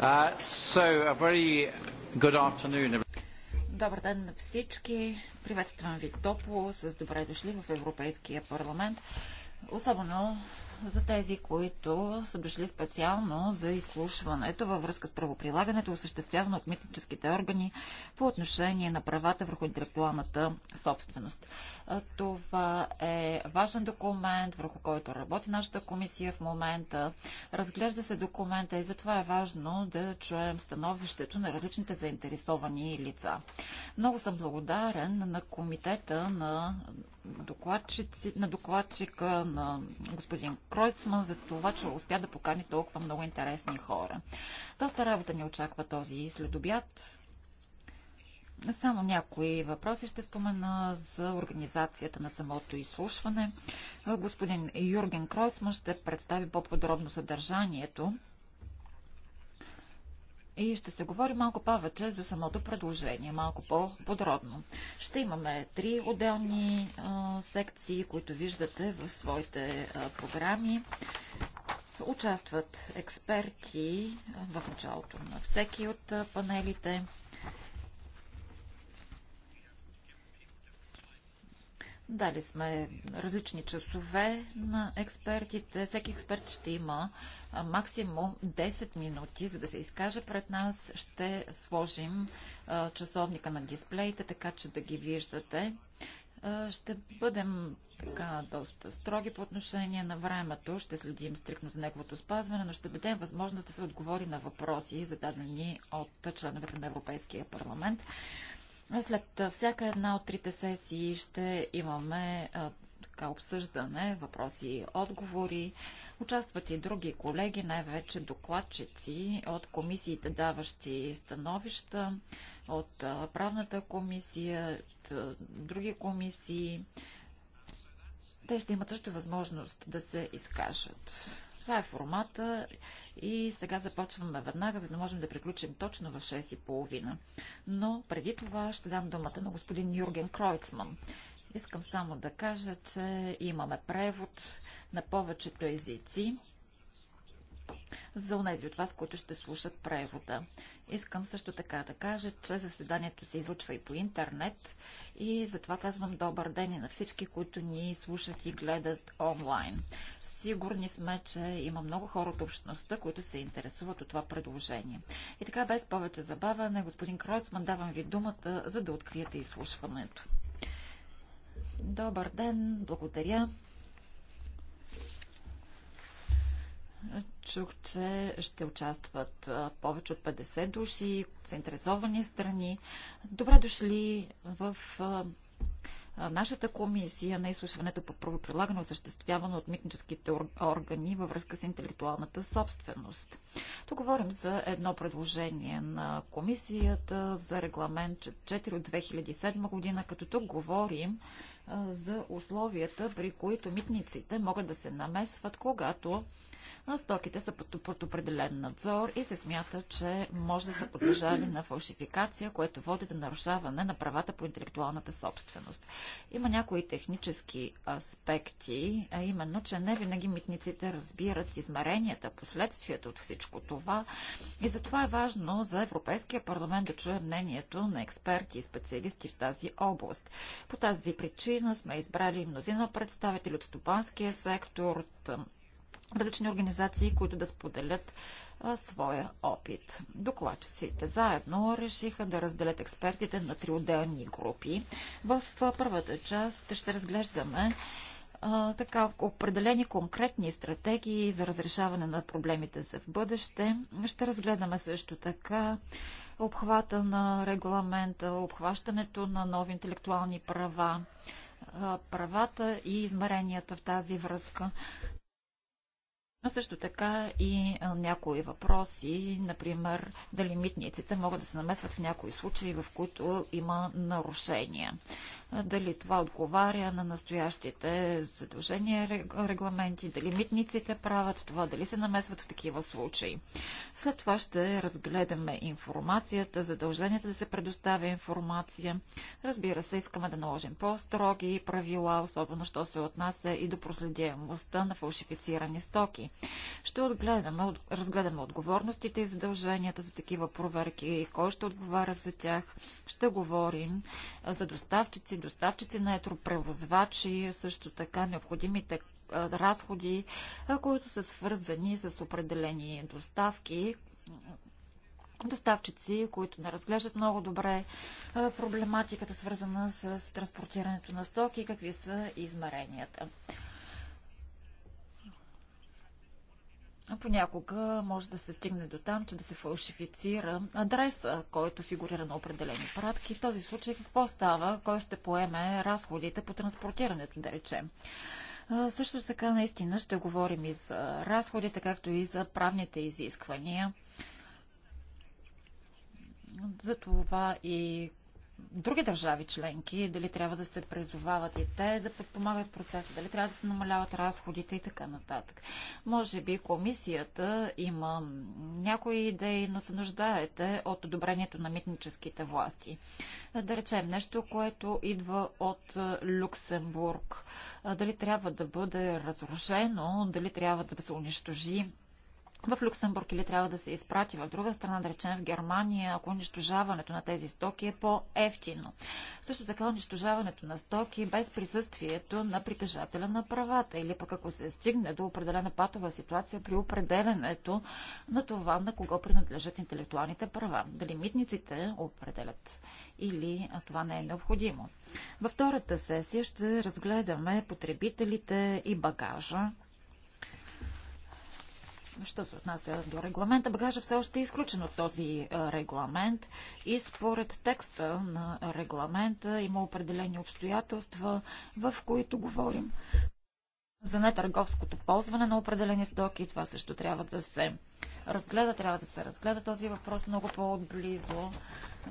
Uh, so Добър ден на всички. Приветствам ви топло, с добре дошли в Европейския парламент. Особено за тези, които са дошли специално за изслушването във връзка с правоприлагането, осъществявано от митническите органи по отношение на правата върху интелектуалната собственост. Това е важен документ, върху който работи нашата комисия в момента. Разглежда се документа и затова е важно да чуем становището на различните заинтересовани лица. Много съм благодарен на комитета на, докладчици, на докладчика, на господин Кройцман за това, че успя да покани толкова много интересни хора. Доста работа ни очаква този следобят. Само някои въпроси ще спомена за организацията на самото изслушване. Господин Юрген Кройцман ще представи по-подробно съдържанието и ще се говори малко повече за самото предложение, малко по-подробно. Ще имаме три отделни а, секции, които виждате в своите а, програми. Участват експерти в началото на всеки от панелите. Дали сме различни часове на експертите. Всеки експерт ще има максимум 10 минути, за да се изкаже пред нас. Ще сложим часовника на дисплеите, така че да ги виждате. Ще бъдем така доста строги по отношение на времето. Ще следим стрикно за неговото спазване, но ще дадем възможност да се отговори на въпроси, зададени от членовете на Европейския парламент. След всяка една от трите сесии ще имаме така обсъждане, въпроси и отговори. Участват и други колеги, най-вече докладчици от комисиите, даващи становища, от правната комисия, от други комисии. Те ще имат също възможност да се изкажат. Това е формата и сега започваме веднага, за да можем да приключим точно в 6.30. Но преди това ще дам думата на господин Юрген Кройцман. Искам само да кажа, че имаме превод на повечето езици за онези от вас, които ще слушат превода. Искам също така да кажа, че заседанието се излъчва и по интернет и затова казвам добър ден и на всички, които ни слушат и гледат онлайн. Сигурни сме, че има много хора от общността, които се интересуват от това предложение. И така, без повече забавяне, господин Кройцман, давам ви думата, за да откриете изслушването. Добър ден, благодаря. Чух, че ще участват повече от 50 души, заинтересовани страни. Добре дошли в нашата комисия на изслушването по правоприлагане, осъществявано от митническите органи във връзка с интелектуалната собственост. Тук говорим за едно предложение на комисията за регламент 4 от 2007 година, като тук говорим за условията, при които митниците могат да се намесват, когато стоките са под, под определен надзор и се смята, че може да са подлежали на фалшификация, което води до нарушаване на правата по интелектуалната собственост. Има някои технически аспекти, а именно, че не винаги митниците разбират измеренията, последствията от всичко това и затова е важно за Европейския парламент да чуе мнението на експерти и специалисти в тази област. По тази причина сме избрали мнозина представители от стопанския сектор, от различни организации, които да споделят а, своя опит. Докладчиците заедно решиха да разделят експертите на три отделни групи. В първата част ще разглеждаме а, така определени конкретни стратегии за разрешаване на проблемите за в бъдеще. Ще разгледаме също така обхвата на регламента, обхващането на нови интелектуални права, правата и измеренията в тази връзка. А също така и някои въпроси, например, дали митниците могат да се намесват в някои случаи, в които има нарушения. Дали това отговаря на настоящите задължения регламенти, дали митниците правят това, дали се намесват в такива случаи. След това ще разгледаме информацията, задълженията да се предоставя информация. Разбира се, искаме да наложим по-строги правила, особено що се отнася и до проследяемостта на фалшифицирани стоки. Ще отгледаме, разгледаме отговорностите и задълженията за такива проверки, кой ще отговаря за тях. Ще говорим за доставчици, доставчици на етропревозвачи, също така необходимите разходи, които са свързани с определени доставки, доставчици, които не разглеждат много добре проблематиката, свързана с транспортирането на стоки, какви са измеренията. понякога може да се стигне до там, че да се фалшифицира адреса, който фигурира на определени пратки. В този случай какво става? Кой ще поеме разходите по транспортирането, да речем? Също така, наистина, ще говорим и за разходите, както и за правните изисквания. За това и други държави членки, дали трябва да се призовават и те да подпомагат процеса, дали трябва да се намаляват разходите и така нататък. Може би комисията има някои идеи, но се нуждаете от одобрението на митническите власти. Да речем нещо, което идва от Люксембург. Дали трябва да бъде разрушено, дали трябва да се унищожи в Люксембург или трябва да се изпрати в друга страна, да речем в Германия, ако унищожаването на тези стоки е по-ефтино. Също така унищожаването на стоки без присъствието на притежателя на правата или пък ако се стигне до определена патова ситуация при определенето на това на кого принадлежат интелектуалните права. Дали митниците определят или това не е необходимо. Във втората сесия ще разгледаме потребителите и багажа Що се отнася до регламента, багажа все още е изключен от този е, регламент и според текста на регламента има определени обстоятелства, в които говорим за нетърговското ползване на определени стоки. Това също трябва да се разгледа, трябва да се разгледа този въпрос много по-отблизо.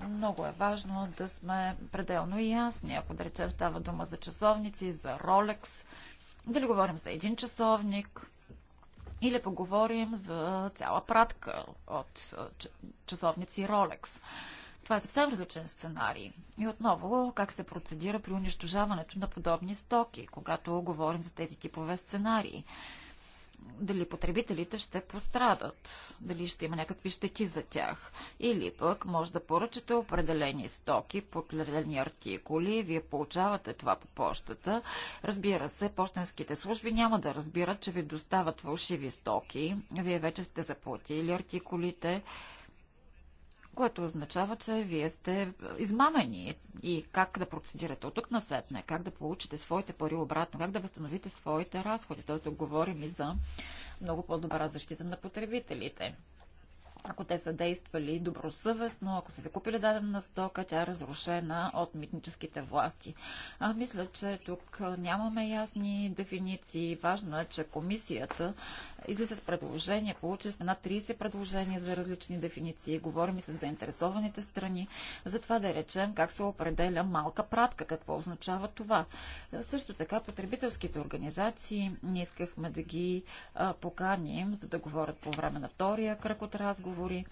Много е важно да сме пределно ясни. Ако да речем става дума за часовници, за Ролекс, дали говорим за един часовник, или поговорим за цяла пратка от е, часовници Rolex. Това е съвсем различен сценарий. И отново, как се процедира при унищожаването на подобни стоки, когато говорим за тези типове сценарии дали потребителите ще пострадат, дали ще има някакви щети за тях. Или пък може да поръчате определени стоки, определени артикули, вие получавате това по почтата. Разбира се, почтенските служби няма да разбират, че ви достават фалшиви стоки. Вие вече сте заплатили артикулите, което означава, че вие сте измамени и как да процедирате от тук насетне, как да получите своите пари обратно, как да възстановите своите разходи. т.е. да говорим и за много по-добра защита на потребителите ако те са действали добросъвестно, ако са закупили дадена стока, тя е разрушена от митническите власти. А, мисля, че тук нямаме ясни дефиниции. Важно е, че комисията излиза с предложения, получи сме над 30 предложения за различни дефиниции. Говорим и с заинтересованите страни за това да речем как се определя малка пратка, какво означава това. Също така потребителските организации, ние искахме да ги а, поканим, за да говорят по време на втория кръг от разговор отговори,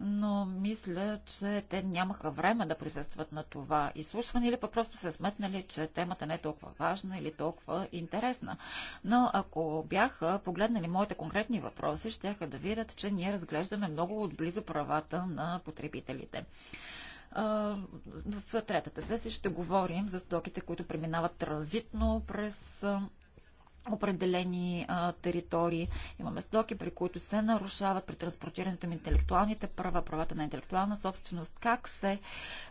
но мисля, че те нямаха време да присъстват на това изслушване или пък просто се сметнали, че темата не е толкова важна или толкова интересна. Но ако бяха погледнали моите конкретни въпроси, ще да видят, че ние разглеждаме много отблизо правата на потребителите. В третата сесия ще говорим за стоките, които преминават транзитно през определени а, територии. Имаме стоки, при които се нарушават при транспортирането на интелектуалните права, правата на интелектуална собственост. Как се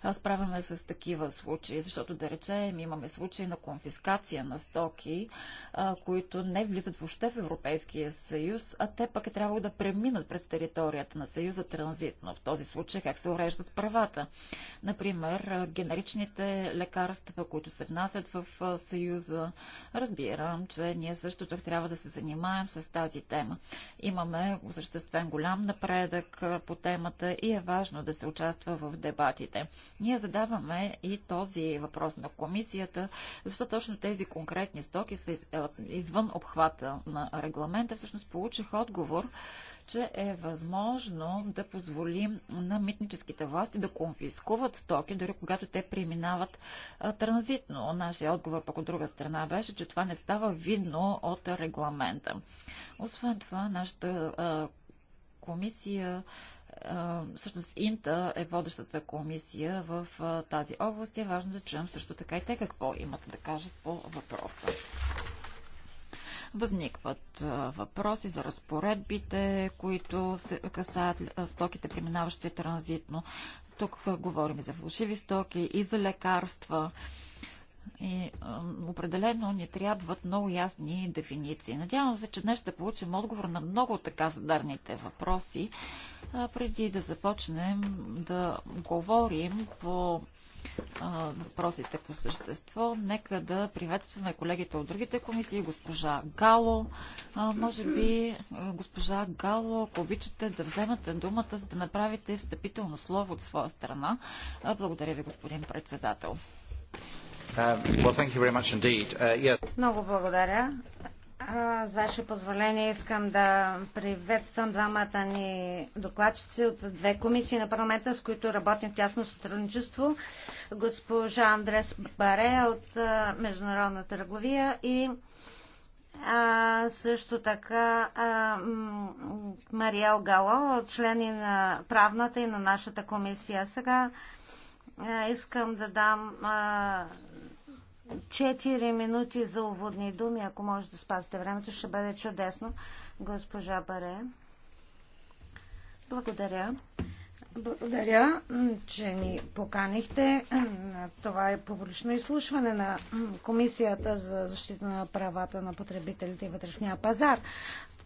а, справяме с такива случаи? Защото да речем, имаме случаи на конфискация на стоки, а, които не влизат въобще в Европейския съюз, а те пък е трябвало да преминат през територията на съюза транзитно. В този случай как се уреждат правата? Например, генеричните лекарства, които се внасят в съюза. Разбирам, че ние ние също тук трябва да се занимаем с тази тема. Имаме осъществен голям напредък по темата и е важно да се участва в дебатите. Ние задаваме и този въпрос на комисията, защото точно тези конкретни стоки са извън обхвата на регламента. Всъщност получих отговор, че е възможно да позволим на митническите власти да конфискуват стоки, дори когато те преминават транзитно. Нашия отговор пък от друга страна беше, че това не става видно от регламента. Освен това, нашата комисия всъщност Инта е водещата комисия в тази област и е важно да чуем също така и те какво имат да кажат по въпроса. Възникват въпроси за разпоредбите, които се касаят стоките, преминаващи транзитно. Тук говорим и за фалшиви стоки и за лекарства. И а, определено ни трябват много ясни дефиниции. Надявам се, че днес ще получим отговор на много от така задарните въпроси, а, преди да започнем да говорим по а, въпросите по същество. Нека да приветстваме колегите от другите комисии, госпожа Гало. А, може би, госпожа Гало, ако обичате да вземете думата, за да направите встъпително слово от своя страна. А, благодаря ви, господин председател. Um, uh, Много благодаря. С ваше позволение искам да приветствам двамата ни докладчици от две комисии на парламента, с които работим в тясно сътрудничество. Госпожа Андрес Баре от Международна търговия и а, също така а, Мариел Гало, члени на правната и на нашата комисия. Сега Искам да дам 4 минути за уводни думи. Ако може да спазите времето, ще бъде чудесно. Госпожа Баре. Благодаря. Благодаря, че ни поканихте на това е публично изслушване на Комисията за защита на правата на потребителите и вътрешния пазар.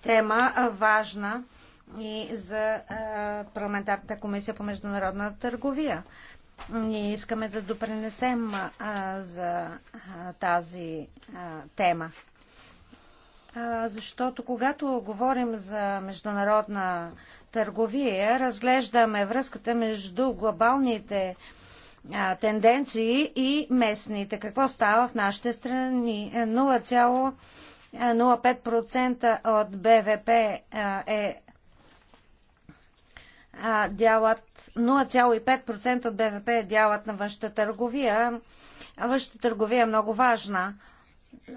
Тема важна и за парламентарната комисия по международна търговия. Ние искаме да допренесем а, за а, тази а, тема. А, защото когато говорим за международна търговия, разглеждаме връзката между глобалните а, тенденции и местните. Какво става в нашите страни? 0,05% от БВП е дялът 0,5% от БВП е дялът на външната търговия. Външната търговия е много важна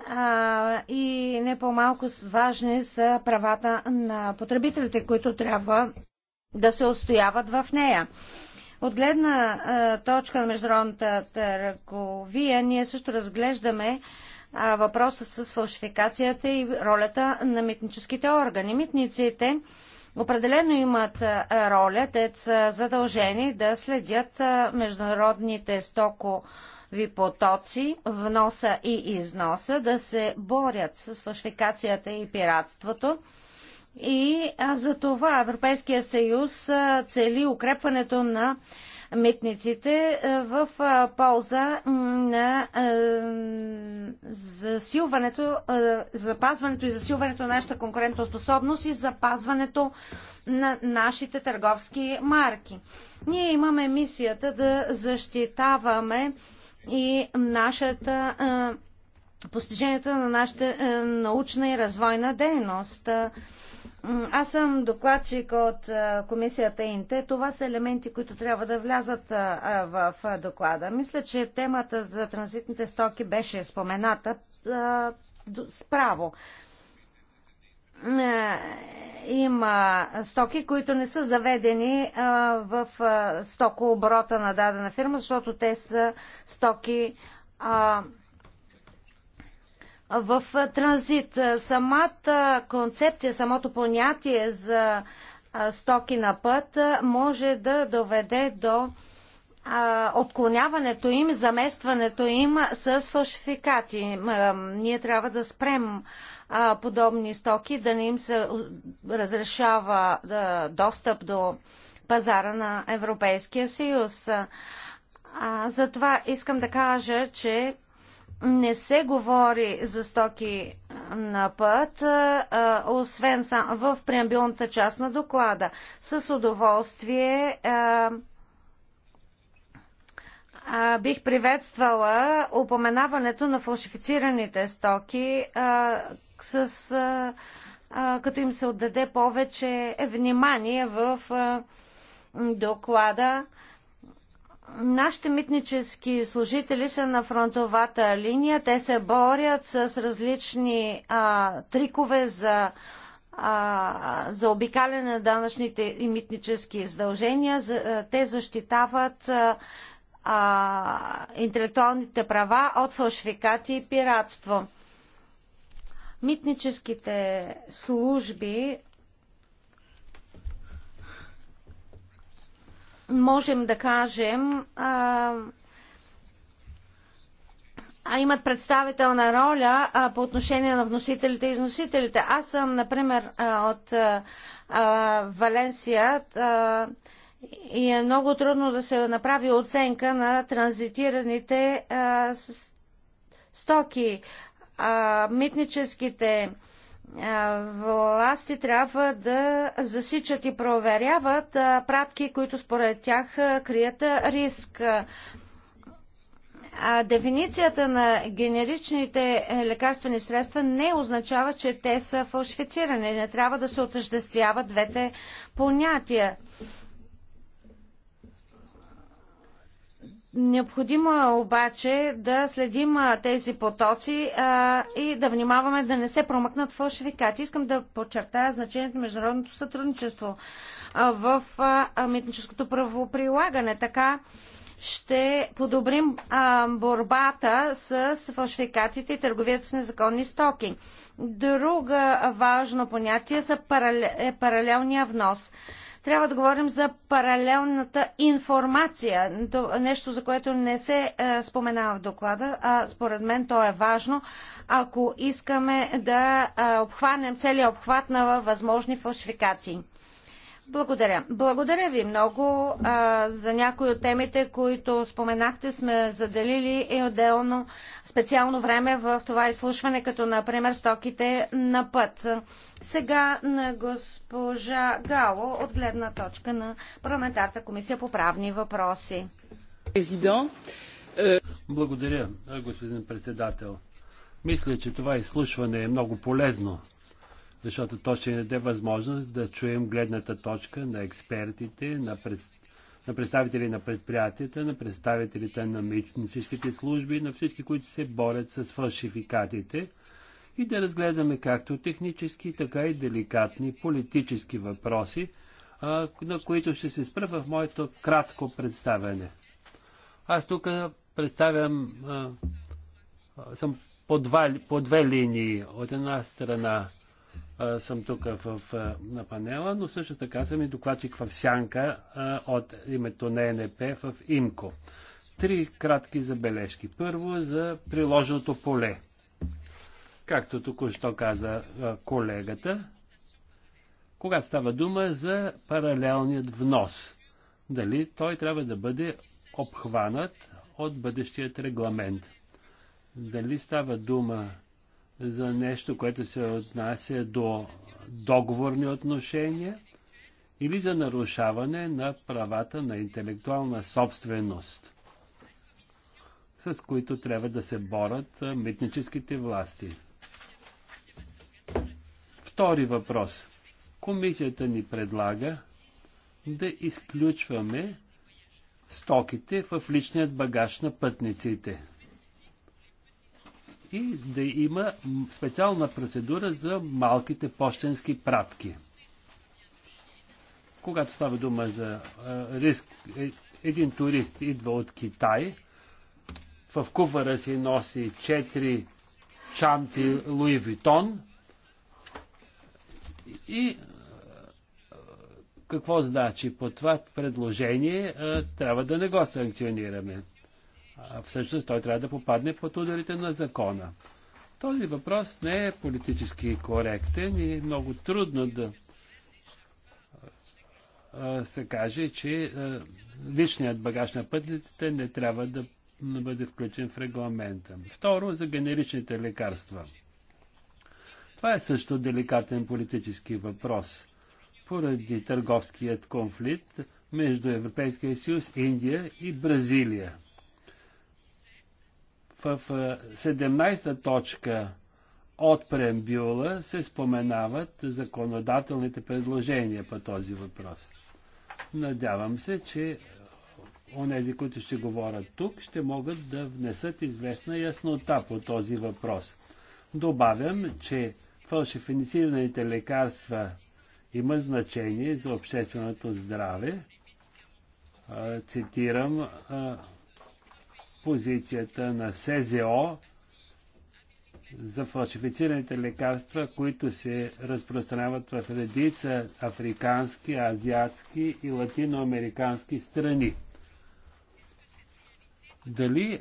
а, и не по-малко важни са правата на потребителите, които трябва да се устояват в нея. От гледна а, точка на международната търговия, ние също разглеждаме а, въпроса с фалшификацията и ролята на митническите органи. Митниците определено имат роля, те са задължени да следят международните стокови потоци, вноса и износа, да се борят с фашликацията и пиратството. И за това Европейския съюз цели укрепването на митниците е, в е, полза на е, засилването, запазването и засилването на нашата конкурентоспособност и запазването на нашите търговски марки. Ние имаме мисията да защитаваме и нашата постиженията на нашата научна и развойна дейност. Аз съм докладчик от комисията Инте. Това са елементи, които трябва да влязат в доклада. Мисля, че темата за транзитните стоки беше спомената справо. Има стоки, които не са заведени в стокооборота на дадена фирма, защото те са стоки в транзит. Самата концепция, самото понятие за стоки на път може да доведе до отклоняването им, заместването им с фалшификати. Ние трябва да спрем подобни стоки, да не им се разрешава достъп до пазара на Европейския съюз. Затова искам да кажа, че не се говори за стоки на път, освен в преамбилната част на доклада. С удоволствие бих приветствала упоменаването на фалшифицираните стоки с като им се отдаде повече внимание в доклада Нашите митнически служители са на фронтовата линия. Те се борят с различни а, трикове за, а, за обикаляне на данъчните и митнически задължения. Те защитават а, а, интелектуалните права от фалшификати и пиратство. Митническите служби можем да кажем, а, а имат представителна роля а, по отношение на вносителите и износителите. Аз съм, например, а, от а, Валенсия а, и е много трудно да се направи оценка на транзитираните а, с, стоки. А, митническите а, власти трябва да засичат и проверяват пратки, които според тях крият риск. А дефиницията на генеричните е, лекарствени средства не означава, че те са фалшифицирани. Не трябва да се отъждествяват двете понятия. Необходимо е обаче да следим тези потоци а, и да внимаваме да не се промъкнат фалшификати. Искам да подчертая значението на международното сътрудничество а, в а, митническото правоприлагане. Така ще подобрим а, борбата с фалшификациите и търговията с незаконни стоки. Друга важно понятие са паралел, е паралелния внос. Трябва да говорим за паралелната информация, нещо за което не се е, споменава в доклада, а според мен то е важно, ако искаме да е, обхванем целият обхват на възможни фалшификации. Благодаря. Благодаря ви много. А, за някои от темите, които споменахте, сме заделили и отделно специално време в това изслушване, като например стоките на път. Сега на госпожа Гало от гледна точка на парламентарната комисия по правни въпроси. Е, Благодаря, господин председател. Мисля, че това изслушване е много полезно защото то ще ни даде възможност да чуем гледната точка на експертите, на, пред... на представители на предприятията, на представителите на митническите служби, на всички, които се борят с фалшификатите и да разгледаме както технически, така и деликатни политически въпроси, а, на които ще се спра в моето кратко представяне. Аз тук представям, а, съм по, два, по две линии. От една страна а, съм тук в, а, на панела, но също така съм и докладчик в Сянка а, от името на ЕНП в ИМКО. Три кратки забележки. Първо за приложеното поле. Както току-що каза а, колегата, когато става дума за паралелният внос, дали той трябва да бъде обхванат от бъдещият регламент. Дали става дума за нещо, което се отнася до договорни отношения или за нарушаване на правата на интелектуална собственост, с които трябва да се борят митническите власти. Втори въпрос. Комисията ни предлага да изключваме стоките в личният багаж на пътниците – и да има специална процедура за малките почтенски пратки. Когато става дума за риск, е, един турист идва от Китай, в кувара си носи 4 чанти Луи Витон и какво значи по това предложение трябва да не го санкционираме. А всъщност той трябва да попадне под ударите на закона. Този въпрос не е политически коректен и е много трудно да се каже, че личният багаж на пътниците не трябва да бъде включен в регламента. Второ, за генеричните лекарства. Това е също деликатен политически въпрос. Поради търговският конфликт между Европейския съюз, Индия и Бразилия. В 17-та е, точка от преамбюла се споменават законодателните предложения по този въпрос. Надявам се, че онези, които ще говорят тук, ще могат да внесат известна яснота по този въпрос. Добавям, че фалшифицираните лекарства има значение за общественото здраве. Е, цитирам е, позицията на СЗО за фалшифицираните лекарства, които се разпространяват в редица африкански, азиатски и латиноамерикански страни. Дали е,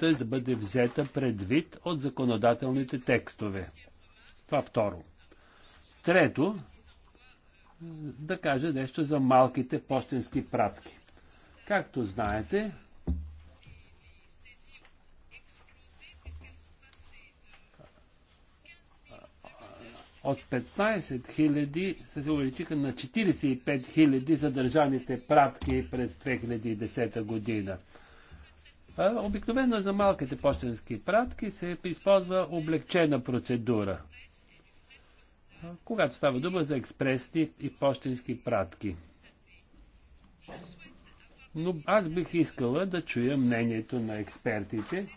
тази да бъде взета предвид от законодателните текстове? Това второ. Трето, е, да кажа нещо за малките почтенски пратки. Както знаете, от 15 000 се увеличиха на 45 000 задържаните пратки през 2010 година. Обикновено за малките почтенски пратки се използва облегчена процедура, когато става дума за експресни и почтенски пратки. Но аз бих искала да чуя мнението на експертите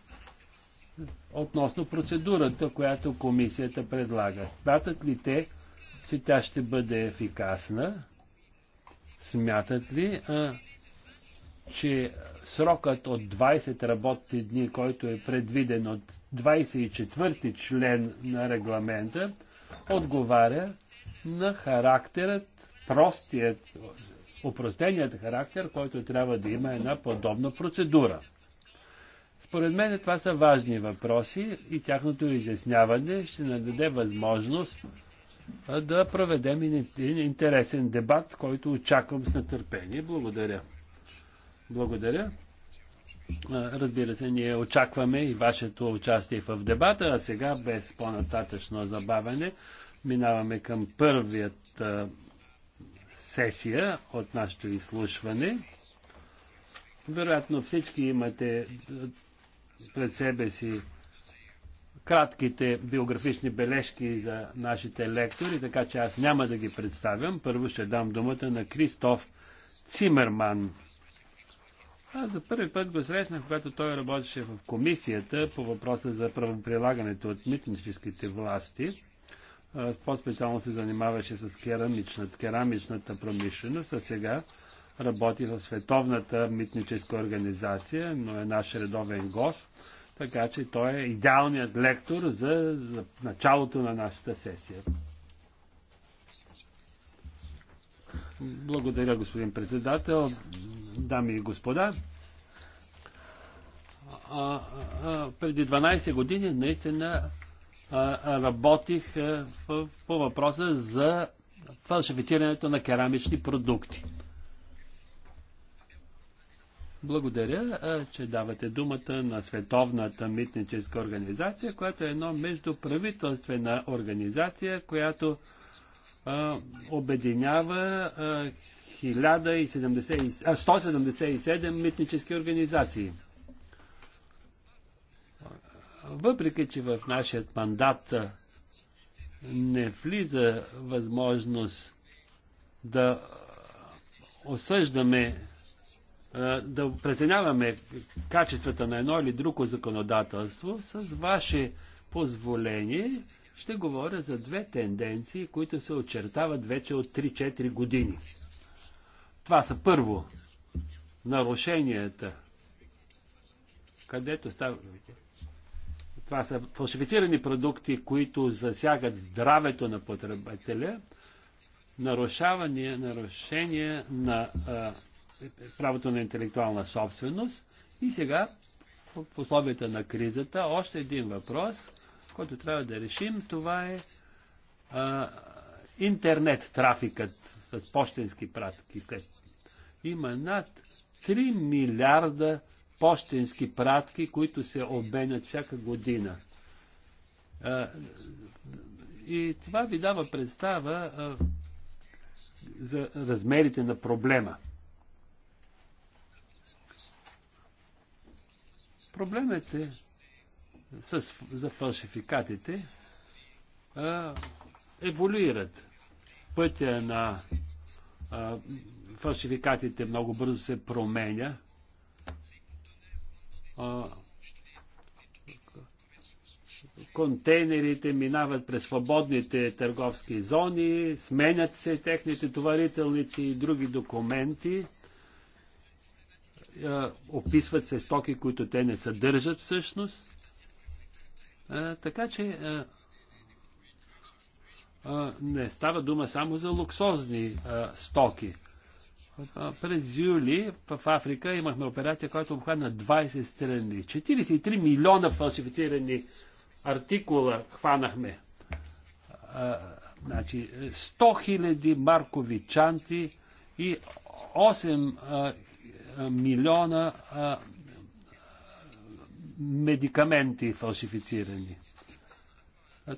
относно процедурата, която комисията предлага. Смятат ли те, че тя ще бъде ефикасна? Смятат ли, а, че срокът от 20 работни дни, който е предвиден от 24 ти член на регламента, отговаря на характерът, простият, упростеният характер, който трябва да има една подобна процедура. Според мен това са важни въпроси и тяхното изясняване ще нададе възможност да проведем един интересен дебат, който очаквам с нетърпение. Благодаря. Благодаря. Разбира се, ние очакваме и вашето участие в дебата, а сега без по-нататъчно забавяне минаваме към първият сесия от нашето изслушване. Вероятно всички имате пред себе си кратките биографични бележки за нашите лектори, така че аз няма да ги представям. Първо ще дам думата на Кристоф Цимерман. Аз за първи път го срещнах, когато той работеше в комисията по въпроса за правоприлагането от митническите власти. По-специално се занимаваше с керамичната, керамичната промишленост, а сега работи в Световната митническа организация, но е наш редовен гост, така че той е идеалният лектор за, за началото на нашата сесия. Благодаря, господин председател, дами и господа. А, а, преди 12 години наистина а, работих в, по въпроса за фалшифицирането на керамични продукти. Благодаря, че давате думата на Световната митническа организация, която е едно междуправителствена организация, която а, обединява а, 177 митнически организации. Въпреки, че в нашия мандат не влиза възможност да осъждаме да преценяваме качествата на едно или друго законодателство, с ваше позволение ще говоря за две тенденции, които се очертават вече от 3-4 години. Това са първо нарушенията, където става. Това са фалшифицирани продукти, които засягат здравето на потребителя, нарушаване, нарушение на а, правото на интелектуална собственост. И сега, в условията на кризата, още един въпрос, който трябва да решим, това е а, интернет трафикът с почтенски пратки. Има над 3 милиарда почтенски пратки, които се обменят всяка година. А, и това ви дава представа а, за размерите на проблема. Проблемът е с, за фалшификатите а, еволюират. Пътя на а, фалшификатите много бързо се променя. А, контейнерите минават през свободните търговски зони, сменят се техните товарителници и други документи е, описват се стоки, които те не съдържат всъщност. Е, така че е, не става дума само за луксозни стоки. През юли в Африка имахме операция, която обхвана 20 страни. 43 милиона фалшифицирани артикула хванахме. Значи 100 хиляди маркови чанти и 8 милиона медикаменти фалшифицирани.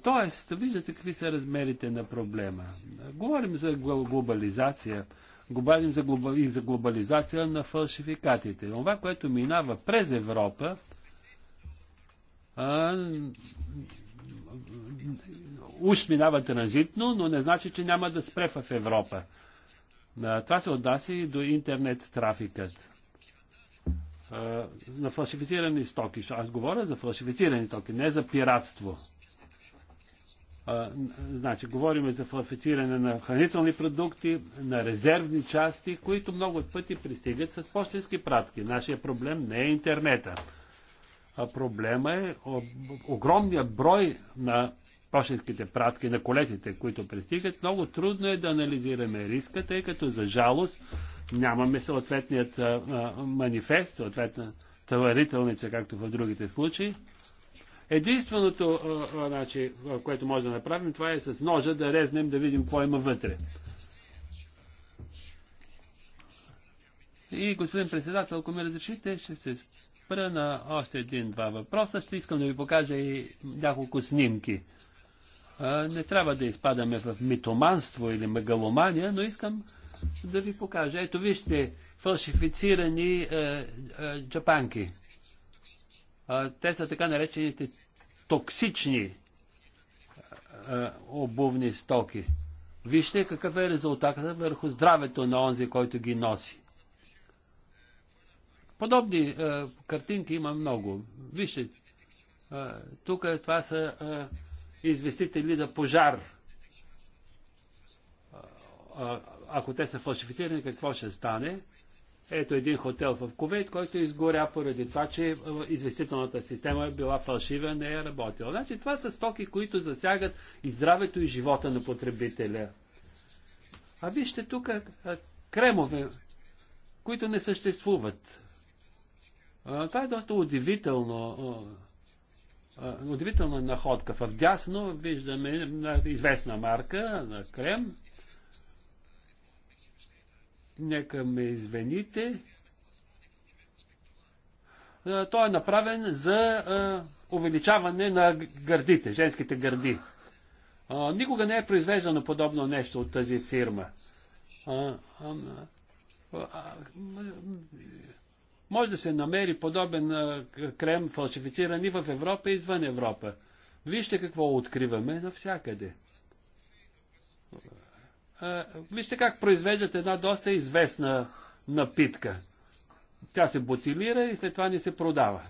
Тоест, виждате какви са размерите на проблема. Говорим за глобализация, говорим за, глоба, и за глобализация на фалшификатите. Това, което минава през Европа, а, уж минава транзитно, но не значи, че няма да спре в Европа. Това се отнася и до интернет трафикът на фалшифицирани стоки. Аз говоря за фалшифицирани стоки, не за пиратство. значи, говорим за фалшифициране на хранителни продукти, на резервни части, които много пъти пристигат с почтенски пратки. Нашия проблем не е интернета. А проблема е огромният брой на пощенските пратки на колетите, които пристигат, много трудно е да анализираме риска, тъй като за жалост нямаме съответният а, а, манифест, съответна товарителница, както в другите случаи. Единственото, а, а, значи, което може да направим, това е с ножа да резнем, да видим какво има вътре. И, господин председател, ако ми разрешите, ще се спра на още един-два въпроса. Ще искам да ви покажа и няколко снимки. Не трябва да изпадаме в митоманство или мегаломания, но искам да ви покажа. Ето вижте, фалшифицирани е, е, джапанки. Е, те са така наречените токсични е, е, обувни стоки. Вижте какъв е резултатът върху здравето на онзи, който ги носи. Подобни е, картинки има много. Вижте, е, тук е, това са е, известители на пожар. ако те са фалшифицирани, какво ще стане? Ето един хотел в Кувейт, който изгоря поради това, че известителната система е била фалшива, не е работила. Значи това са стоки, които засягат и здравето и живота на потребителя. А вижте тук кремове, които не съществуват. това е доста удивително удивителна находка. В дясно виждаме известна марка на крем. Нека ме извините. Той е направен за увеличаване на гърдите, женските гърди. Никога не е произвеждано подобно нещо от тази фирма може да се намери подобен крем фалшифициран и в Европа, и извън Европа. Вижте какво откриваме навсякъде. Вижте как произвеждат една доста известна напитка. Тя се бутилира и след това не се продава.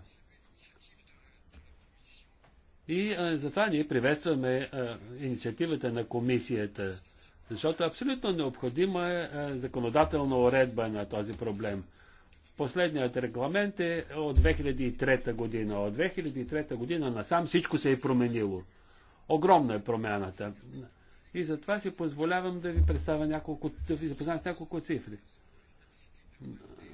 И а, затова ние приветстваме а, инициативата на комисията, защото абсолютно необходима е а, законодателна уредба на този проблем. Последният регламент е от 2003 година. От 2003 година насам всичко се е променило. Огромна е промяната. И затова си позволявам да ви представя няколко, да ви с няколко цифри.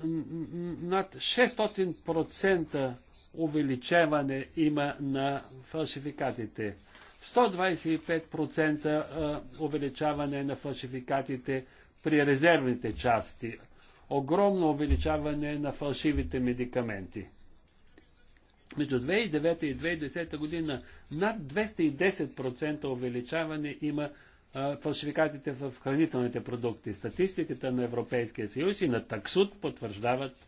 Над 600% увеличаване има на фалшификатите. 125% увеличаване на фалшификатите при резервните части огромно увеличаване на фалшивите медикаменти. Между 2009 и 2010 година над 210% увеличаване има фалшификатите в хранителните продукти. Статистиката на Европейския съюз и на таксуд потвърждават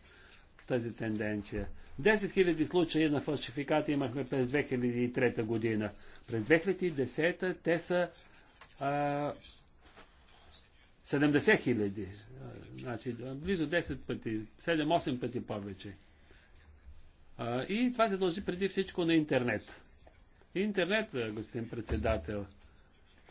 тази тенденция. 10 000 случаи на фалшификати имахме през 2003 година. През 2010 те са а, 70 хиляди. Значи, близо 10 пъти, 7-8 пъти повече. А, и това се дължи преди всичко на интернет. Интернет, господин председател,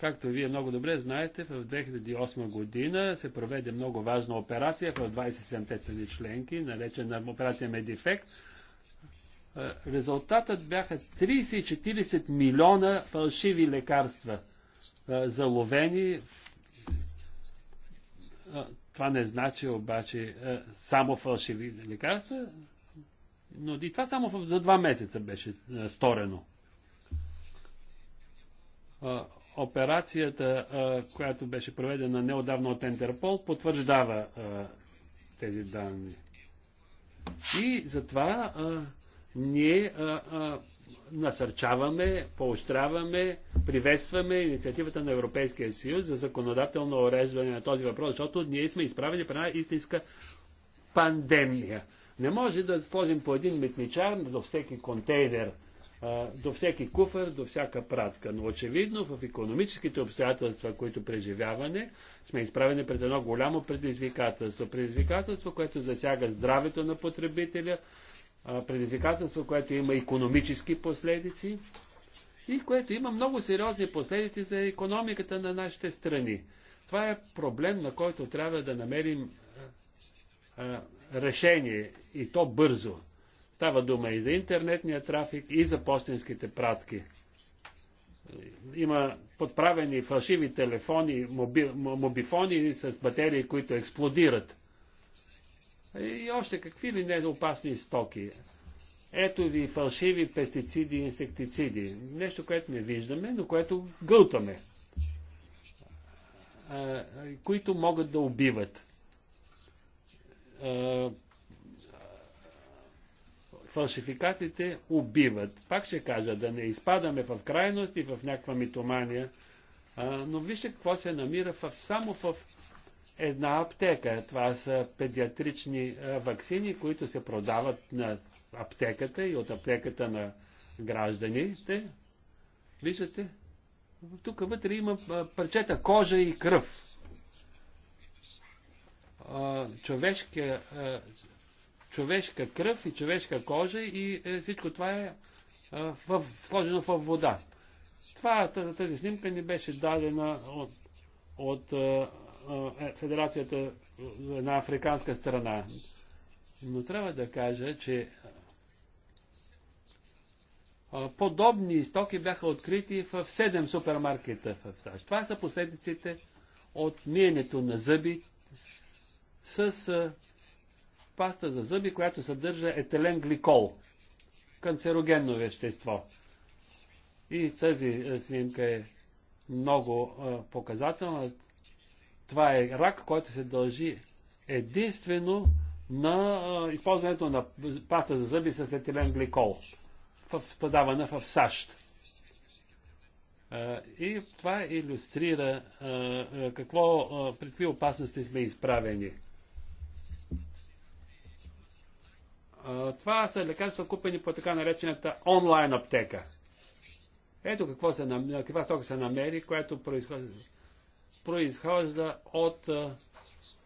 както вие много добре знаете, в 2008 година се проведе много важна операция в 27-те страни членки, наречена операция Медифект. Резултатът бяха 30-40 милиона фалшиви лекарства, заловени това не значи обаче само фалшиви лекарства, нали но и това само за два месеца беше сторено. Операцията, която беше проведена неодавно от Ентерпол, потвърждава тези данни. И затова ние а, а, насърчаваме, поощряваме, приветстваме инициативата на Европейския съюз за законодателно уреждане на този въпрос, защото ние сме изправени при една истинска пандемия. Не може да сложим по един митничар до всеки контейнер, до всеки куфър, до всяка пратка. Но очевидно в економическите обстоятелства, които преживяваме, сме изправени пред едно голямо предизвикателство. Предизвикателство, което засяга здравето на потребителя, предизвикателство, което има економически последици и което има много сериозни последици за економиката на нашите страни. Това е проблем, на който трябва да намерим решение и то бързо. Става дума и за интернетния трафик, и за почтенските пратки. Има подправени фалшиви телефони, мобифони с батерии, които експлодират и още какви ли не опасни стоки. Ето ви фалшиви пестициди и инсектициди. Нещо, което не виждаме, но което гълтаме. които могат да убиват. фалшификатите убиват. Пак ще кажа, да не изпадаме в крайност и в някаква митомания, но вижте какво се намира в, само в една аптека. Това са педиатрични вакцини, които се продават на аптеката и от аптеката на гражданите. Виждате? Тук вътре има парчета кожа и кръв. Човешка, човешка кръв и човешка кожа и е, всичко това е в, сложено в вода. Това, тази снимка ни беше дадена от, от е, Федерацията на африканска страна. Но трябва да кажа, че подобни стоки бяха открити в 7 супермаркета в САЩ. Това са последиците от миенето на зъби с паста за зъби, която съдържа етелен гликол, канцерогенно вещество. И тази снимка е много показателна. Това е рак, който се дължи единствено на използването на паста за зъби с етилен гликол, подавана в САЩ. и това иллюстрира какво, пред какви опасности сме изправени. Това са лекарства, купени по така наречената онлайн аптека. Ето какво се, каква стока се намери, която произхожда произхожда от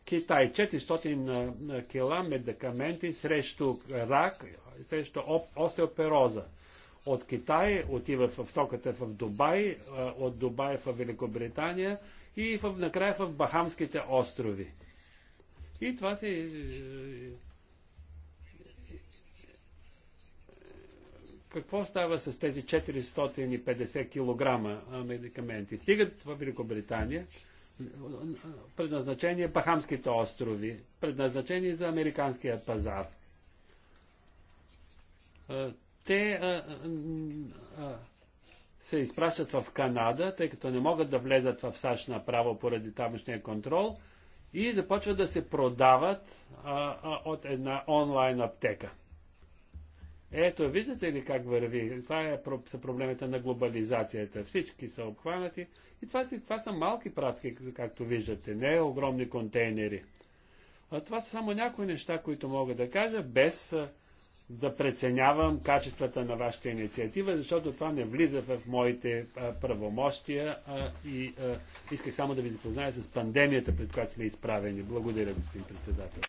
Китай. 400 кила медикаменти срещу рак, срещу осеопероза. От Китай отива в стоката в Дубай, от Дубай в Великобритания и в, накрая в Бахамските острови. И това се какво става с тези 450 кг медикаменти? Стигат в Великобритания, предназначение Пахамските острови, предназначени за американския пазар. Те се изпращат в Канада, тъй като не могат да влезат в САЩ направо поради тамошния контрол и започват да се продават от една онлайн аптека. Ето, виждате ли как върви? Това е, са проблемите на глобализацията. Всички са обхванати и това, си, това са малки пратки, както виждате, не е огромни контейнери. А това са само някои неща, които мога да кажа, без да преценявам качествата на вашата инициатива, защото това не влиза в моите правомощия а, и а, исках само да ви запозная с пандемията, пред която сме изправени. Благодаря, господин председател.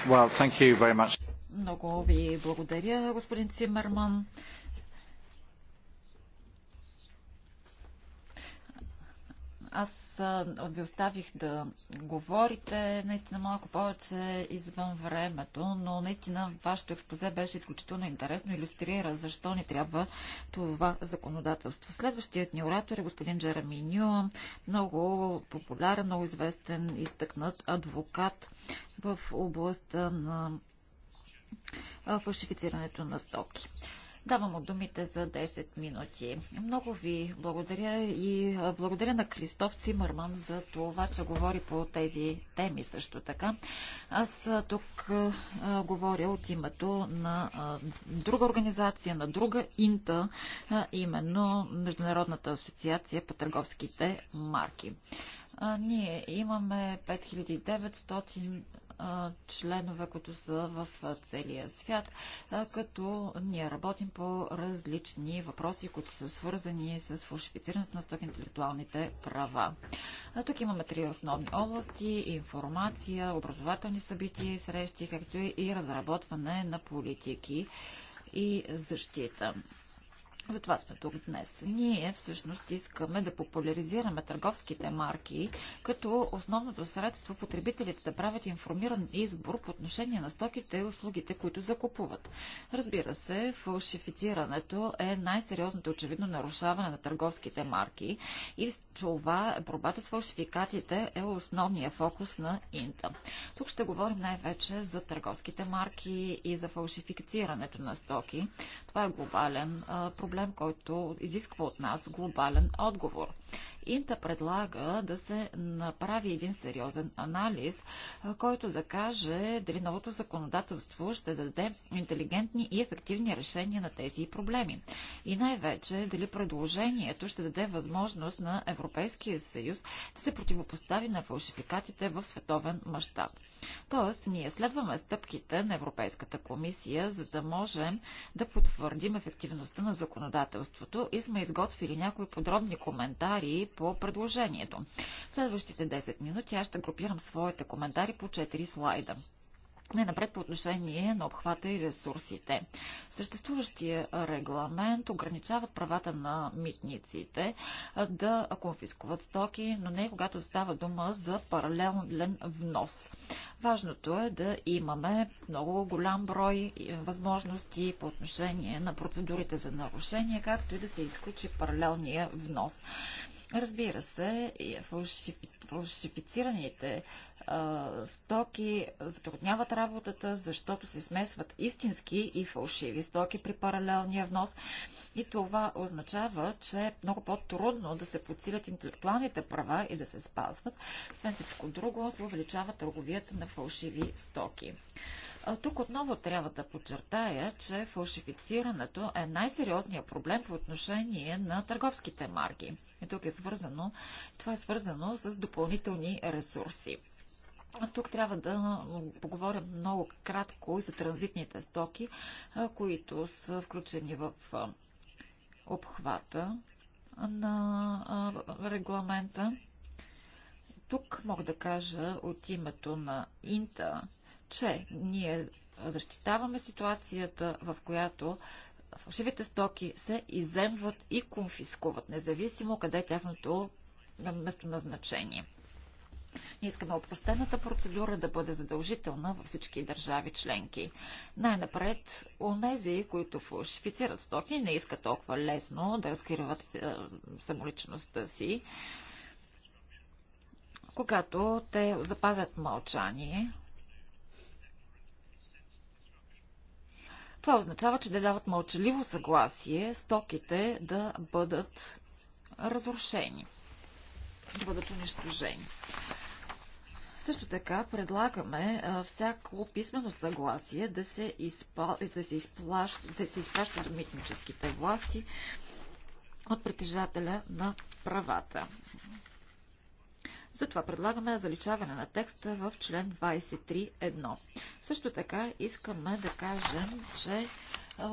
Well, thank you very much. Много ви благодаря, господин Цимерман. Аз ви оставих да говорите наистина малко повече извън времето, но наистина вашето експозе беше изключително интересно, иллюстрира защо ни трябва това законодателство. Следващият ни оратор е господин Джереми Ню, много популярен, много известен, изтъкнат адвокат в областта на фалшифицирането на стоки. Давам от думите за 10 минути. Много ви благодаря и благодаря на Кристоф Цимърман за това, че говори по тези теми също така. Аз тук говоря от името на друга организация, на друга инта, именно Международната асоциация по търговските марки. ние имаме членове, които са в целия свят, като ние работим по различни въпроси, които са свързани с фалшифицирането на стоки интелектуалните права. Тук имаме три основни области – информация, образователни събития и срещи, както и разработване на политики и защита. Затова сме тук днес. Ние всъщност искаме да популяризираме търговските марки като основното средство потребителите да правят информиран избор по отношение на стоките и услугите, които закупуват. Разбира се, фалшифицирането е най-сериозното очевидно нарушаване на търговските марки и с това борбата с фалшификатите е основния фокус на Инта. Тук ще говорим най-вече за търговските марки и за фалшифицирането на стоки. Това е глобален проблем проблем, който изисква от нас глобален отговор. Инта предлага да се направи един сериозен анализ, който да каже дали новото законодателство ще даде интелигентни и ефективни решения на тези проблеми. И най-вече дали предложението ще даде възможност на Европейския съюз да се противопостави на фалшификатите в световен мащаб. Тоест, ние следваме стъпките на Европейската комисия, за да можем да потвърдим ефективността на законодателството законодателството и сме изготвили някои подробни коментари по предложението. В следващите 10 минути аз ще групирам своите коментари по 4 слайда. Не напред по отношение на обхвата и ресурсите. Съществуващия регламент ограничават правата на митниците да конфискуват стоки, но не когато става дума за паралелен внос. Важното е да имаме много голям брой е, възможности по отношение на процедурите за нарушение, както и да се изключи паралелния внос. Разбира се, фалшифицираните стоки затрудняват работата, защото се смесват истински и фалшиви стоки при паралелния внос. И това означава, че е много по-трудно да се подсилят интелектуалните права и да се спазват. Освен всичко друго, се увеличава търговията на фалшиви стоки. Тук отново трябва да подчертая, че фалшифицирането е най-сериозният проблем по отношение на търговските марки. И тук е свързано, това е свързано с допълнителни ресурси. Тук трябва да поговоря много кратко и за транзитните стоки, които са включени в обхвата на регламента. Тук мога да кажа от името на Инта, че ние защитаваме ситуацията, в която фалшивите стоки се иземват и конфискуват, независимо къде е тяхното местоназначение. Ние искаме опростената процедура да бъде задължителна във всички държави членки. Най-напред, онези, които фалшифицират стоки, не искат толкова лесно да разкриват е, самоличността си. Когато те запазят мълчание, това означава, че да дават мълчаливо съгласие стоките да бъдат разрушени да бъдат унищожени. Също така предлагаме а, всяко писмено съгласие да се, изпла... да, се изплаща, да се изплаща до митническите власти от притежателя на правата. Затова предлагаме заличаване на текста в член 23.1. Също така искаме да кажем, че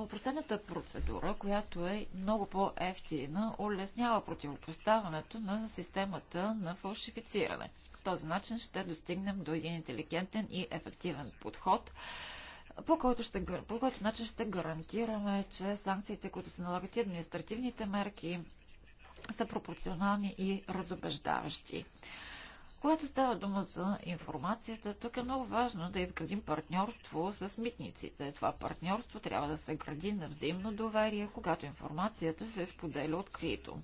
Простената процедура, която е много по-ефтина, улеснява противопоставането на системата на фалшифициране. По този начин ще достигнем до един интелигентен и ефективен подход, по който, ще, по който начин ще гарантираме, че санкциите, които се налагат и административните мерки, са пропорционални и разобеждаващи. Когато става дума за информацията, тук е много важно да изградим партньорство с митниците. Това партньорство трябва да се гради на взаимно доверие, когато информацията се споделя открито.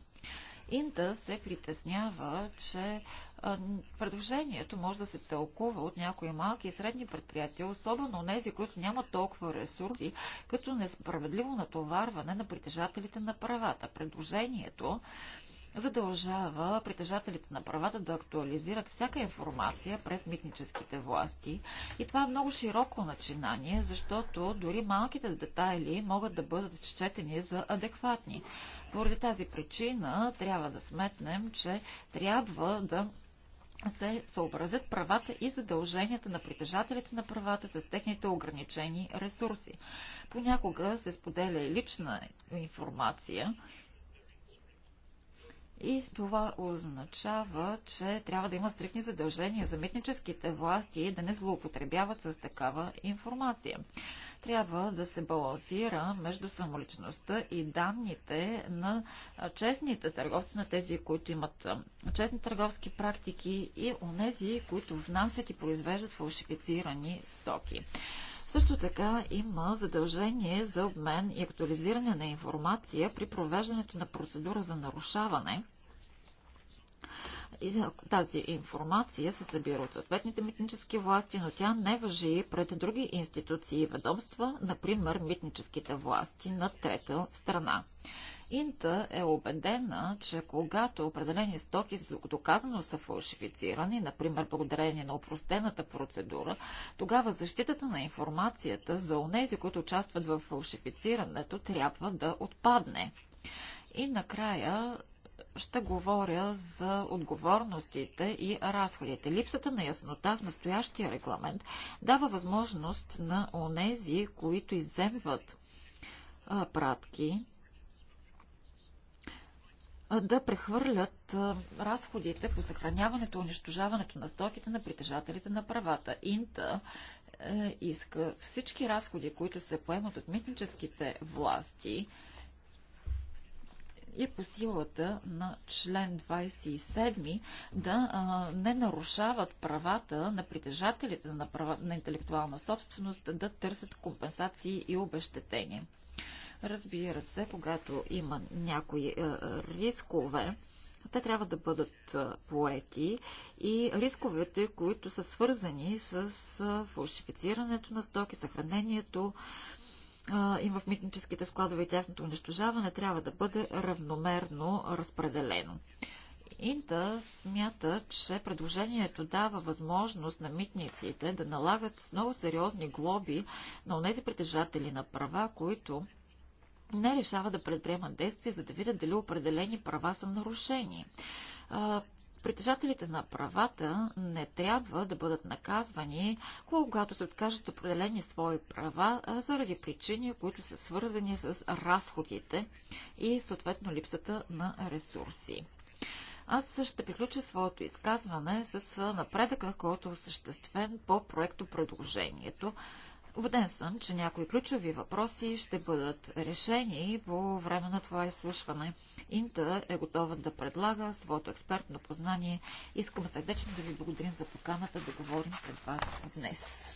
Инта се притеснява, че предложението може да се тълкува от някои малки и средни предприятия, особено тези, които нямат толкова ресурси, като несправедливо натоварване на притежателите на правата. Предложението задължава притежателите на правата да актуализират всяка информация пред митническите власти. И това е много широко начинание, защото дори малките детайли могат да бъдат счетени за адекватни. Поради тази причина трябва да сметнем, че трябва да се съобразят правата и задълженията на притежателите на правата с техните ограничени ресурси. Понякога се споделя и лична информация, и това означава, че трябва да има стрикни задължения за митническите власти да не злоупотребяват с такава информация. Трябва да се балансира между самоличността и данните на честните търговци, на тези, които имат честни търговски практики и онези, които внасят и произвеждат фалшифицирани стоки. Също така има задължение за обмен и актуализиране на информация при провеждането на процедура за нарушаване и тази информация се събира от съответните митнически власти, но тя не въжи пред други институции и ведомства, например митническите власти на трета страна. Инта е убедена, че когато определени стоки доказано са фалшифицирани, например благодарение на опростената процедура, тогава защитата на информацията за онези, които участват в фалшифицирането, трябва да отпадне. И накрая ще говоря за отговорностите и разходите. Липсата на яснота в настоящия регламент дава възможност на онези, които иземват а, пратки, да прехвърлят а, разходите по съхраняването, унищожаването на стоките на притежателите на правата. Инта е, иска всички разходи, които се поемат от митническите власти, и по силата на член 27 да а, не нарушават правата на притежателите на, права, на интелектуална собственост да търсят компенсации и обещетения. Разбира се, когато има някои рискове, те трябва да бъдат поети и рисковете, които са свързани с фалшифицирането на стоки, съхранението, и в митническите складове и тяхното унищожаване трябва да бъде равномерно разпределено. Инта смята, че предложението дава възможност на митниците да налагат много сериозни глоби на тези притежатели на права, които не решават да предприемат действия, за да видят дали определени права са нарушени Притежателите на правата не трябва да бъдат наказвани, когато се откажат определени свои права заради причини, които са свързани с разходите и съответно липсата на ресурси. Аз ще приключа своето изказване с напредъка, който е осъществен по проекто предложението. Убеден съм, че някои ключови въпроси ще бъдат решени по време на това изслушване. Инта е готова да предлага своето експертно познание. Искам сърдечно да ви благодарим за поканата да говорим пред вас днес.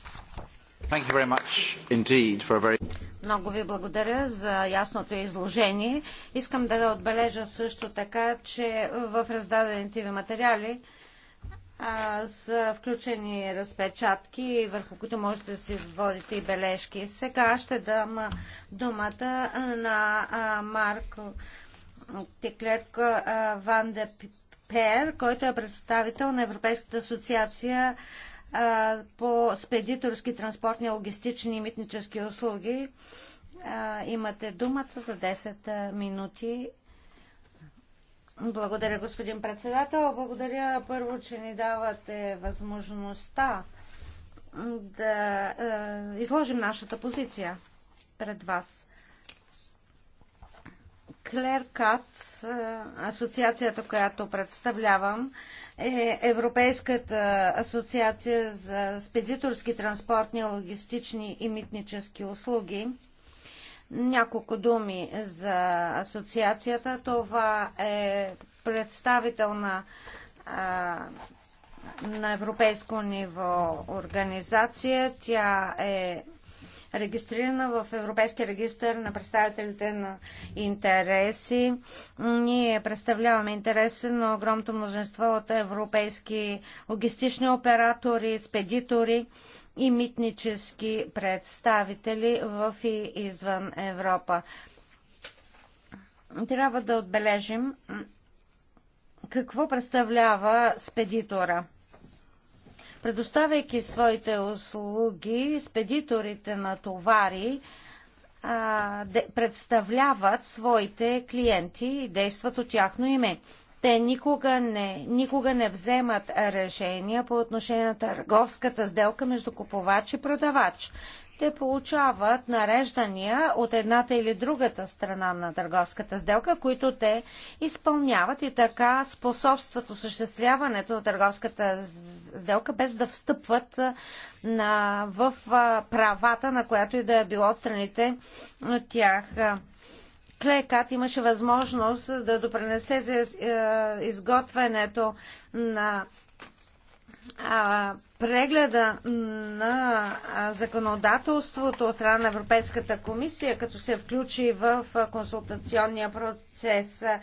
Very... Много ви благодаря за ясното изложение. Искам да отбележа също така, че в раздадените ви материали а, са включени разпечатки, върху които можете да си водите и бележки. Сега ще дам думата на а, Марко Теклерко Ван де Пер, който е представител на Европейската асоциация а, по спедиторски, транспортни, логистични и митнически услуги. А, имате думата за 10 минути благодаря, господин председател. Благодаря първо, че ни давате възможността да е, изложим нашата позиция пред вас. Клер Кат, е, асоциацията, която представлявам, е Европейската асоциация за спедиторски, транспортни, логистични и митнически услуги. Няколко думи за асоциацията. Това е представителна а, на европейско ниво организация. Тя е регистрирана в Европейския регистр на представителите на интереси. Ние представляваме интереси на огромното множество от европейски логистични оператори, спедитори и митнически представители в и извън Европа. Трябва да отбележим какво представлява спедитора. Предоставяйки своите услуги, спедиторите на товари а, де, представляват своите клиенти и действат от тяхно име. Те никога не, никога не вземат решения по отношение на търговската сделка между купувач и продавач. Те получават нареждания от едната или другата страна на търговската сделка, които те изпълняват и така способстват осъществяването на търговската сделка, без да встъпват на, в правата, на която и да е било от страните от тях Клекат имаше възможност да допренесе за е, изготвянето на прегледа на законодателството от страна на Европейската комисия, като се включи в консултационния процес. Е,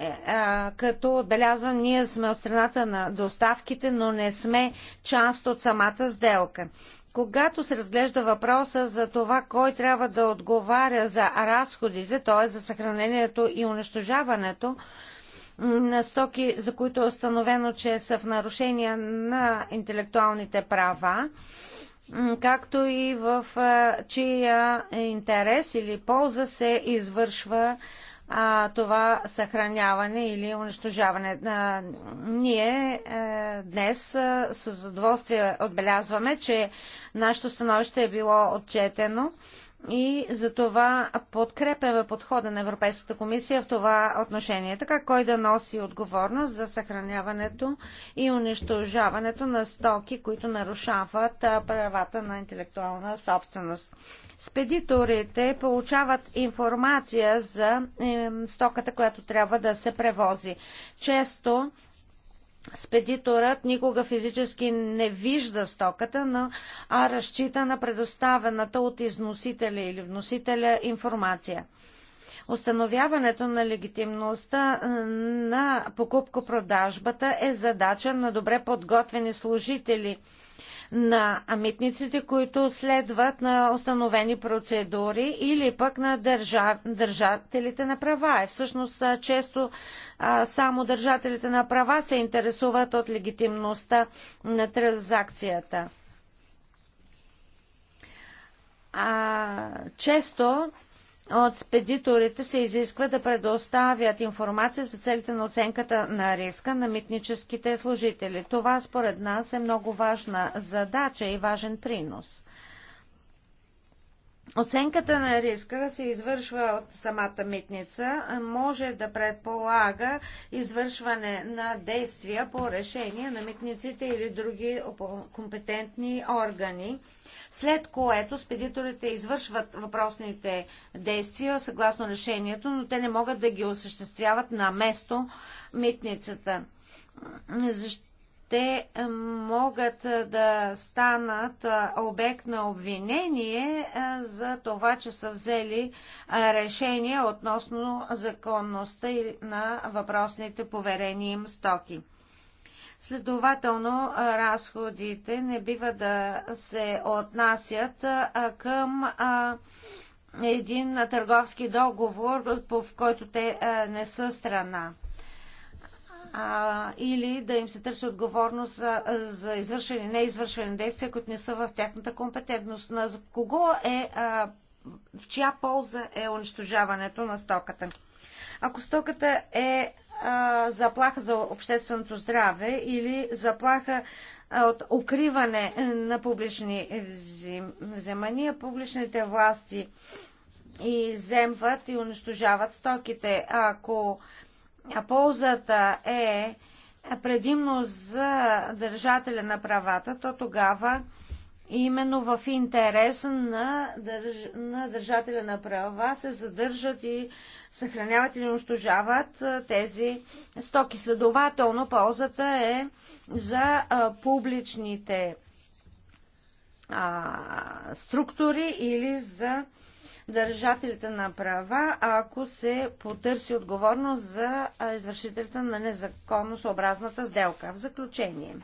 е, като отбелязвам, ние сме от страната на доставките, но не сме част от самата сделка. Когато се разглежда въпроса за това кой трябва да отговаря за разходите, т.е. за съхранението и унищожаването на стоки, за които е установено, че са в нарушение на интелектуалните права, както и в чия интерес или полза се извършва а, това съхраняване или унищожаване. А, ние а, е, днес а, е, с задоволствие отбелязваме, че нашето становище е било отчетено и за това подкрепяме подхода на Европейската комисия в това отношение. Така кой да носи отговорност за съхраняването и унищожаването на стоки, които нарушават правата на интелектуална собственост. Спедиторите получават информация за стоката, която трябва да се превози. Често Спедиторът никога физически не вижда стоката, но, а разчита на предоставената от износителя или вносителя информация. Установяването на легитимността на покупко-продажбата е задача на добре подготвени служители – на митниците, които следват на установени процедури или пък на държав... държателите на права. И е, всъщност често а, само държателите на права се интересуват от легитимността на транзакцията. А, често от спедиторите се изисква да предоставят информация за целите на оценката на риска на митническите служители. Това според нас е много важна задача и важен принос. Оценката на риска се извършва от самата митница, може да предполага извършване на действия по решение на митниците или други компетентни органи, след което спедиторите извършват въпросните действия съгласно решението, но те не могат да ги осъществяват на место митницата. Защо? те е, могат е, да станат е, обект на обвинение за това, че са взели решение относно законността на въпросните поверени им стоки. Следователно, разходите не бива да се отнасят към един търговски договор, в който те не са страна а, или да им се търси отговорност за, за извършени и неизвършени действия, които не са в тяхната компетентност. На кого е, а, в чия полза е унищожаването на стоката? Ако стоката е а, заплаха за общественото здраве или заплаха от укриване на публични вземания, публичните власти земват и унищожават стоките. Ако ползата е предимно за държателя на правата, то тогава именно в интерес на, държ... на държателя на права се задържат и съхраняват или унищожават тези стоки. Следователно, ползата е за публичните а, структури или за държателите на права, ако се потърси отговорност за извършителите на незаконно съобразната сделка. В заключение.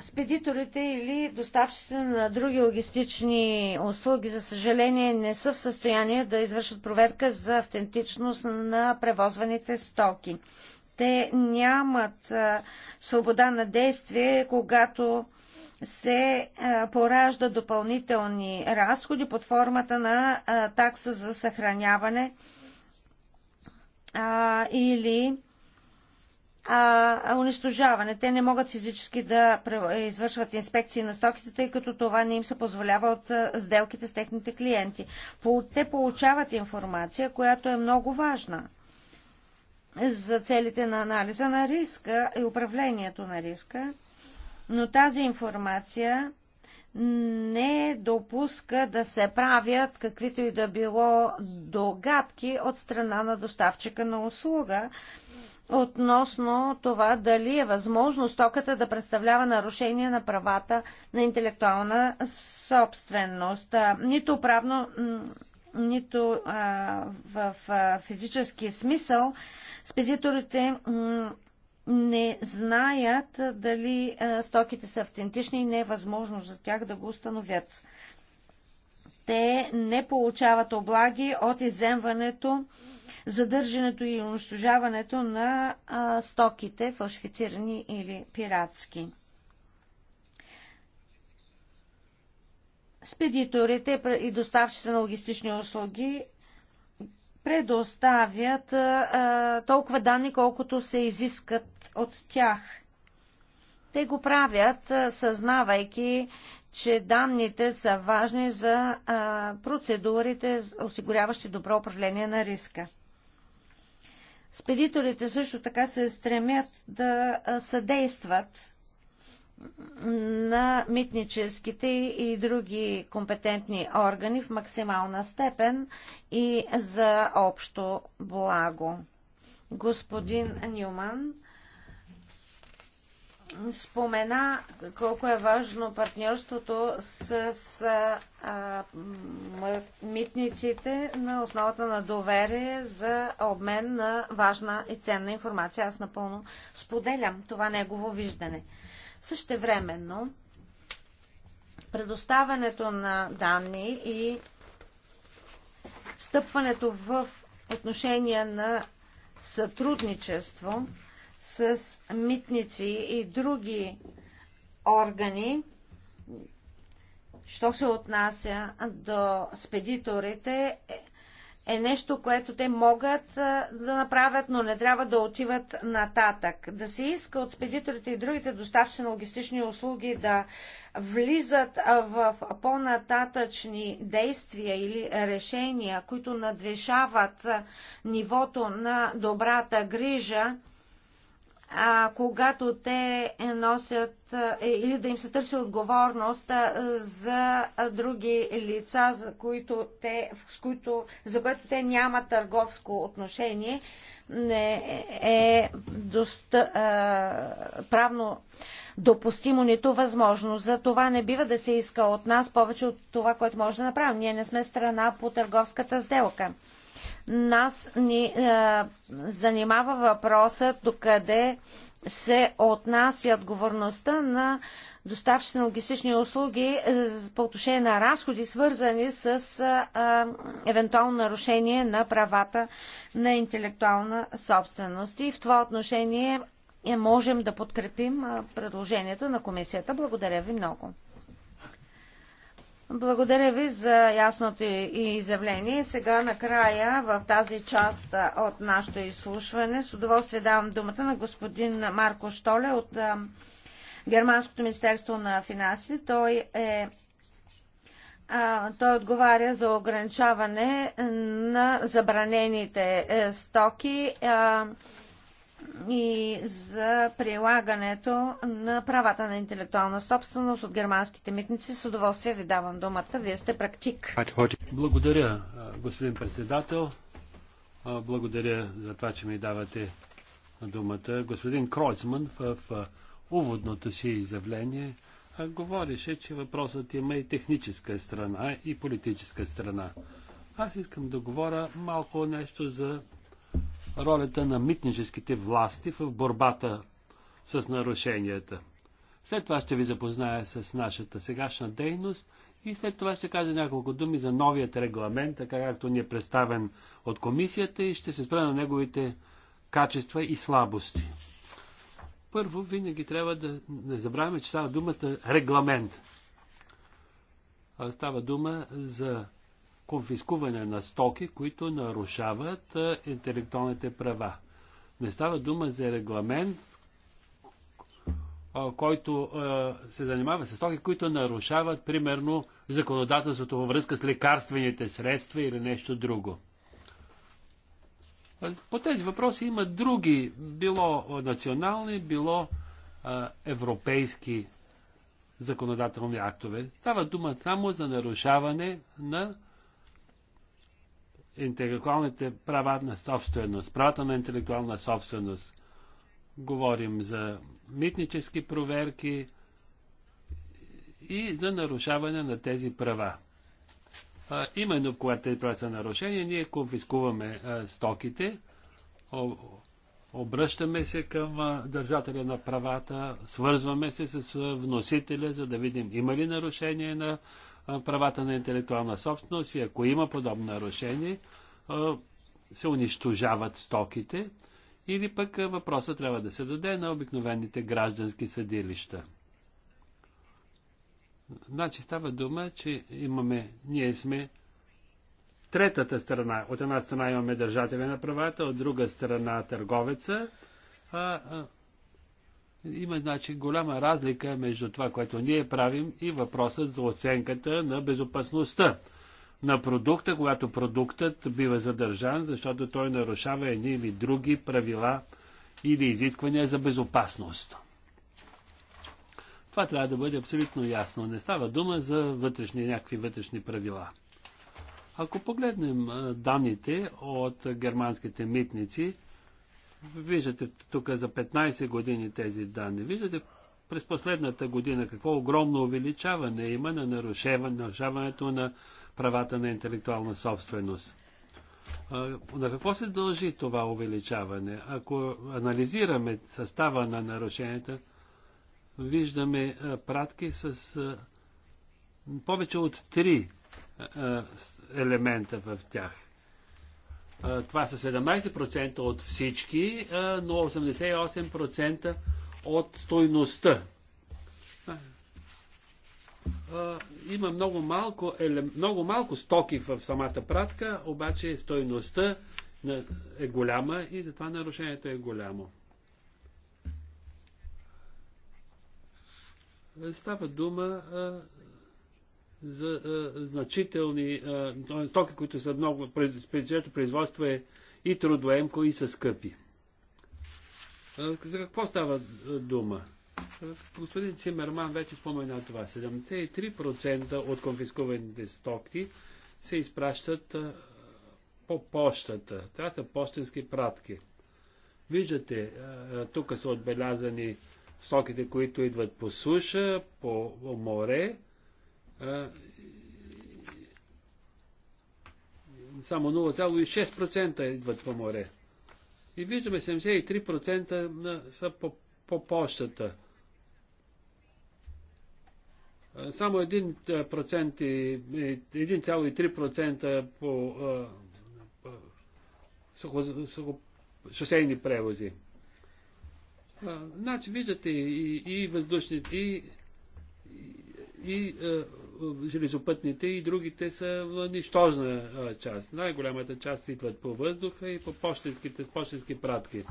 Спедиторите или доставчиците на други логистични услуги, за съжаление, не са в състояние да извършат проверка за автентичност на превозваните стоки. Те нямат свобода на действие, когато се поражда допълнителни разходи под формата на такса за съхраняване или унищожаване. Те не могат физически да извършват инспекции на стоките, тъй като това не им се позволява от сделките с техните клиенти. Те получават информация, която е много важна за целите на анализа на риска и управлението на риска, но тази информация не допуска да се правят каквито и да било догадки от страна на доставчика на услуга относно това дали е възможно стоката да представлява нарушение на правата на интелектуална собственост. Нито правно нито а, в а, физически смисъл, спедиторите не знаят дали а, стоките са автентични и не е възможно за тях да го установят. Те не получават облаги от иземването, задържането и унищожаването на а, стоките, фалшифицирани или пиратски. спедиторите и доставчиците на логистични услуги предоставят а, толкова данни, колкото се изискат от тях. Те го правят, съзнавайки, че данните са важни за а, процедурите, осигуряващи добро управление на риска. Спедиторите също така се стремят да съдействат на митническите и други компетентни органи в максимална степен и за общо благо. Господин Нюман спомена колко е важно партньорството с, с а, митниците на основата на доверие за обмен на важна и ценна информация. Аз напълно споделям това негово виждане. Същевременно, предоставянето на данни и встъпването в отношения на сътрудничество с митници и други органи, що се отнася до спедиторите, е нещо, което те могат да направят, но не трябва да отиват нататък. Да се иска от спедиторите и другите доставчи на логистични услуги да влизат в по-нататъчни действия или решения, които надвешават нивото на добрата грижа, а, когато те носят а, или да им се търси отговорност а, за други лица, за които те, с които, за което те нямат търговско отношение, не е доста, а, правно допустимо, нито възможно. За това не бива да се иска от нас повече от това, което може да направим. Ние не сме страна по търговската сделка нас ни е, занимава въпросът докъде се отнася отговорността на доставчици на логистични услуги е, по отношение на разходи, свързани с а, е, евентуално нарушение на правата на интелектуална собственост. И в това отношение е, можем да подкрепим предложението на комисията. Благодаря ви много. Благодаря ви за ясното изявление. Сега накрая в тази част от нашето изслушване с удоволствие давам думата на господин Марко Штоле от Германското министерство на финансите. Той е той отговаря за ограничаване на забранените е, стоки и за прилагането на правата на интелектуална собственост от германските митници. С удоволствие ви давам думата. Вие сте практик. Благодаря, господин председател. Благодаря за това, че ми давате думата. Господин Кройцман в уводното си изявление говореше, че въпросът има и техническа страна, и политическа страна. Аз искам да говоря малко нещо за ролята на митническите власти в борбата с нарушенията. След това ще ви запозная с нашата сегашна дейност и след това ще кажа няколко думи за новият регламент, така както ни е представен от комисията и ще се спра на неговите качества и слабости. Първо, винаги трябва да не забравяме, че става думата регламент. Става дума за конфискуване на стоки, които нарушават интелектуалните права. Не става дума за регламент, който се занимава с стоки, които нарушават, примерно, законодателството във връзка с лекарствените средства или нещо друго. По тези въпроси има други, било национални, било европейски законодателни актове. Става дума само за нарушаване на интелектуалните права на собственост, правата на интелектуална собственост. Говорим за митнически проверки и за нарушаване на тези права. А, именно когато тези права са нарушени, ние конфискуваме а, стоките, обръщаме се към а, държателя на правата, свързваме се с вносителя, за да видим има ли нарушение на правата на интелектуална собственост и ако има подобно нарушение, се унищожават стоките или пък въпросът трябва да се даде на обикновените граждански съдилища. Значи става дума, че имаме, ние сме третата страна. От една страна имаме държателя на правата, от друга страна търговеца, а, а има значи голяма разлика между това, което ние правим и въпросът за оценката на безопасността на продукта, когато продуктът бива задържан, защото той нарушава едни или други правила или изисквания за безопасност. Това трябва да бъде абсолютно ясно. Не става дума за вътрешни, някакви вътрешни правила. Ако погледнем данните от германските митници, Виждате тук за 15 години тези данни. Виждате през последната година какво огромно увеличаване има на нарушаването на правата на интелектуална собственост. На какво се дължи това увеличаване? Ако анализираме състава на нарушенията, виждаме пратки с повече от три елемента в тях – това са 17% от всички, но 88% от стойността. Има много малко, много малко стоки в самата пратка, обаче стойността е голяма и затова нарушението е голямо. Става дума за а, е, значителни а, е, стоки, които са много, чието производство е и трудоемко, и са скъпи. А, е, за какво става дума? Господин Цимерман вече спомена това. 73% от конфискуваните стоки се изпращат а, по почтата. Това са почтенски пратки. Виждате, тук са отбелязани стоките, които идват по суша, по море, само 0,6% идват по море. И виждаме 73% на, са по, по почтата. Само 1,3% по, по сухо, сухо, шосейни превози. Значи виждате и, и въздушните, и, и, и железопътните и другите са нищожна част. Най-голямата част идват по въздуха и по почтенските, почтенски пратки.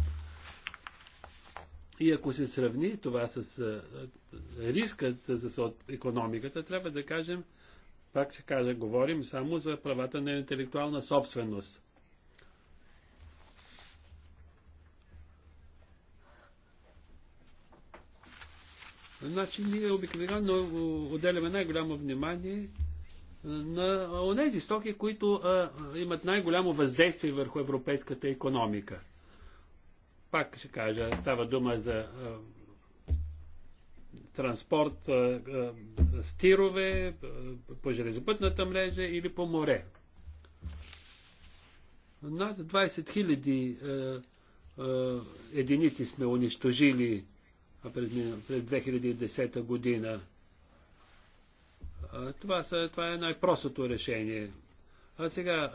И ако се сравни това с рискът за економиката, трябва да кажем, пак ще кажа, говорим само за правата на интелектуална собственост. Значи ние обикновено отделяме най-голямо внимание на онези стоки, които а, имат най-голямо въздействие върху европейската економика. Пак ще кажа, става дума за а, транспорт, а, а, стирове а, по железопътната мрежа или по море. Над 20 000 а, а, единици сме унищожили а през, през 2010 година. Това, са, това е най-простото решение. А сега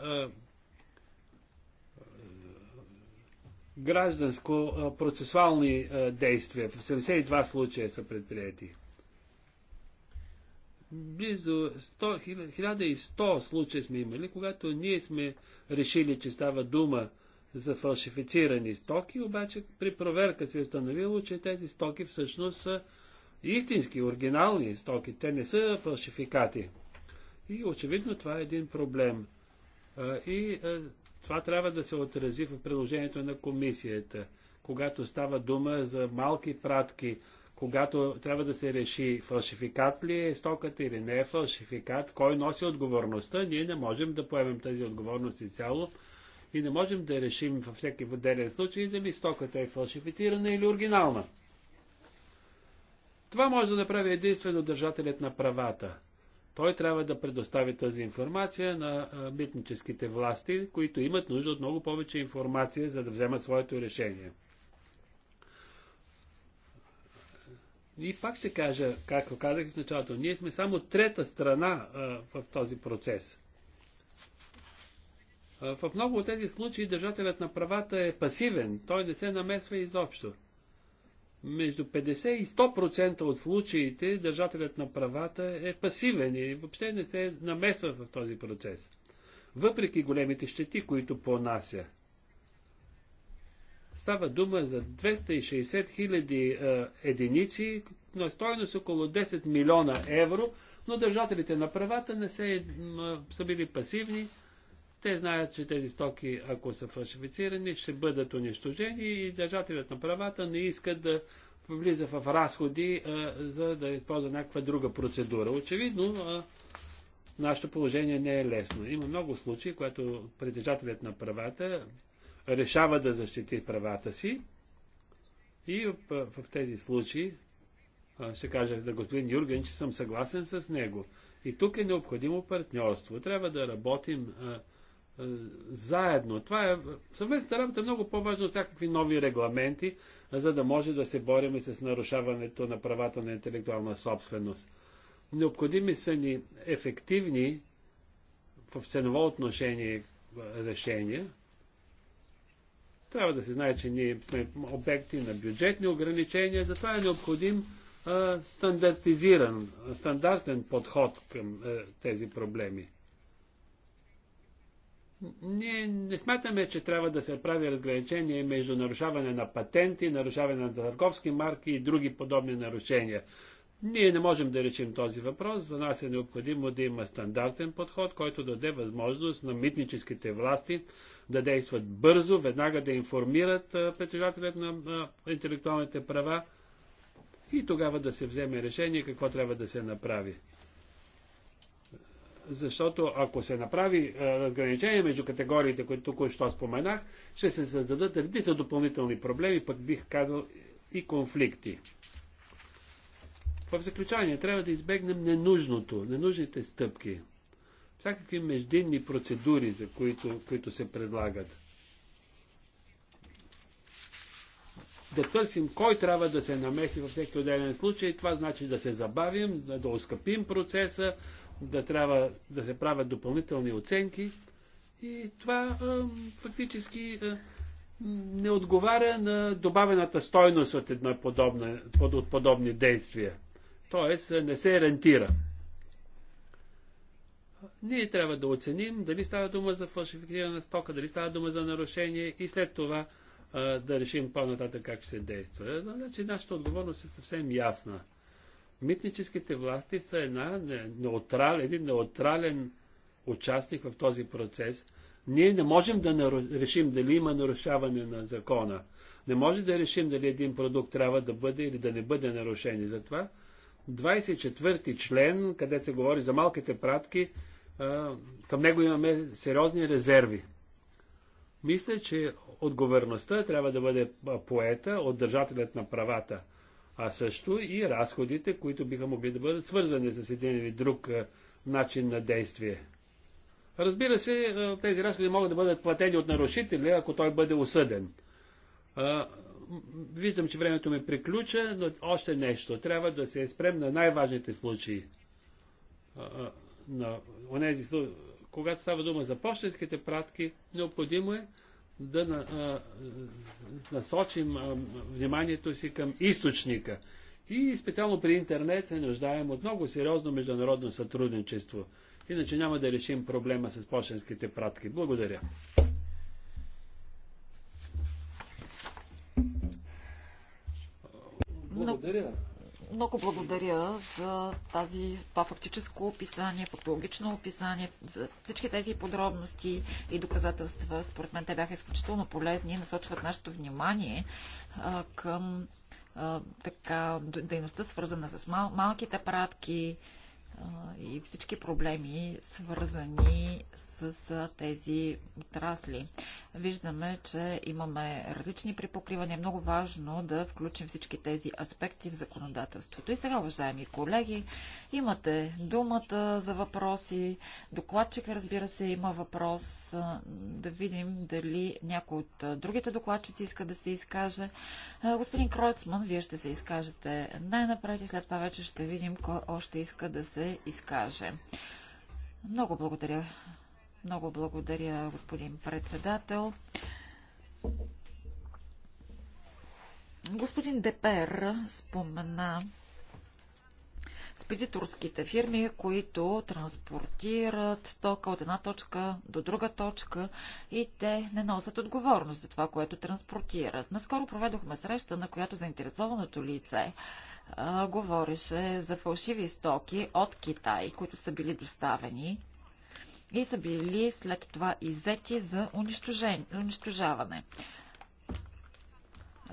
гражданско-процесуални действия. В 72 случая са предприяти. Близо 100, 1100 случая сме имали, когато ние сме решили, че става дума за фалшифицирани стоки, обаче при проверка се е установило, че тези стоки всъщност са истински, оригинални стоки. Те не са фалшификати. И очевидно това е един проблем. И това трябва да се отрази в приложението на комисията. Когато става дума за малки пратки, когато трябва да се реши фалшификат ли е стоката или не е фалшификат, кой носи отговорността, ние не можем да поемем тази отговорност изцяло, цяло и не можем да решим във всеки отделен случай дали стоката е фалшифицирана или оригинална. Това може да направи единствено държателят на правата. Той трябва да предостави тази информация на митническите власти, които имат нужда от много повече информация, за да вземат своето решение. И пак ще кажа, както казах в началото, ние сме само трета страна а, в този процес. В много от тези случаи държателят на правата е пасивен, той не се намесва изобщо. Между 50 и 100% от случаите държателят на правата е пасивен и въобще не се намесва в този процес. Въпреки големите щети, които понася. Става дума за 260 хиляди единици на стоеност около 10 милиона евро, но държателите на правата не се, са били пасивни те знаят, че тези стоки, ако са фалшифицирани, ще бъдат унищожени и държателят на правата не иска да влиза в разходи, а, за да използва някаква друга процедура. Очевидно, а, нашето положение не е лесно. Има много случаи, когато притежателят на правата решава да защити правата си и в, в тези случаи ще кажа на господин Юрген, че съм съгласен с него. И тук е необходимо партньорство. Трябва да работим а, е, заедно. Това е, съвместната работа е много по-важна от всякакви нови регламенти, за да може да се борим с нарушаването на правата на интелектуална собственост. Необходими са ни ефективни в ценово отношение е, решения. Трябва да се знае, че ние сме обекти на бюджетни ограничения, затова е необходим е, стандартизиран, стандартен подход към тези проблеми. Ние не смятаме, че трябва да се прави разграничение между нарушаване на патенти, нарушаване на търговски марки и други подобни нарушения. Ние не можем да решим този въпрос. За нас е необходимо да има стандартен подход, който даде възможност на митническите власти да действат бързо, веднага да информират притежателят на интелектуалните права и тогава да се вземе решение какво трябва да се направи защото ако се направи е, разграничение между категориите, които тук що споменах, ще се създадат редица допълнителни проблеми, пък бих казал и конфликти. В заключение, трябва да избегнем ненужното, ненужните стъпки, всякакви междинни процедури, за които, които се предлагат. Да търсим кой трябва да се намеси във всеки отделен случай, това значи да се забавим, да ускъпим процеса, да трябва да се правят допълнителни оценки и това а, фактически а, не отговаря на добавената стойност от, едно подобна, под, от подобни действия. Тоест не се рентира. Ние трябва да оценим дали става дума за фалшифицирана стока, дали става дума за нарушение и след това а, да решим по-нататък как ще се действа. Значи нашата отговорност е съвсем ясна. Митническите власти са една неутрал, един неутрален участник в този процес. Ние не можем да решим дали има нарушаване на закона. Не може да решим дали един продукт трябва да бъде или да не бъде нарушен. И затова 24-ти член, къде се говори за малките пратки, към него имаме сериозни резерви. Мисля, че отговорността трябва да бъде поета от държателят на правата – а също и разходите, които биха могли да бъдат свързани с един или друг е, начин на действие. Разбира се, е, тези разходи могат да бъдат платени от нарушителя, ако той бъде осъден. Е, виждам, че времето ми приключа, но още нещо. Трябва да се спрем на най-важните случаи. На когато става дума за почтенските пратки, необходимо е да насочим вниманието си към източника. И специално при интернет се нуждаем от много сериозно международно сътрудничество. Иначе няма да решим проблема с почтенските пратки. Благодаря. Благодаря много благодаря за тази, това фактическо описание, фактологично описание, за всички тези подробности и доказателства. Според мен те бяха изключително полезни и насочват нашето внимание а, към а, така, дейността, свързана с мал, малките пратки, и всички проблеми, свързани с тези отрасли. Виждаме, че имаме различни припокривания. Много важно да включим всички тези аспекти в законодателството. И сега, уважаеми колеги, имате думата за въпроси. Докладчик, разбира се, има въпрос. Да видим дали някой от другите докладчици иска да се изкаже. Господин Кройцман, вие ще се изкажете най-напред и след това вече ще видим кой още иска да се се изкаже. Много благодаря. Много благодаря, господин председател. Господин Депер спомена спедиторските фирми, които транспортират стока от една точка до друга точка и те не носят отговорност за това, което транспортират. Наскоро проведохме среща, на която заинтересованото лице Говореше за фалшиви стоки от Китай, които са били доставени и са били след това иззети за унищожаване.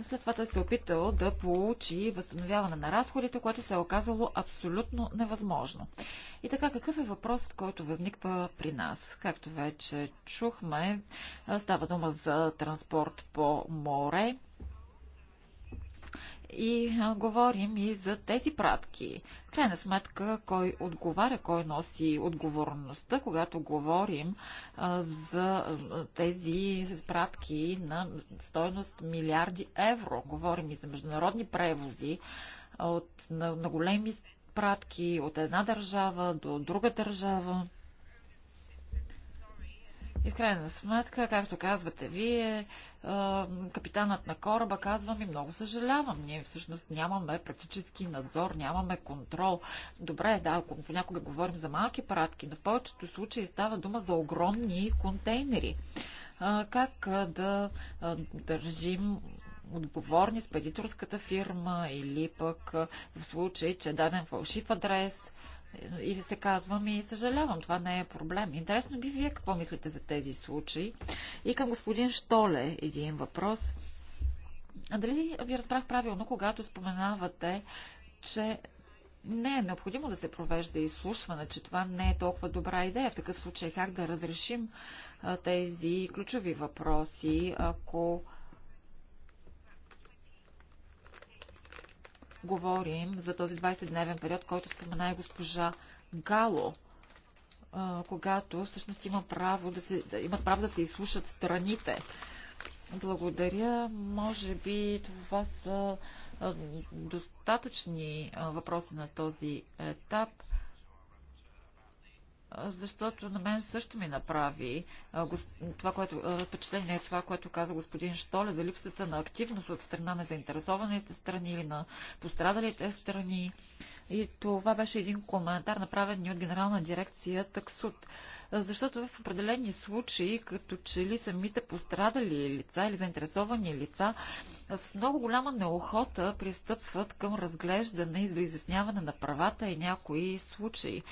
След това той се е опитал да получи възстановяване на разходите, което се е оказало абсолютно невъзможно. И така, какъв е въпросът, който възниква при нас? Както вече чухме, става дума за транспорт по море и а, говорим и за тези пратки. В крайна сметка, кой отговаря, кой носи отговорността, когато говорим а, за тези пратки на стоеност милиарди евро. Говорим и за международни превози от, на, на големи пратки от една държава до друга държава. И в крайна сметка, както казвате вие, е, капитанът на кораба казва ми, много съжалявам, ние всъщност нямаме практически надзор, нямаме контрол. Добре, да, ако понякога говорим за малки пратки, но в повечето случаи става дума за огромни контейнери. Как да държим отговорни с педиторската фирма или пък в случай, че е даден фалшив адрес, и се казвам и съжалявам, това не е проблем. Интересно би вие какво мислите за тези случаи. И към господин Штоле един въпрос. А дали ви разбрах правилно, когато споменавате, че не е необходимо да се провежда изслушване, че това не е толкова добра идея. В такъв случай как да разрешим тези ключови въпроси, ако говорим за този 20-дневен период, който спомена и госпожа Гало, когато всъщност има право да се, да, имат право да се изслушат страните. Благодаря. Може би това са достатъчни въпроси на този етап защото на мен също ми направи това, което, впечатление е това, което каза господин Штоле за липсата на активност от страна на заинтересованите страни или на пострадалите страни. И това беше един коментар, направен ни от генерална дирекция Таксуд. Защото в определени случаи, като че ли самите пострадали лица или заинтересовани лица, с много голяма неохота пристъпват към разглеждане и изясняване на правата и някои случаи.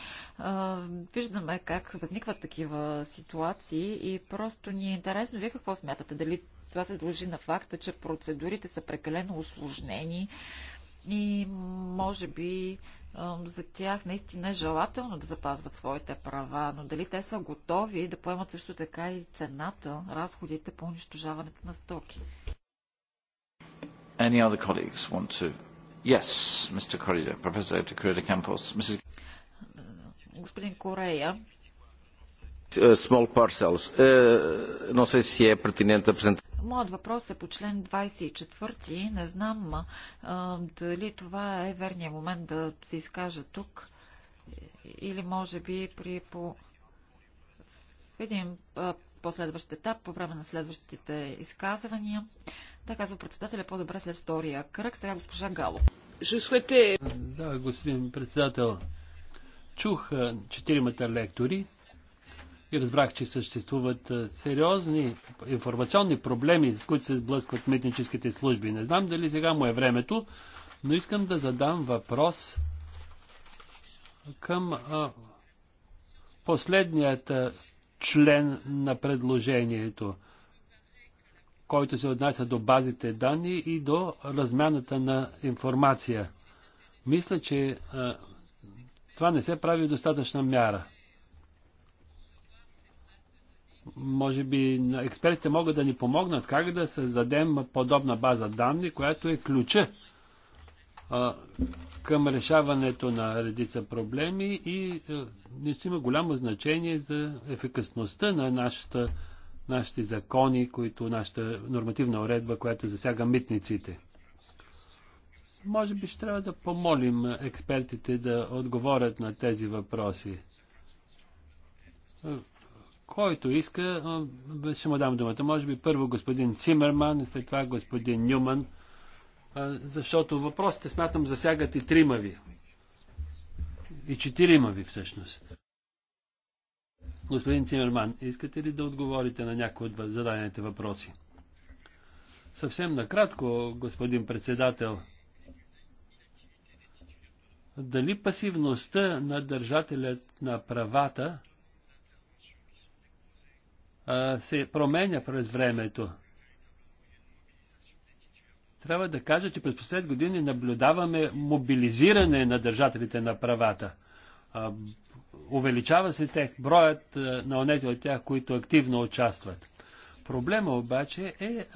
Виждаме как възникват такива ситуации и просто ни е интересно вие какво смятате. Дали това се дължи на факта, че процедурите са прекалено осложнени, и може би за тях наистина е желателно да запазват своите права, но дали те са готови да поемат също така и цената, разходите по унищожаването на стоки. Any other colleagues want to? Yes, Mr. Professor Campos. Mrs. Господин Корея. Uh, small parcels. Uh, não sei se é pertinente apresentar. Моят въпрос е по член 24. Не знам а, дали това е верният момент да се изкажа тук или може би при по... в един а, последващ етап, по време на следващите изказвания. Да, казва председателя, по-добре след втория кръг. Сега госпожа Гало. Да, господин председател. Чух четиримата лектори, и разбрах, че съществуват сериозни информационни проблеми, с които се сблъскват митническите служби. Не знам дали сега му е времето, но искам да задам въпрос към а, последният член на предложението, който се отнася до базите данни и до размяната на информация. Мисля, че а, това не се прави достатъчна мяра може би експертите могат да ни помогнат как да създадем подобна база данни, която е ключа а, към решаването на редица проблеми и а, ще има голямо значение за ефикасността на нашата, нашите закони, които, нашата нормативна уредба, която засяга митниците. Може би ще трябва да помолим експертите да отговорят на тези въпроси. Който иска, ще му дам думата. Може би първо господин Цимерман, след това господин Нюман, защото въпросите, смятам, засягат и трима ви. И четирима ви всъщност. Господин Цимерман, искате ли да отговорите на някои от зададените въпроси? Съвсем накратко, господин председател, дали пасивността на държателят на правата се променя през времето. Трябва да кажа, че през последните години наблюдаваме мобилизиране на държателите на правата. Увеличава се тех, броят на онези от тях, които активно участват. Проблема обаче е,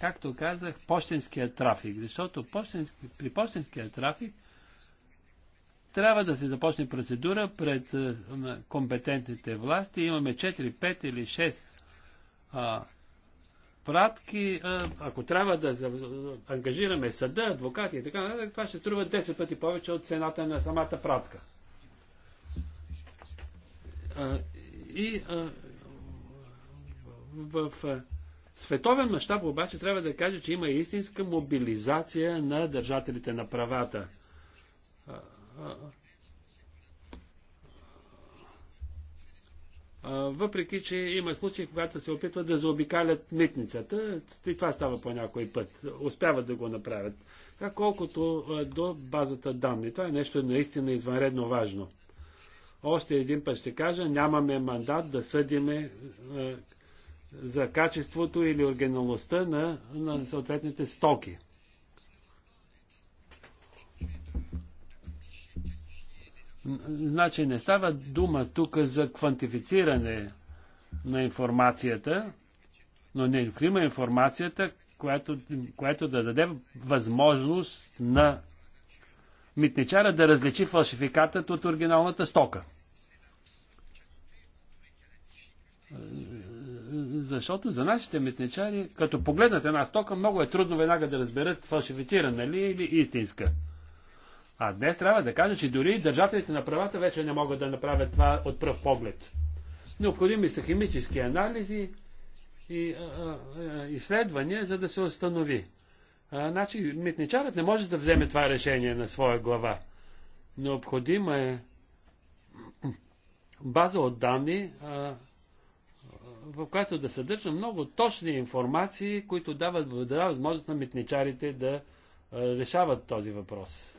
както казах, почтенския трафик, защото при почтенския трафик трябва да се започне процедура пред компетентните власти. Имаме 4, 5 или 6 а, пратки, а, ако трябва да ангажираме съда, адвокати и така нататък, това ще струва 10 пъти повече от цената на самата пратка. А, и а, в, световен мащаб обаче трябва да кажа, че има истинска мобилизация на държателите на правата. Въпреки, че има случаи, когато се опитват да заобикалят митницата, и това става по някой път, успяват да го направят. А колкото до базата данни, това е нещо наистина извънредно важно. Още един път ще кажа, нямаме мандат да съдиме за качеството или оригиналността на, на съответните стоки. Значи не става дума тук за квантифициране на информацията, но необходима е информацията, която, която да даде възможност на митничара да различи фалшификатът от оригиналната стока. Защото за нашите митничари, като погледнат една стока, много е трудно веднага да разберат фалшифицирана ли е или истинска. А днес трябва да кажа, че дори държателите на правата вече не могат да направят това от пръв поглед. Необходими са химически анализи и а, а, изследвания, за да се установи. А, значи, митничарът не може да вземе това решение на своя глава. Необходима е база от данни, а, в която да съдържа много точни информации, които дават, дават възможност на митничарите да решават този въпрос.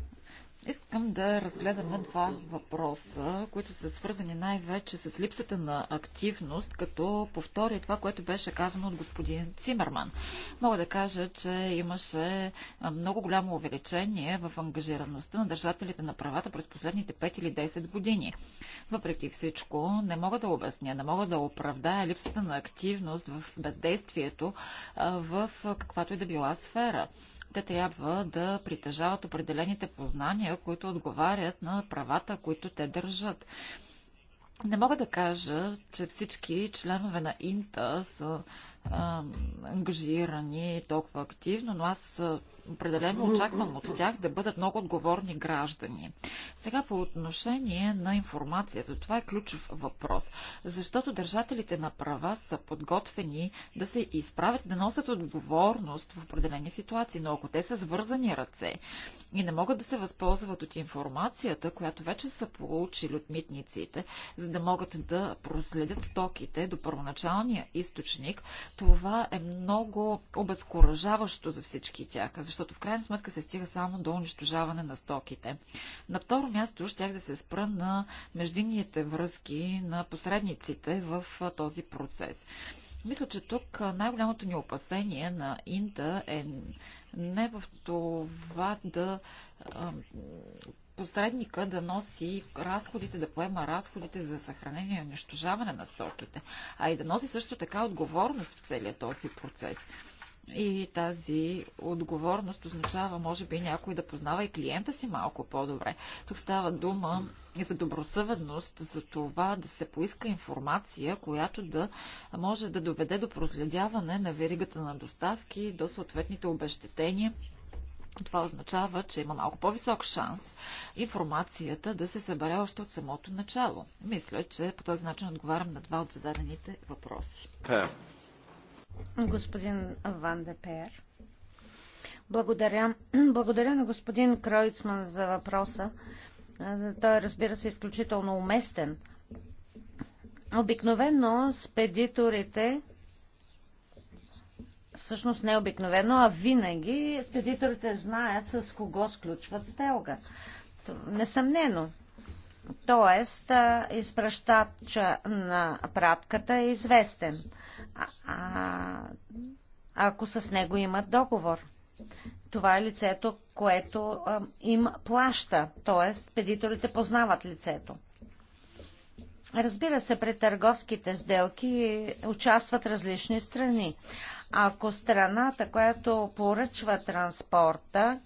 Искам да разгледаме два въпроса, които са свързани най-вече с липсата на активност, като повторя това, което беше казано от господин Цимерман. Мога да кажа, че имаше много голямо увеличение в ангажираността на държателите на правата през последните 5 или 10 години. Въпреки всичко, не мога да обясня, не мога да оправдая липсата на активност в бездействието в каквато и да била сфера те трябва да притежават определените познания, които отговарят на правата, които те държат. Не мога да кажа, че всички членове на Инта са а, ангажирани толкова активно, но аз определено очаквам от тях да бъдат много отговорни граждани. Сега по отношение на информацията, това е ключов въпрос, защото държателите на права са подготвени да се изправят, да носят отговорност в определени ситуации, но ако те са свързани ръце и не могат да се възползват от информацията, която вече са получили от митниците, за да могат да проследят стоките до първоначалния източник, това е много обезкуражаващо за всички тях, защото защото в крайна сметка се стига само до унищожаване на стоките. На второ място щях да се спра на междинните връзки на посредниците в този процес. Мисля, че тук най-голямото ни опасение на Инта е не в това да посредника да носи разходите, да поема разходите за съхранение и унищожаване на стоките, а и да носи също така отговорност в целия този процес. И тази отговорност означава, може би, някой да познава и клиента си малко по-добре. Тук става дума и за добросъведност, за това да се поиска информация, която да може да доведе до проследяване на веригата на доставки, до съответните обещетения това означава, че има малко по-висок шанс информацията да се събере още от самото начало. Мисля, че по този начин отговарям на два от зададените въпроси. Е, господин Ван Пеер. Благодаря. Благодаря на господин Кройцман за въпроса. Той, разбира се, е изключително уместен. Обикновено спедиторите всъщност не обикновено, а винаги спедиторите знаят с кого сключват стелга. Несъмнено. Тоест, изпращача на пратката е известен а, ако с него имат договор. Това е лицето, което а, им плаща, т.е. педиторите познават лицето. Разбира се, при търговските сделки участват различни страни. Ако страната, която поръчва транспорта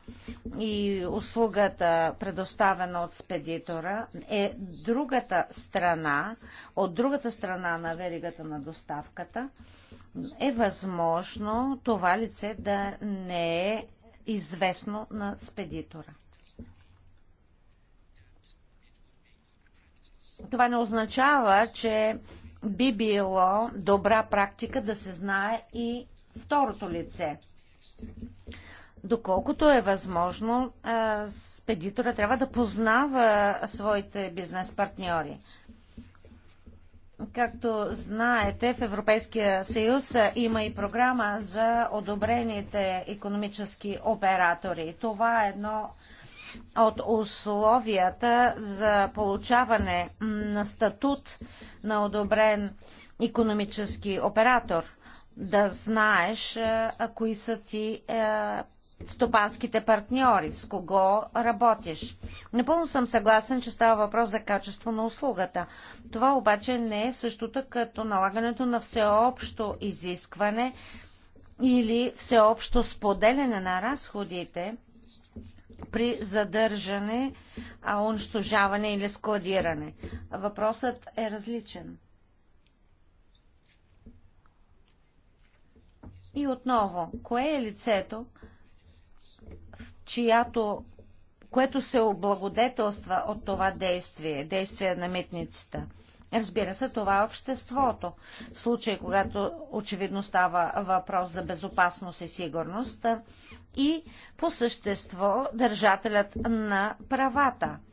и услугата, предоставена от спедитора, е другата страна, от другата страна на веригата на доставката, е възможно това лице да не е известно на спедитора. Това не означава, че би било добра практика да се знае и второто лице. Доколкото е възможно, спедитора трябва да познава своите бизнес партньори. Както знаете, в Европейския съюз има и програма за одобрените економически оператори. Това е едно от условията за получаване на статут на одобрен економически оператор да знаеш а, кои са ти а, е, стопанските партньори, с кого работиш. Напълно съм съгласен, че става въпрос за качество на услугата. Това обаче не е същото като налагането на всеобщо изискване или всеобщо споделяне на разходите при задържане, унищожаване или складиране. Въпросът е различен. И отново, кое е лицето, чиято, което се облагодетелства от това действие, действие на митницата? Разбира се, това е обществото. В случай, когато очевидно става въпрос за безопасност и сигурност и по същество държателят на правата –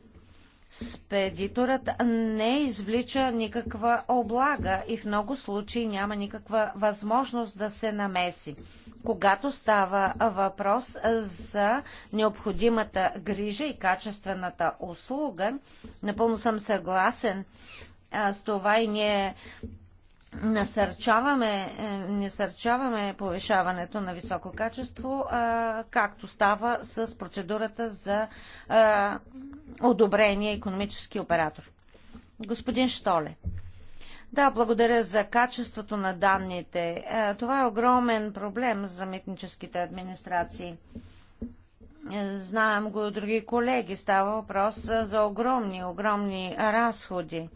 спедиторът не извлича никаква облага и в много случаи няма никаква възможност да се намеси. Когато става въпрос за необходимата грижа и качествената услуга, напълно съм съгласен с това и ние насърчаваме, е, насърчаваме повишаването на високо качество, е, както става с процедурата за е, одобрение економически оператор. Господин Штоле. Да, благодаря за качеството на данните. Това е огромен проблем за митническите администрации. Знаем го и други колеги. Става въпрос за огромни, огромни разходи.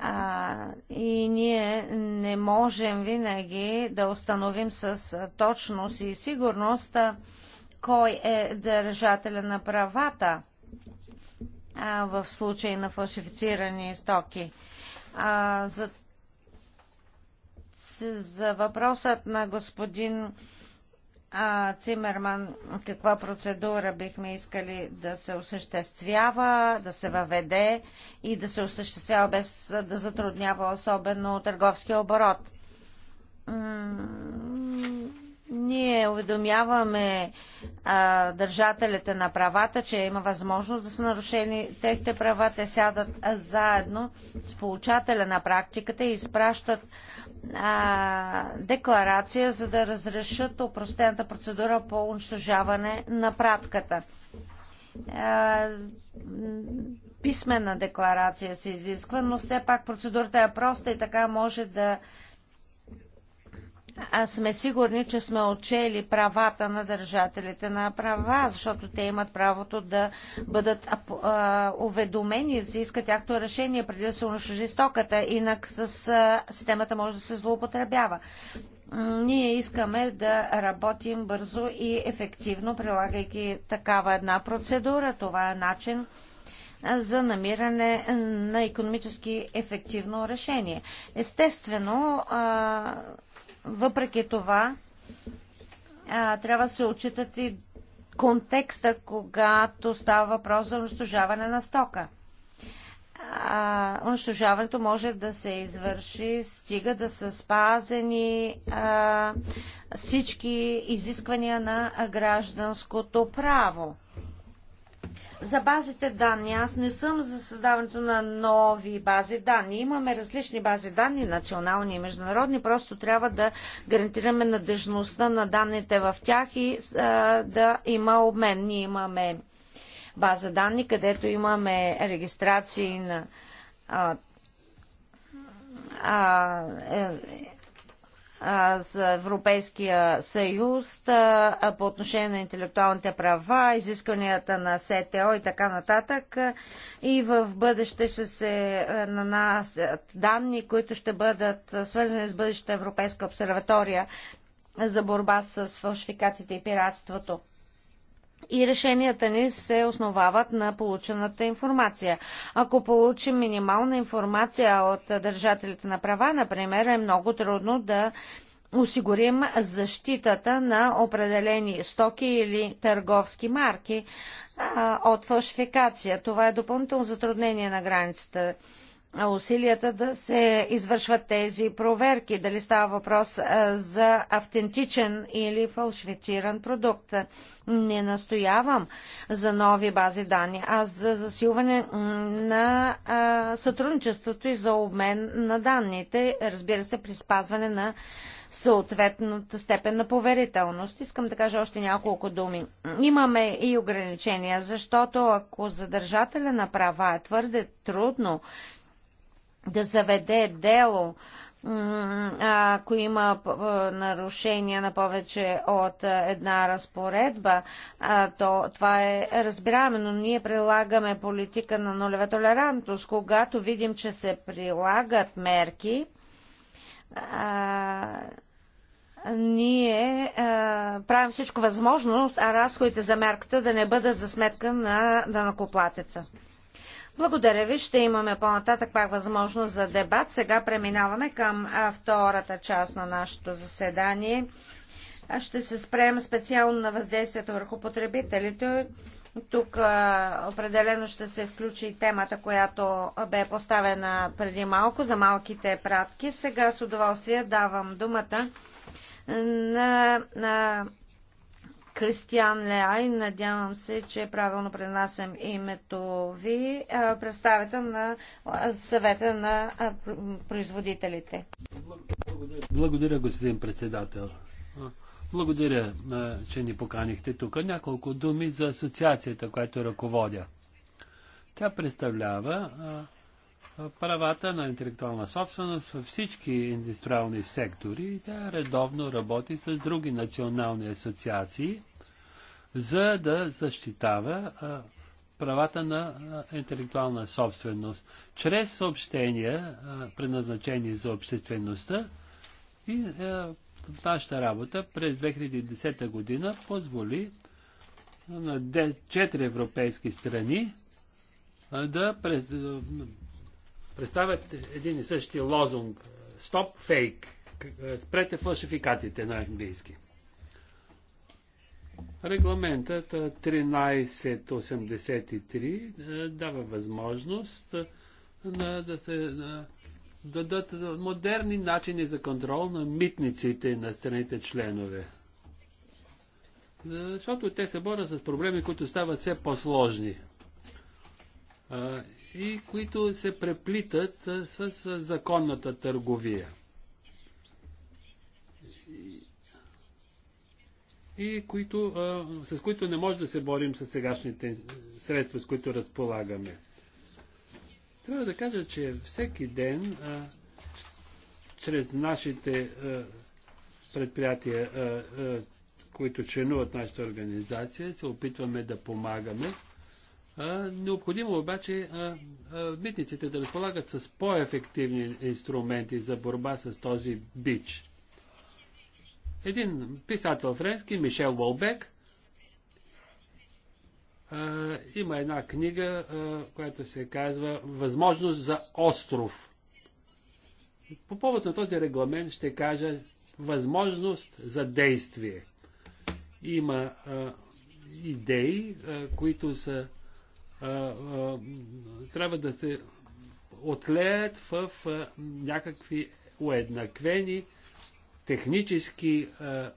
А, и ние не можем винаги да установим с точност и сигурност кой е държателя на правата а, в случай на фалшифицирани стоки. А, за, за въпросът на господин а, Цимерман, каква процедура бихме искали да се осъществява, да се въведе и да се осъществява без да затруднява особено търговския оборот. Ние уведомяваме а, държателите на правата, че има възможност да са нарушени техните права. Те сядат заедно с получателя на практиката и изпращат а, декларация, за да разрешат упростената процедура по унищожаване на пратката. А, писмена декларация се изисква, но все пак процедурата е проста и така може да а сме сигурни, че сме отчели правата на държателите на права, защото те имат правото да бъдат а, уведомени, да се иска тяхто решение преди да се унищожи стоката, инак с а, системата може да се злоупотребява. Ние искаме да работим бързо и ефективно, прилагайки такава една процедура. Това е начин за намиране на економически ефективно решение. Естествено, а, въпреки това, а, трябва да се отчитат и контекста, когато става въпрос за унищожаване на стока. А, унищожаването може да се извърши, стига да са спазени а, всички изисквания на гражданското право. За базите данни, аз не съм за създаването на нови бази данни. Имаме различни бази данни, национални и международни, просто трябва да гарантираме надежността на данните в тях и а, да има обмен. Ние имаме база данни, където имаме регистрации на а, а, е, за Европейския съюз по отношение на интелектуалните права, изискванията на СТО и така нататък. И в бъдеще ще се нанасят данни, които ще бъдат свързани с бъдещата Европейска обсерватория за борба с фалшификациите и пиратството и решенията ни се основават на получената информация. Ако получим минимална информация от държателите на права, например, е много трудно да осигурим защитата на определени стоки или търговски марки от фалшификация. Това е допълнително затруднение на границата усилията да се извършват тези проверки, дали става въпрос за автентичен или фалшифициран продукт. Не настоявам за нови бази данни, а за засилване на сътрудничеството и за обмен на данните, разбира се, при спазване на съответната степен на поверителност. Искам да кажа още няколко думи. Имаме и ограничения, защото ако задържателя на права е твърде трудно да заведе дело, ако има нарушение на повече от една разпоредба, то това е разбираемо, но ние прилагаме политика на нулева толерантност. Когато видим, че се прилагат мерки, ние правим всичко възможно, а разходите за мерката да не бъдат за сметка на накоплатеца. Благодаря ви. Ще имаме по-нататък пак възможност за дебат. Сега преминаваме към втората част на нашето заседание. Ще се спрем специално на въздействието върху потребителите. Тук а, определено ще се включи темата, която бе поставена преди малко за малките пратки. Сега с удоволствие давам думата на, на Кристиан Леай. Надявам се, че правилно пренасям името ви, представител на съвета на производителите. Благодаря, благодаря господин председател. Благодаря, че ни поканихте тук. Няколко думи за асоциацията, която ръководя. Тя представлява правата на интелектуална собственост във всички индустриални сектори. Тя редовно работи с други национални асоциации за да защитава а, правата на а, интелектуална собственост, чрез съобщения, а, предназначени за обществеността и а, нашата работа през 2010 година позволи на 4 европейски страни а, да а, представят един и същи лозунг Stop Fake. Спрете фалшификатите на английски. Регламентът 1383 дава възможност на, да се на, дадат модерни начини за контрол на митниците на страните членове. Защото те се борят с проблеми, които стават все по-сложни и които се преплитат с законната търговия и които, с които не може да се борим с сегашните средства, с които разполагаме. Трябва да кажа, че всеки ден а, чрез нашите а, предприятия, а, които членуват нашата организация, се опитваме да помагаме. Необходимо обаче митниците да разполагат с по-ефективни инструменти за борба с този бич. Един писател френски, Мишел Волбек, има една книга, която се казва Възможност за остров. По повод на този регламент ще кажа възможност за действие. Има идеи, които са трябва да се отлеят в някакви уеднаквени технически а, е,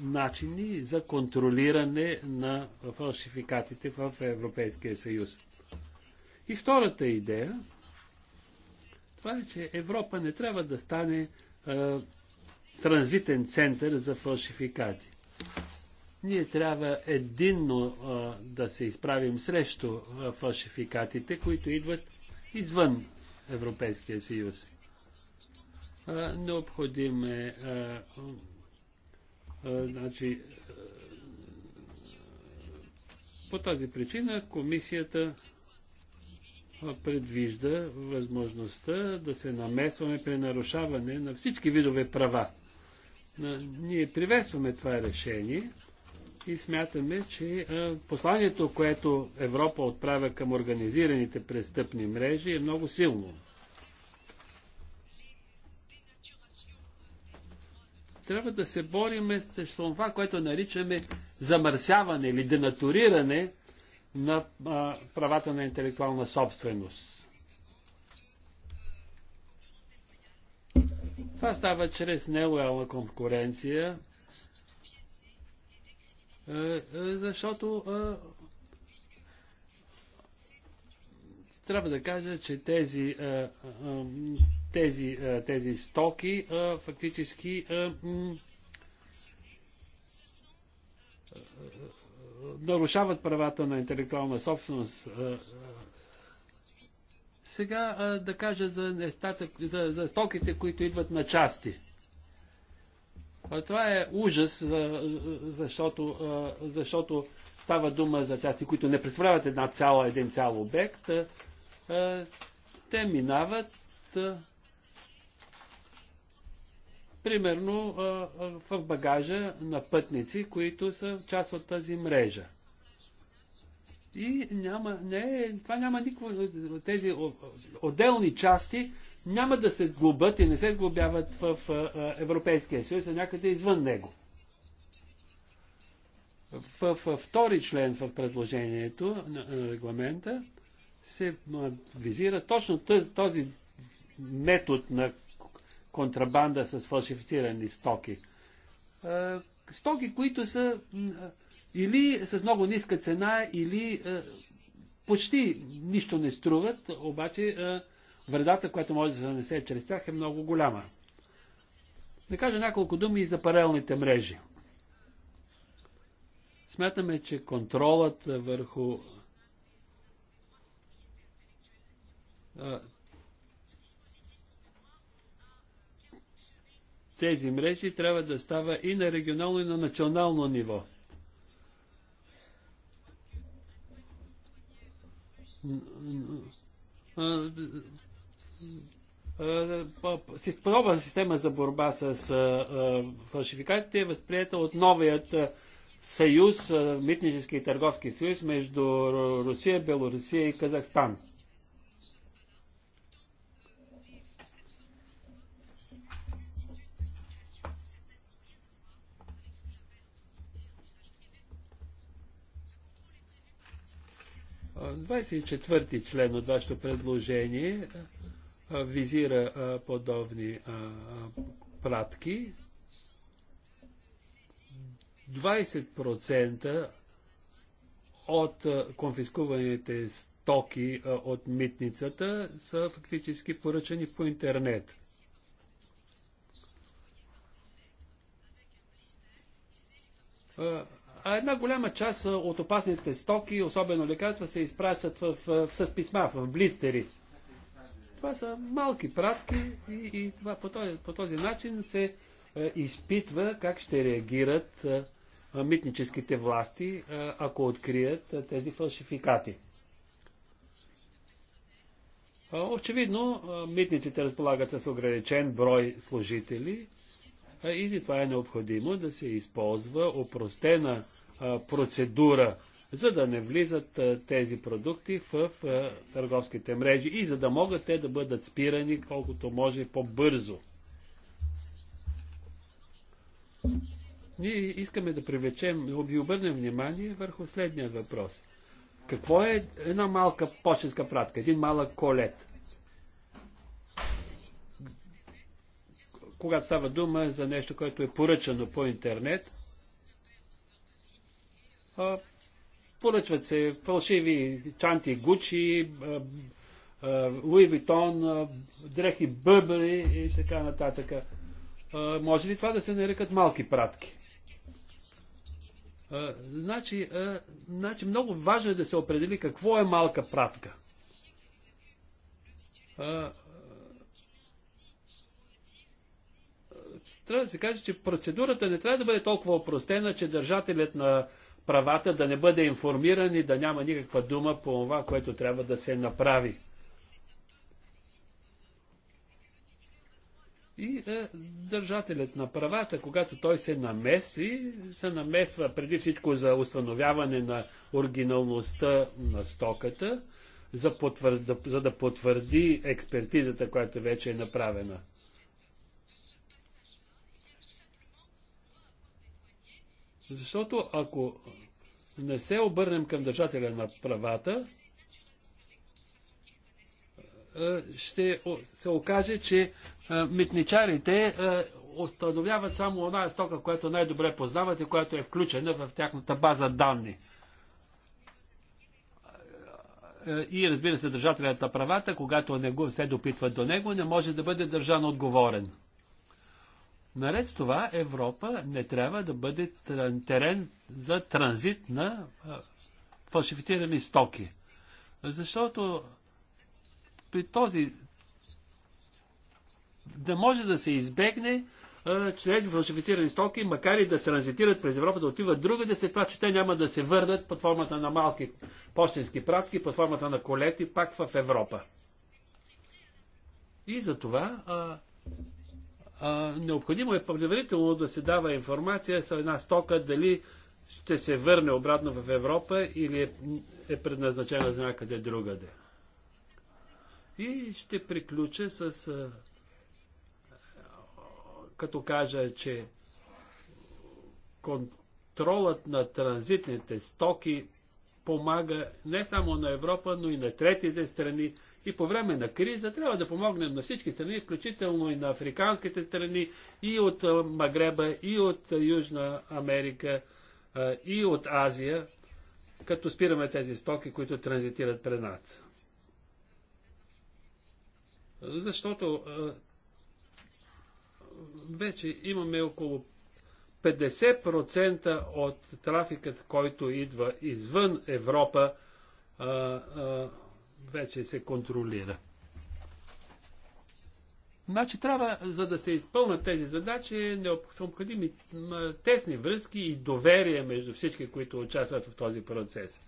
начини за контролиране на фалшификатите в Европейския съюз. И втората идея, това е, че Европа не трябва да стане а, е, транзитен център за фалшификати. Ние трябва единно а, е, да се изправим срещу а, фалшификатите, които идват извън Европейския съюз необходиме е значи, по тази причина комисията предвижда възможността да се намесваме при нарушаване на всички видове права. Ние приветстваме това решение и смятаме, че посланието, което Европа отправя към организираните престъпни мрежи е много силно. трябва да се бориме с това, което наричаме замърсяване или денатуриране на а, правата на интелектуална собственост. Това става чрез нелоялна конкуренция, защото а, трябва да кажа, че тези а, тези, е, тези стоки е, фактически е, нарушават правата на интелектуална собственост. Сега да кажа за, нестатък, за, за стоките, които идват на части. Това е ужас, защото, защото става дума за части, които не представляват една цяла, един цял обект. Те минават примерно в багажа на пътници, които са част от тази мрежа. И няма, не, това няма никакво, тези отделни части няма да се сглобят и не се сглобяват в Европейския съюз, а някъде извън него. В, в втори член в предложението на регламента се визира точно този метод на контрабанда с фалшифицирани стоки. Е, стоки, които са е, или с много ниска цена, или е, почти нищо не струват, обаче вредата, която може да се нанесе чрез тях е много голяма. Да кажа няколко думи и за паралелните мрежи. Смятаме, че контролът върху тези мрежи трябва да става и на регионално, и на национално ниво. Подобна система за борба с фалшификатите е възприета от новият съюз, митнически и търговски съюз между Русия, Белорусия и Казахстан. 24-ти член от вашето предложение визира подобни пратки. 20% от конфискуваните стоки от митницата са фактически поръчани по интернет. Uh, а една голяма част от опасните стоки, особено лекарства, се изпращат в, в, с писма, в блистери. Това са малки пратки и, и това, по, този, по този начин се е, изпитва как ще реагират е, митническите власти, е, ако открият е, тези фалшификати. Очевидно, митниците разполагат с ограничен брой служители или това е необходимо да се използва опростена процедура, за да не влизат тези продукти в търговските мрежи и за да могат те да бъдат спирани колкото може по-бързо. Ние искаме да привлечем, да ви обърнем внимание върху следния въпрос. Какво е една малка почтенска пратка, един малък колет? когато става дума за нещо, което е поръчано по интернет, поръчват се фалшиви чанти Гучи, Луи Витон, дрехи бърбери и така нататък. Може ли това да се нарекат малки пратки? Значи, значи много важно е да се определи какво е малка пратка трябва да се каже, че процедурата не трябва да бъде толкова опростена, че държателят на правата да не бъде информиран и да няма никаква дума по това, което трябва да се направи. И е, държателят на правата, когато той се намеси, се намесва преди всичко за установяване на оригиналността на стоката, за, потвър... за да потвърди експертизата, която вече е направена. Защото ако не се обърнем към държателя на правата, ще се окаже, че митничарите установяват само една стока, която най-добре познават и която е включена в тяхната база данни. И разбира се, държателят на правата, когато не го се допитва до него, не може да бъде държан отговорен. Наред с това Европа не трябва да бъде терен за транзит на фалшифицирани стоки. Защото при този да може да се избегне чрез фалшифицирани стоки, макар и да транзитират през Европа, да отиват другаде, след това, че те няма да се върнат под формата на малки почтенски пратки, под формата на колети, пак в Европа. И за това а, необходимо е предварително да се дава информация с една стока дали ще се върне обратно в Европа или е, е предназначена за някъде другаде. И ще приключа с а, като кажа, че контролът на транзитните стоки помага не само на Европа, но и на третите страни и по време на криза трябва да помогнем на всички страни, включително и на африканските страни, и от Магреба, и от Южна Америка, и от Азия, като спираме тези стоки, които транзитират пред нас. Защото вече имаме около 50% от трафикът, който идва извън Европа, вече се контролира. Значи трябва, за да се изпълнат тези задачи, са необходими тесни връзки и доверие между всички, които участват в този процес.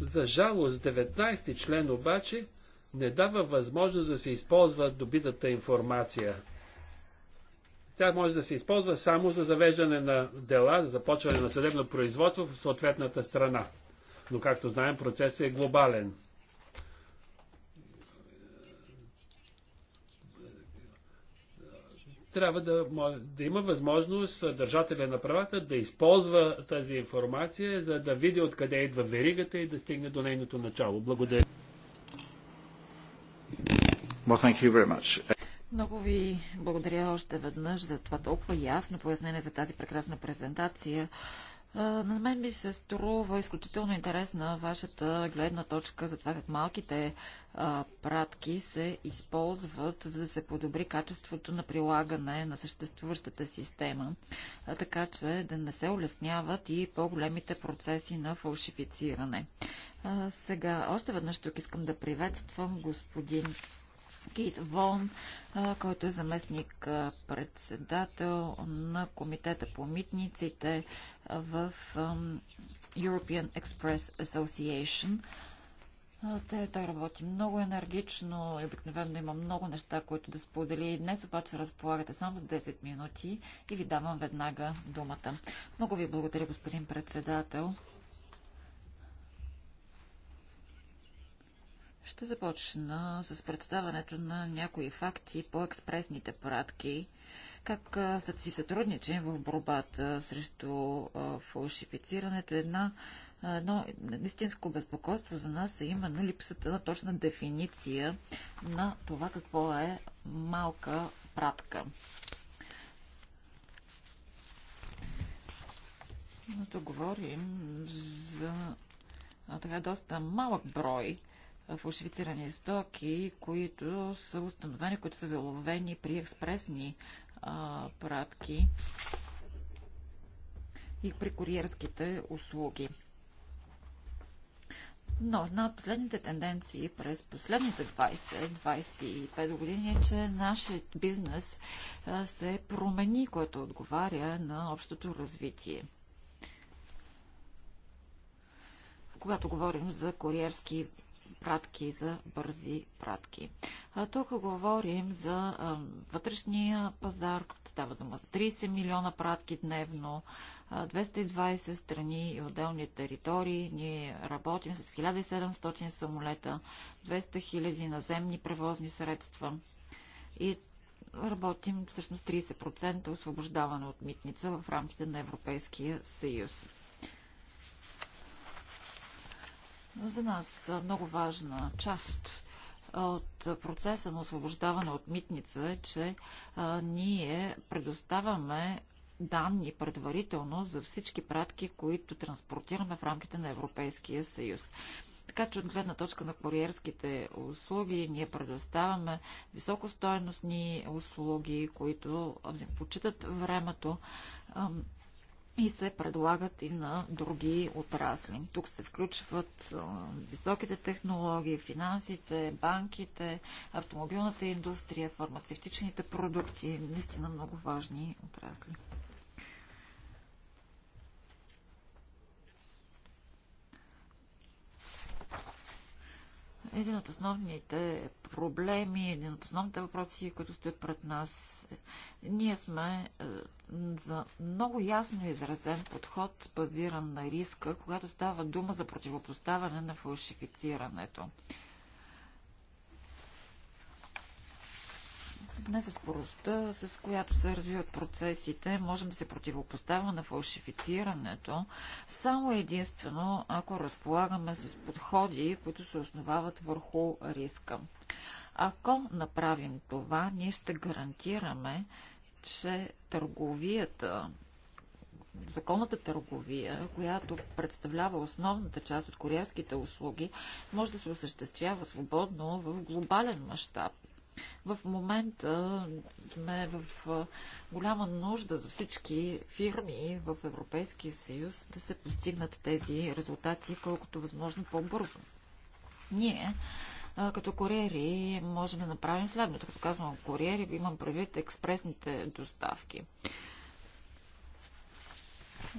За жалост, 19 ти член обаче не дава възможност да се използва добитата информация. Тя може да се използва само за завеждане на дела, за започване на съдебно производство в съответната страна. Но както знаем, процесът е глобален. Трябва да, да има възможност държателя на правата да използва тази информация, за да види откъде идва веригата и да стигне до нейното начало. Благодаря. Well, много ви благодаря още веднъж за това толкова ясно пояснение за тази прекрасна презентация. На мен ми се струва изключително интересна вашата гледна точка за това как малките а, пратки се използват, за да се подобри качеството на прилагане на съществуващата система, а, така че да не се улесняват и по-големите процеси на фалшифициране. А, сега, още веднъж тук искам да приветствам господин Кейт Вон, който е заместник председател на Комитета по митниците в European Express Association. Те, той работи много енергично и обикновено има много неща, които да сподели. Днес обаче разполагате само с 10 минути и ви давам веднага думата. Много ви благодаря, господин председател. Ще започна с представането на някои факти по експресните пратки, как са си сътрудничим в борбата срещу фалшифицирането. Една, едно истинско безпокойство за нас е именно липсата на точна дефиниция на това какво е малка пратка. Но говорим за а, така, доста малък брой фалшифицирани стоки, които са установени, които са заловени при експресни а, пратки и при куриерските услуги. Но една от последните тенденции през последните 20-25 години е, че нашият бизнес се промени, което отговаря на общото развитие. Когато говорим за куриерски пратки, за бързи пратки. А, тук говорим за а, вътрешния пазар, става дума за 30 милиона пратки дневно, а, 220 страни и отделни територии. Ние работим с 1700 самолета, 200 000 наземни превозни средства. И работим всъщност 30% освобождаване от митница в рамките на Европейския съюз. за нас много важна част от процеса на освобождаване от митница е, че а, ние предоставяме данни предварително за всички пратки, които транспортираме в рамките на Европейския съюз. Така че от гледна точка на куриерските услуги ние предоставяме високостойностни услуги, които почитат времето и се предлагат и на други отрасли. Тук се включват високите технологии, финансите, банките, автомобилната индустрия, фармацевтичните продукти, наистина много важни отрасли. Един от основните проблеми, един от основните въпроси, които стоят пред нас, ние сме е, за много ясно изразен подход, базиран на риска, когато става дума за противопоставяне на фалшифицирането. не за скоростта, с която се развиват процесите. Можем да се противопоставяме на фалшифицирането, само единствено ако разполагаме с подходи, които се основават върху риска. Ако направим това, ние ще гарантираме, че търговията законната търговия, която представлява основната част от куриерските услуги, може да се осъществява свободно в глобален мащаб. В момента сме в голяма нужда за всички фирми в Европейския съюз да се постигнат тези резултати колкото възможно по-бързо. Ние като куриери можем да направим следното. Като казвам куриери, имам предвид експресните доставки.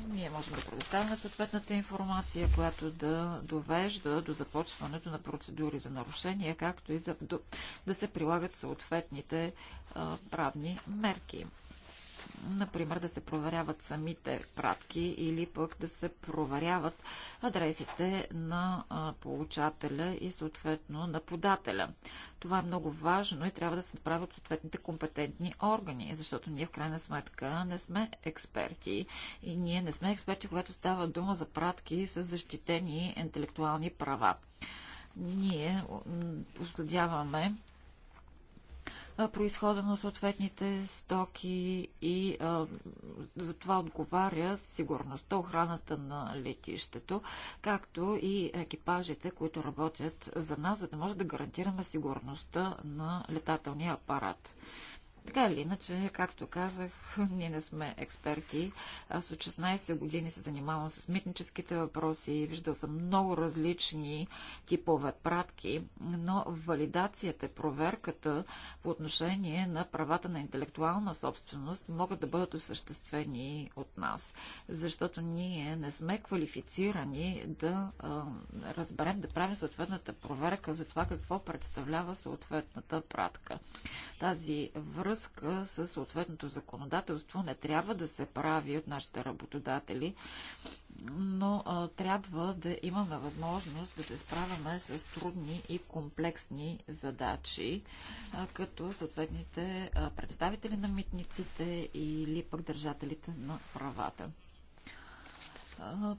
Ние можем да предоставяме съответната информация, която да довежда до започването на процедури за нарушения, както и за, до, да се прилагат съответните а, правни мерки. Например, да се проверяват самите пратки или пък да се проверяват адресите на получателя и съответно на подателя. Това е много важно и трябва да се направят от съответните компетентни органи, защото ние в крайна сметка не сме експерти и ние не сме експерти, когато става дума за пратки с защитени интелектуални права. Ние последяваме произхода на съответните стоки и а, за това отговаря сигурността, охраната на летището, както и екипажите, които работят за нас, за да може да гарантираме сигурността на летателния апарат. Така или иначе, както казах, ние не сме експерти. Аз от 16 години се занимавам с митническите въпроси, виждал съм много различни типове пратки, но валидацията, проверката по отношение на правата на интелектуална собственост могат да бъдат осъществени от нас, защото ние не сме квалифицирани да а, разберем, да правим съответната проверка за това какво представлява съответната пратка. Тази връзка връзка с съответното законодателство не трябва да се прави от нашите работодатели, но а, трябва да имаме възможност да се справяме с трудни и комплексни задачи, а, като съответните а, представители на митниците или пък държателите на правата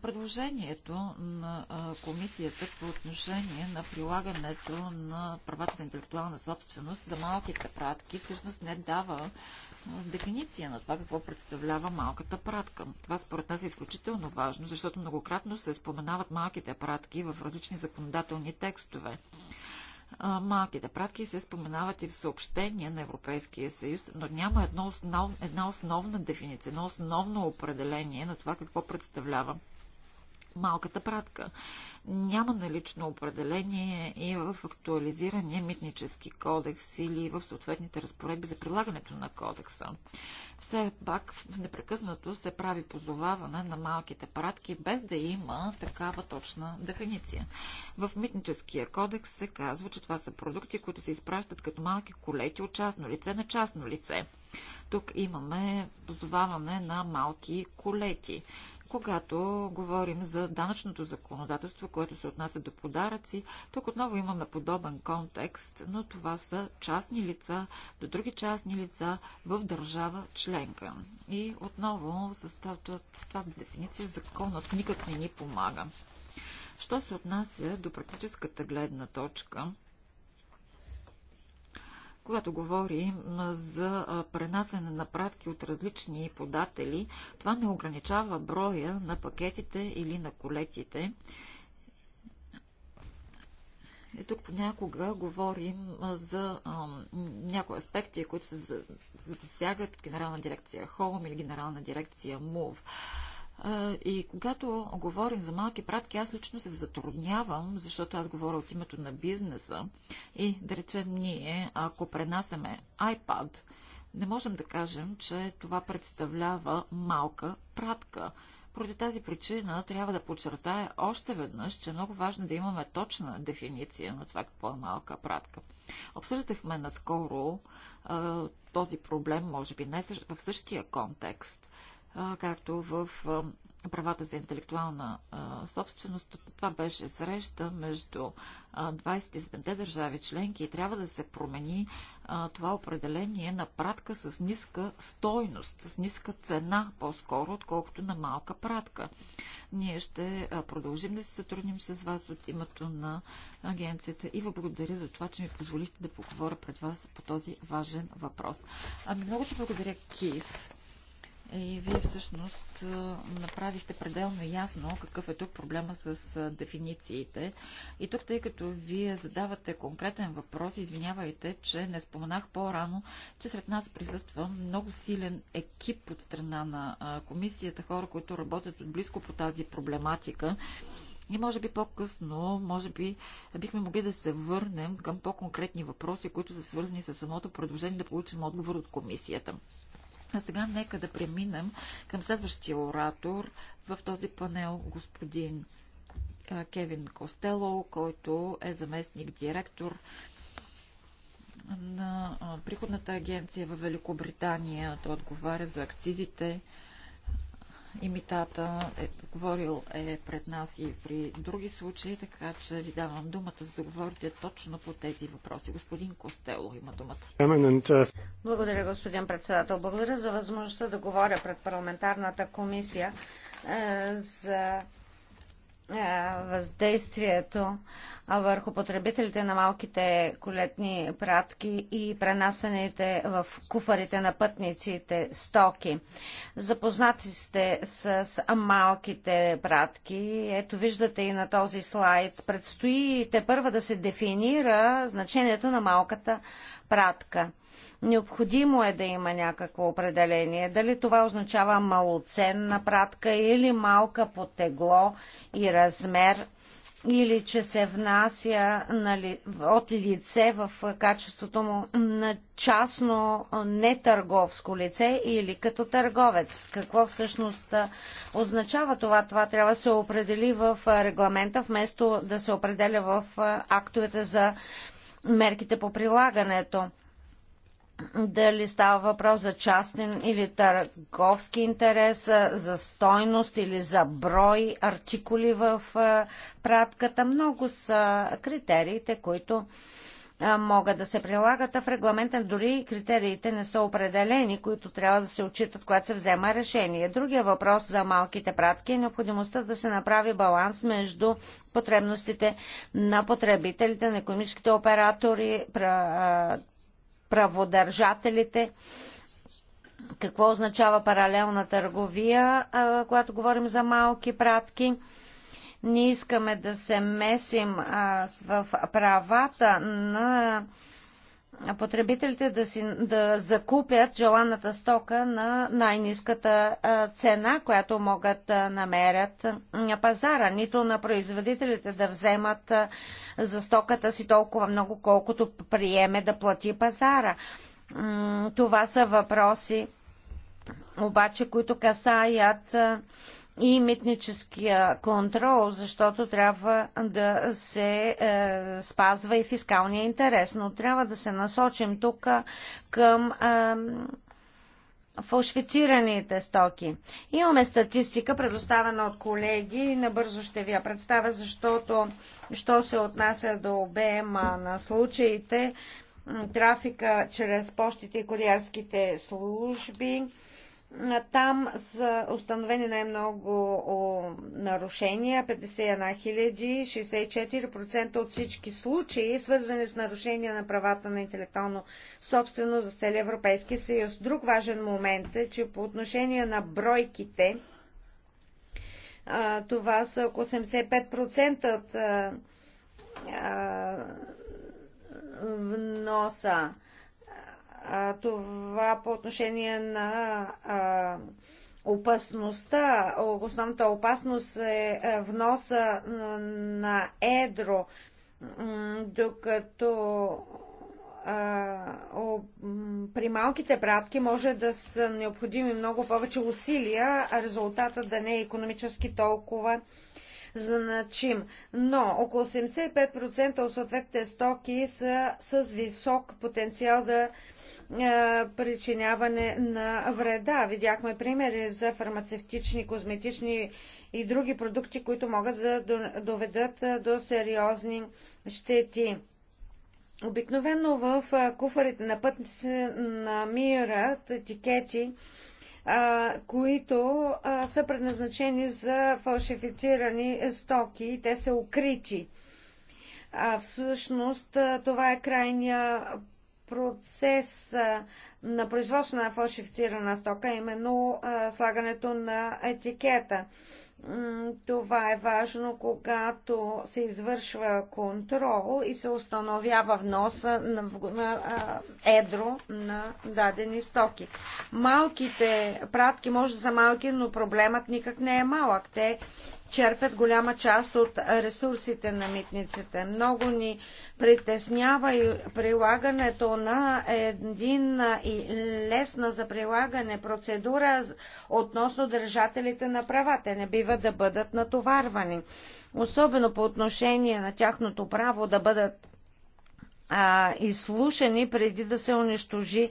предложението на комисията по отношение на прилагането на правата за интелектуална собственост за малките пратки всъщност не дава дефиниция на това какво представлява малката пратка. Това според нас е изключително важно, защото многократно се споменават малките пратки в различни законодателни текстове. Малките пратки се споменават и в съобщения на Европейския съюз, но няма едно основ, една основна дефиниция, едно основно определение на това какво представлява малката пратка. Няма налично определение и в актуализирания митнически кодекс или в съответните разпоредби за прилагането на кодекса. Все пак непрекъснато се прави позоваване на малките пратки, без да има такава точна дефиниция. В митническия кодекс се казва, че това са продукти, които се изпращат като малки колети от частно лице на частно лице. Тук имаме позоваване на малки колети когато говорим за данъчното законодателство, което се отнася до подаръци. Тук отново имаме подобен контекст, но това са частни лица до други частни лица в държава членка. И отново с тази дефиниция законът никак не ни помага. Що се отнася до практическата гледна точка, когато говорим за пренасене на пратки от различни податели, това не ограничава броя на пакетите или на колетите. И е, тук понякога говорим за а, някои аспекти, които се засягат от Генерална дирекция Home или Генерална дирекция Move. И когато говорим за малки пратки, аз лично се затруднявам, защото аз говоря от името на бизнеса и да речем ние, ако пренасяме iPad, не можем да кажем, че това представлява малка пратка. Поради тази причина трябва да подчертая още веднъж, че е много важно да имаме точна дефиниция на това какво е малка пратка. Обсъждахме наскоро а, този проблем, може би не в същия контекст, както в правата за интелектуална собственост. Това беше среща между 27-те държави членки и трябва да се промени това определение на пратка с ниска стойност, с ниска цена по-скоро, отколкото на малка пратка. Ние ще продължим да се сътрудним с вас от името на агенцията и ви благодаря за това, че ми позволихте да поговоря пред вас по този важен въпрос. Ами много ти благодаря, Кис. Е, и вие всъщност направихте пределно ясно какъв е тук проблема с дефинициите. И тук, тъй като вие задавате конкретен въпрос, извинявайте, че не споменах по-рано, че сред нас присъства много силен екип от страна на комисията, хора, които работят близко по тази проблематика. И може би по-късно, може би бихме могли да се върнем към по-конкретни въпроси, които са свързани с самото предложение да получим отговор от комисията. А сега нека да преминем към следващия оратор в този панел, господин Кевин Костело, който е заместник директор на приходната агенция в Великобритания. Той отговаря за акцизите, имитата е говорил е пред нас и при други случаи, така че ви давам думата, за да говорите точно по тези въпроси. Господин Костело има думата. Благодаря, господин председател. Благодаря за възможността да говоря пред парламентарната комисия е, за е, въздействието върху потребителите на малките колетни пратки и пренасените в куфарите на пътниците стоки. Запознати сте с малките пратки. Ето виждате и на този слайд. Предстои те първа да се дефинира значението на малката пратка. Необходимо е да има някакво определение. Дали това означава малоценна пратка или малка по тегло и размер, или че се внася от лице в качеството му на частно нетърговско лице или като търговец. Какво всъщност означава това? Това трябва да се определи в регламента, вместо да се определя в актовете за мерките по прилагането. Дали става въпрос за частен или търговски интерес, за стойност или за брой артикули в пратката. Много са критериите, които могат да се прилагат, а в регламента дори критериите не са определени, които трябва да се отчитат, когато се взема решение. Другия въпрос за малките пратки е необходимостта да се направи баланс между потребностите на потребителите, на економическите оператори, праводържателите какво означава паралелна търговия, когато говорим за малки пратки. Не искаме да се месим в правата на потребителите да, си, да закупят желаната стока на най-низката цена, която могат да намерят на пазара, нито на производителите да вземат за стоката си толкова много, колкото приеме да плати пазара. Това са въпроси, обаче, които касаят и митническия контрол, защото трябва да се е, спазва и фискалния интерес. Но трябва да се насочим тук към е, фалшифицираните стоки. Имаме статистика, предоставена от колеги и набързо ще ви я представя, защото, що се отнася до обема на случаите, трафика чрез почтите и куриерските служби, там са установени най-много нарушения 51 000, 64% от всички случаи, свързани с нарушения на правата на интелектуално собствено за целия Европейски съюз. Друг важен момент е, че по отношение на бройките, това са около 75% от вноса а, това по отношение на а, опасността. Основната опасност е, е вноса на едро, докато а, о, при малките пратки може да са необходими много повече усилия, а резултата да не е економически толкова значим. Но около 75% от съответните стоки са с висок потенциал за да е, причиняване на вреда. Видяхме примери за фармацевтични, козметични и други продукти, които могат да доведат е, до сериозни щети. Обикновено в е, куфарите на път се намират етикети, които са предназначени за фалшифицирани стоки и те са укрити. А всъщност това е крайния процес на производство на фалшифицирана стока, именно слагането на етикета. Това е важно, когато се извършва контрол и се установява вноса на, на а, едро на дадени стоки. Малките пратки може да са малки, но проблемът никак не е малък. Те черпят голяма част от ресурсите на митниците. Много ни притеснява и прилагането на един и лесна за прилагане процедура относно държателите на права. Те не бива да бъдат натоварвани. Особено по отношение на тяхното право да бъдат а, изслушани преди да се унищожи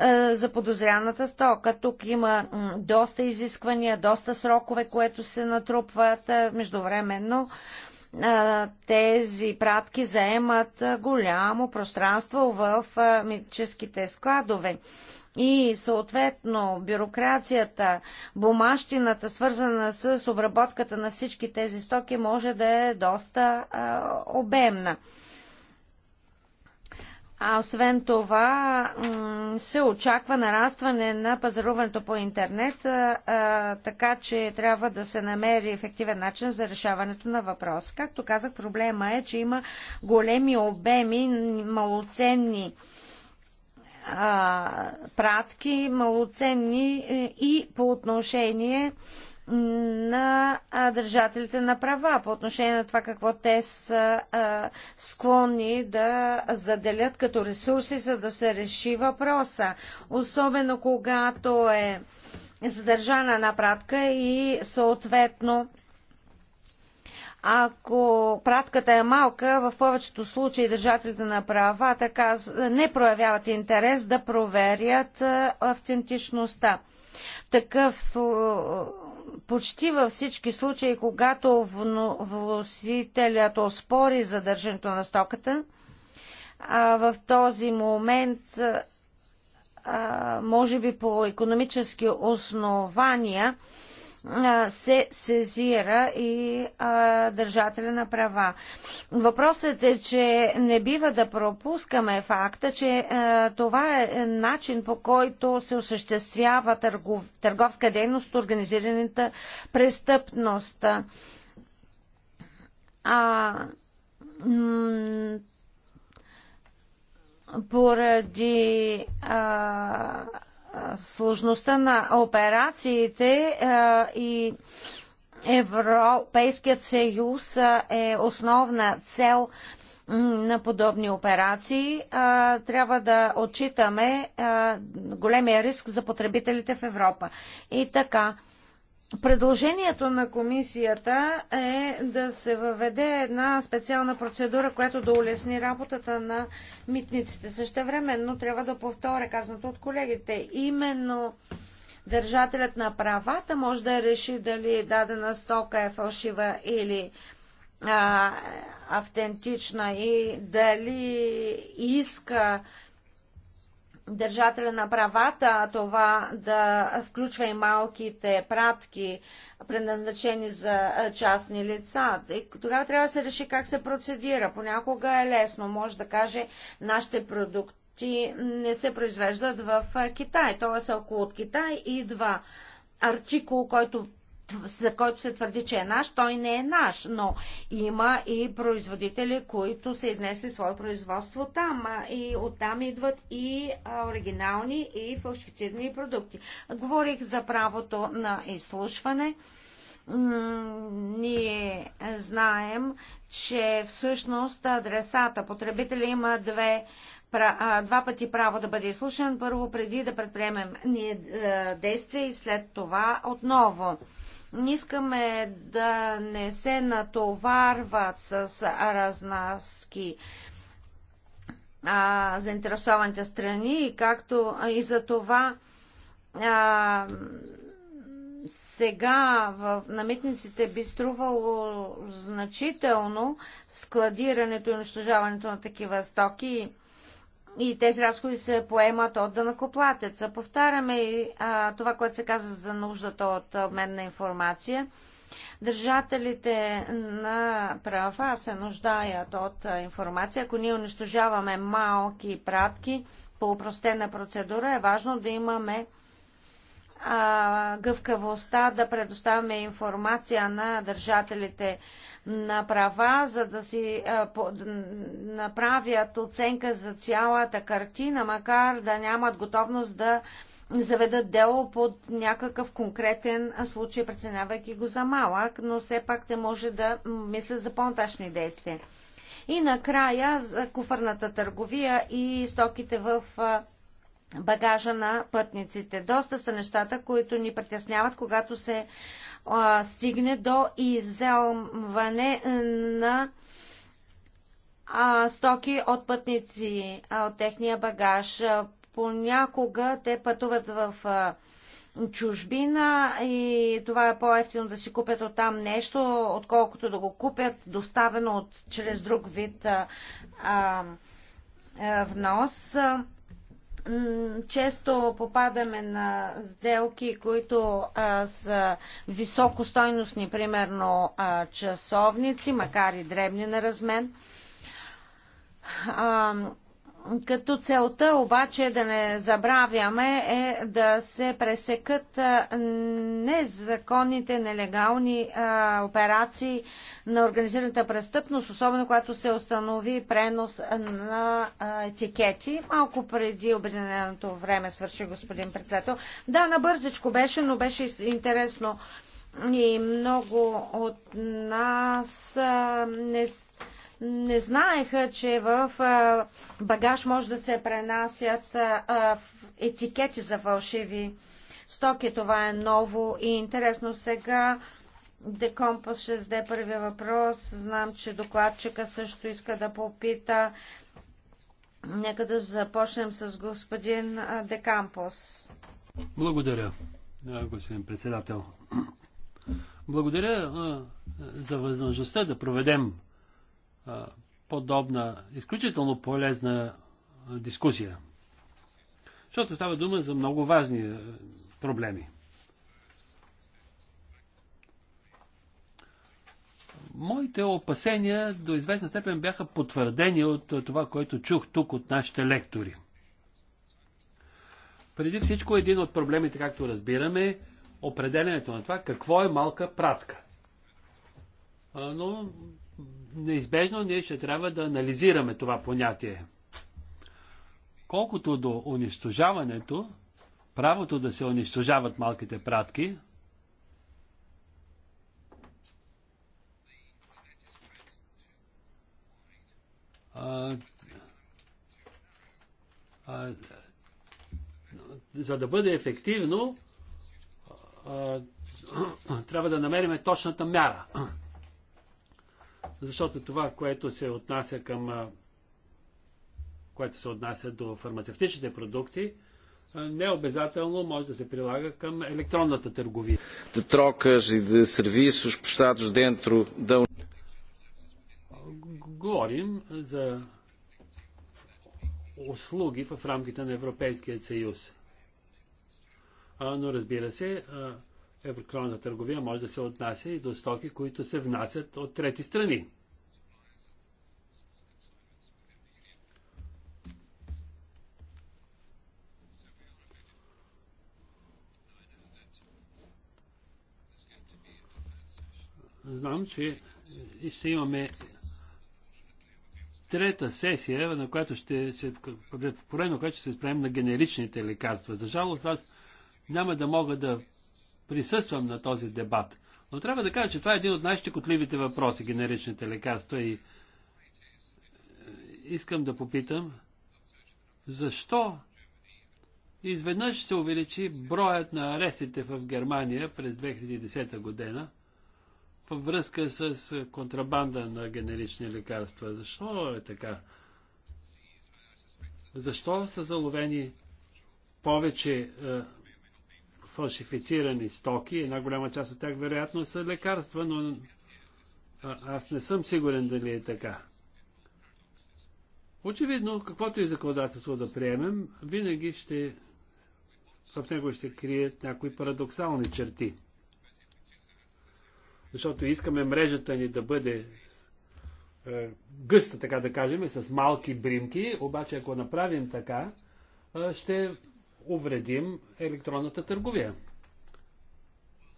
е, за подозряната стока. Тук има доста изисквания, доста срокове, което се натрупват е, междувременно е, тези пратки заемат голямо пространство в митическите складове. И съответно бюрокрацията, бумащината, свързана с обработката на всички тези стоки, може да е доста а, обемна. А освен това се очаква нарастване на пазаруването по интернет, така че трябва да се намери ефективен начин за решаването на въпрос. Както казах, проблема е, че има големи обеми малоценни пратки, малоценни е, и по отношение на държателите на права по отношение на това какво те са склонни да заделят като ресурси, за да се реши въпроса. Особено когато е задържана пратка, и съответно ако пратката е малка, в повечето случаи държателите на права така не проявяват интерес да проверят автентичността. В такъв почти във всички случаи, когато вносителят оспори задържането на стоката, а в този момент, а, може би по економически основания, се сезира и държателя на права. Въпросът е, че не бива да пропускаме факта, че това е, е начин по който се осъществява търгов, търговска дейност, организираната престъпност. А, поради а, сложността на операциите и Европейският съюз е основна цел на подобни операции, трябва да отчитаме големия риск за потребителите в Европа. И така, Предложението на комисията е да се въведе една специална процедура, която да улесни работата на митниците. но трябва да повторя казаното от колегите. Именно държателят на правата може да реши дали дадена стока е фалшива или а, автентична и дали иска държателя на правата това да включва и малките пратки, предназначени за частни лица. И тогава трябва да се реши как се процедира. Понякога е лесно. Може да каже, нашите продукти не се произвеждат в Китай. Тоест, ако от Китай идва артикул, който за който се твърди, че е наш, той не е наш, но има и производители, които са изнесли свое производство там и оттам идват и оригинални и фалшифицирани продукти. Говорих за правото на изслушване. Ние знаем, че всъщност адресата, потребителя има две два пъти право да бъде изслушан, първо преди да предприемем ние е, действия и след това отново. Не искаме да не се натоварват с разнаски а, заинтересованите страни, както и за това а, сега в, на митниците би струвало значително складирането и унищожаването на такива стоки и тези разходи се поемат от дънакоплатеца. Повтаряме и а, това, което се каза за нуждата от обмен на информация. Държателите на права се нуждаят от информация. Ако ние унищожаваме малки пратки по упростена процедура, е важно да имаме а, гъвкавостта да предоставяме информация на държателите на права, за да си а, по, направят оценка за цялата картина, макар да нямат готовност да заведат дело под някакъв конкретен случай, преценявайки го за малък, но все пак те може да мислят за по-нататъчни действия. И накрая за куфърната търговия и стоките в багажа на пътниците. Доста са нещата, които ни притесняват, когато се а, стигне до иззелване е, на а, стоки от пътници, а, от техния багаж. Понякога те пътуват в а, чужбина и това е по-ефтино да си купят от там нещо, отколкото да го купят доставено от, чрез друг вид а, а, внос често попадаме на сделки, които а, са високостойностни, примерно а, часовници, макар и дребни на размен. А, като целта обаче да не забравяме е да се пресекат незаконните, нелегални а, операции на организираната престъпност, особено когато се установи пренос на а, етикети. Малко преди обединеното време свърши господин председател. Да, набързичко беше, но беше интересно и много от нас а, не не знаеха, че в багаж може да се пренасят етикети за фалшиви стоки. Това е ново и интересно. Сега Декомпас ще зададе първия въпрос. Знам, че докладчика също иска да попита. Нека да започнем с господин Декампос. Благодаря, господин председател. Благодаря за възможността да проведем подобна изключително полезна дискусия. Защото става дума за много важни проблеми. Моите опасения до известна степен бяха потвърдени от това, което чух тук от нашите лектори. Преди всичко, един от проблемите, както разбираме, е определенето на това какво е малка пратка. Но неизбежно ние ще трябва да анализираме това понятие. Колкото до унищожаването, правото да се унищожават малките пратки, а, а, за да бъде ефективно, а, трябва да намерим точната мяра защото това, което се отнася към което се отнася до фармацевтичните продукти, не обязателно може да се прилага към електронната търговия. Да trocas и e de serviços prestados dentro да... Говорим за услуги в рамките на Европейския съюз. но разбира се, електронна търговия може да се отнася и до стоки, които се внасят от трети страни. Знам, че ще имаме трета сесия, на която ще се, поредно, която ще се спрем на генеричните лекарства. За жалост, аз няма да мога да присъствам на този дебат. Но трябва да кажа, че това е един от най-щекотливите въпроси, генеричните лекарства и е, искам да попитам, защо изведнъж се увеличи броят на арестите в Германия през 2010 година във връзка с контрабанда на генерични лекарства. Защо е така? Защо са заловени повече е, фалшифицирани стоки. Една голяма част от тях вероятно са лекарства, но аз не съм сигурен дали е така. Очевидно, каквото и законодателство да приемем, винаги ще в него ще крият някои парадоксални черти. Защото искаме мрежата ни да бъде е, гъста, така да кажем, с малки бримки, обаче ако направим така, е, ще увредим електронната търговия.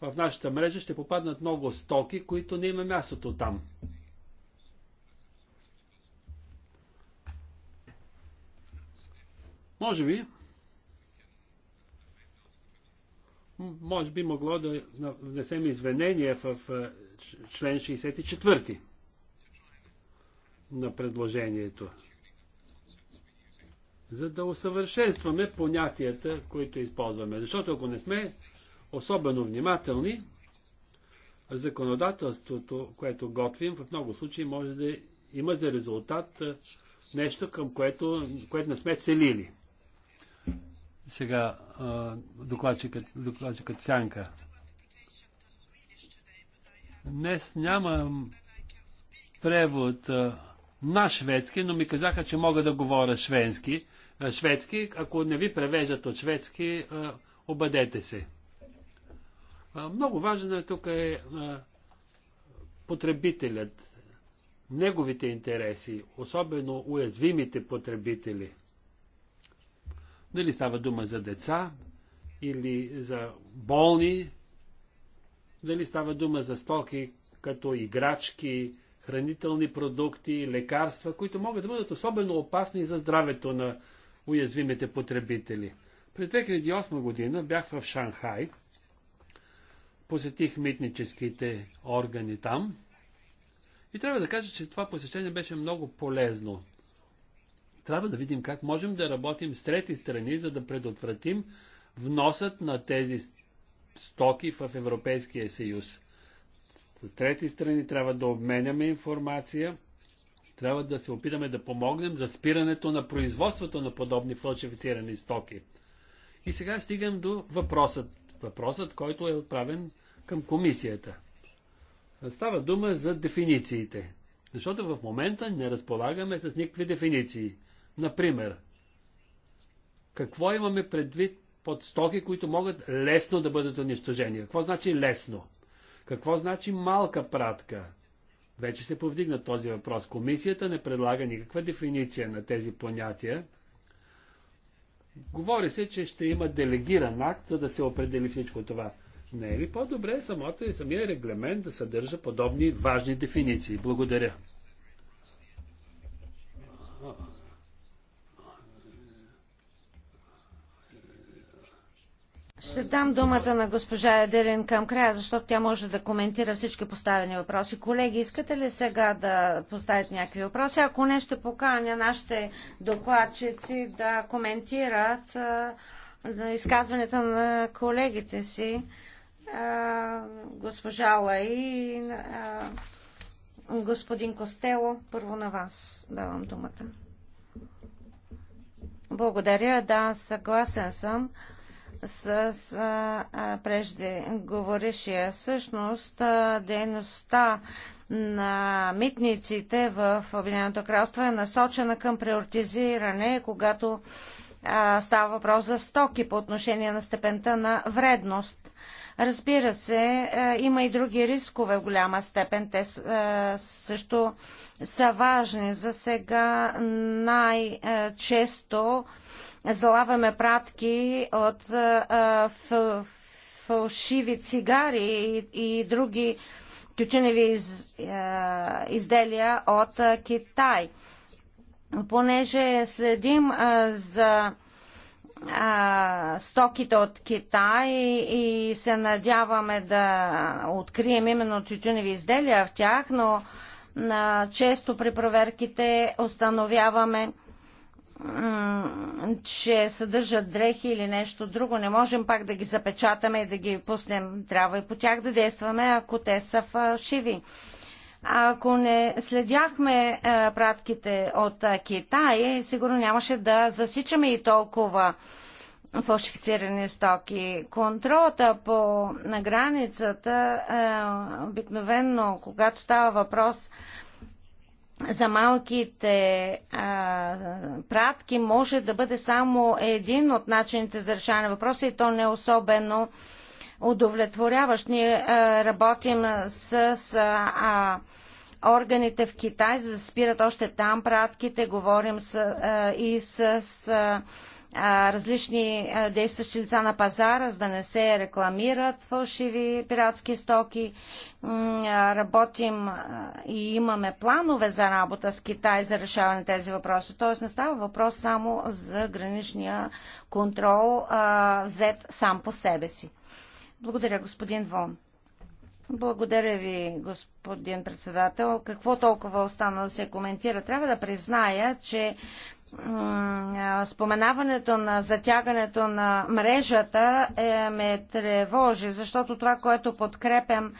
В нашата мрежа ще попаднат много стоки, които не има мястото там. Може би, може би могло да внесем извинение в е, член 64 на предложението за да усъвършенстваме понятията, които използваме. Защото ако не сме особено внимателни, законодателството, което готвим, в много случаи може да има за резултат нещо, към което, което не сме целили. Сега докладчикът, докладчикът Сянка. Днес нямам превод на шведски, но ми казаха, че мога да говоря шведски. Е, шведски. Ако не ви превеждат от шведски, е, обадете се. Е, много важно е тук е потребителят, неговите интереси, особено уязвимите потребители. Дали става дума за деца или за болни, дали става дума за стоки като играчки, хранителни продукти, лекарства, които могат да бъдат особено опасни за здравето на уязвимите потребители. През 2008 година бях в Шанхай, посетих митническите органи там и трябва да кажа, че това посещение беше много полезно. Трябва да видим как можем да работим с трети страни, за да предотвратим вносът на тези стоки в Европейския съюз с трети страни, трябва да обменяме информация, трябва да се опитаме да помогнем за спирането на производството на подобни фалшифицирани стоки. И сега стигам до въпросът, въпросът, който е отправен към комисията. Става дума за дефинициите. Защото в момента не разполагаме с никакви дефиниции. Например, какво имаме предвид под стоки, които могат лесно да бъдат унищожени? Какво значи лесно? Какво значи малка пратка? Вече се повдигна този въпрос. Комисията не предлага никаква дефиниция на тези понятия. Говори се, че ще има делегиран акт, за да се определи всичко това. Не е ли по-добре самото и самия регламент да съдържа подобни важни дефиниции? Благодаря. Ще дам думата на госпожа Еделин към края, защото тя може да коментира всички поставени въпроси. Колеги, искате ли сега да поставят някакви въпроси? Ако не, ще поканя нашите докладчици да коментират изказването на колегите си, госпожа Лаи, господин Костело. Първо на вас давам думата. Благодаря, да, съгласен съм с преждеговорившия. Всъщност, дейността на митниците в Обединеното кралство е насочена към приоритизиране, когато а, става въпрос за стоки по отношение на степента на вредност. Разбира се, а, има и други рискове в голяма степен. Те а, също са важни. За сега най-често а, залавяме пратки от фалшиви цигари и, други тютюневи изделия от Китай. Понеже следим за стоките от Китай и се надяваме да открием именно тютюневи изделия в тях, но често при проверките установяваме че съдържат дрехи или нещо друго. Не можем пак да ги запечатаме и да ги пуснем. Трябва и по тях да действаме, ако те са фалшиви. Ако не следяхме е, пратките от е, Китай, сигурно нямаше да засичаме и толкова фалшифицирани стоки. Контролата по на границата е, обикновенно, когато става въпрос за малките а, пратки може да бъде само един от начините за решаване на въпроса и то не е особено удовлетворяващ. Ние а, работим с а, а, органите в Китай, за да спират още там пратките. Говорим с, а, и с. А, различни действащи лица на пазара, за да не се рекламират фалшиви пиратски стоки. Работим и имаме планове за работа с Китай за решаване на тези въпроси. Тоест не става въпрос само за граничния контрол, взет сам по себе си. Благодаря, господин Вон. Благодаря ви, господин председател. Какво толкова остана да се коментира? Трябва да призная, че споменаването на затягането на мрежата е, ме тревожи, защото това, което подкрепям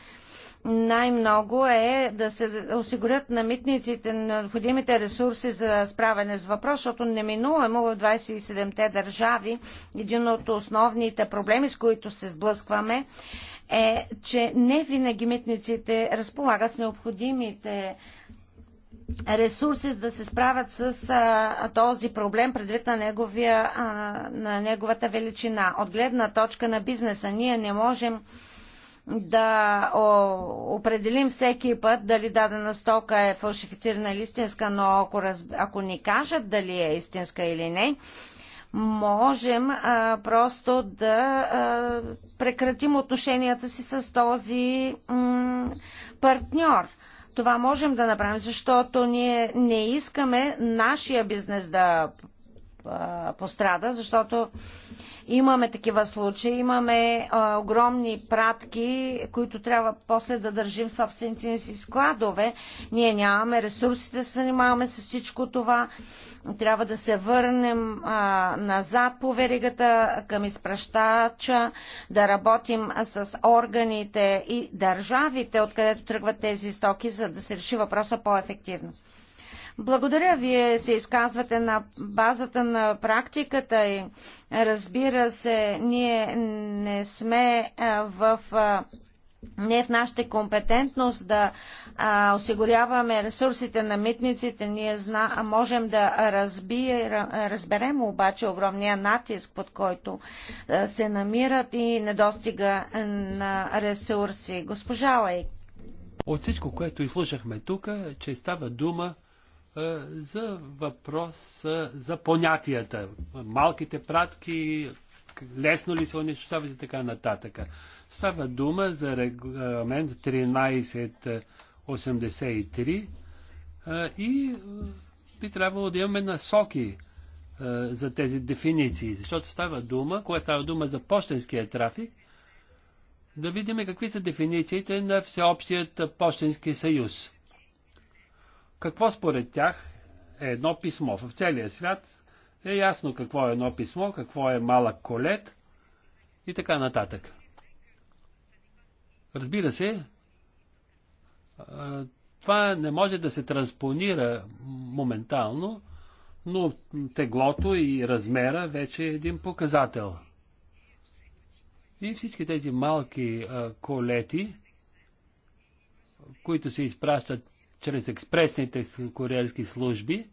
най-много е да се осигурят на митниците необходимите ресурси за справяне с въпрос, защото неминуемо в 27-те държави един от основните проблеми, с които се сблъскваме, е, че не винаги митниците разполагат с необходимите ресурси да се справят с а, този проблем предвид на, неговия, а, на неговата величина. От гледна точка на бизнеса ние не можем да о, определим всеки път дали дадена стока е фалшифицирана или истинска, но ако, разб... ако ни кажат дали е истинска или не, можем а, просто да а, прекратим отношенията си с този м- партньор. Това можем да направим, защото ние не искаме нашия бизнес да пострада, защото Имаме такива случаи, имаме а, огромни пратки, които трябва после да държим в собствените си складове. Ние нямаме ресурсите да се занимаваме с всичко това. Трябва да се върнем а, назад по веригата към изпращача, да работим с органите и държавите, откъдето тръгват тези стоки, за да се реши въпроса по-ефективно. Благодаря, вие се изказвате на базата на практиката и разбира се, ние не сме в не е в нашата компетентност да а, осигуряваме ресурсите на митниците. Ние зна, можем да разбие, разберем обаче огромния натиск, под който а, се намират и недостига на ресурси. Госпожа Лейк. От всичко, което изслушахме тук, че става дума е, за въпрос за понятията. Малките пратки, лесно ли се унищожават и така нататък. Става дума за регламент 1383 е, и би трябвало да имаме насоки е, за тези дефиниции, защото става дума, когато става дума за почтенския трафик, да видим какви са дефинициите на Всеобщият почтенски съюз. Какво според тях е едно писмо? В целия свят е ясно какво е едно писмо, какво е малък колет и така нататък. Разбира се, това не може да се транспонира моментално, но теглото и размера вече е един показател. И всички тези малки колети, които се изпращат чрез експресните куриерски служби,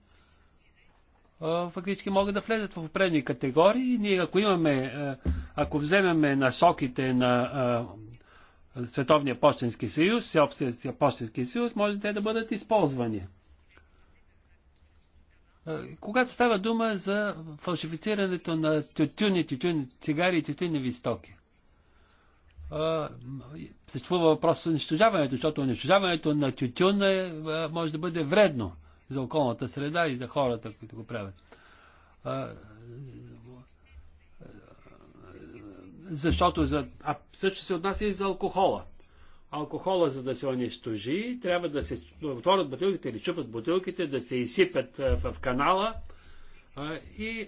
фактически могат да влезат в определени категории. Ние, ако имаме, е, ако вземеме насоките на е, Световния почтенски съюз, Всеобщия почтенски съюз, може те да бъдат използвани. Е, когато става дума за фалшифицирането на тютюни, тютюни цигари и тютюни стоки съществува въпрос за унищожаването, защото унищожаването на тютюн е, може да бъде вредно за околната среда и за хората, които го правят. защото за... А също се отнася и за алкохола. Алкохола, за да се унищожи, трябва да се отворят бутилките или чупат бутилките, да се изсипят в канала и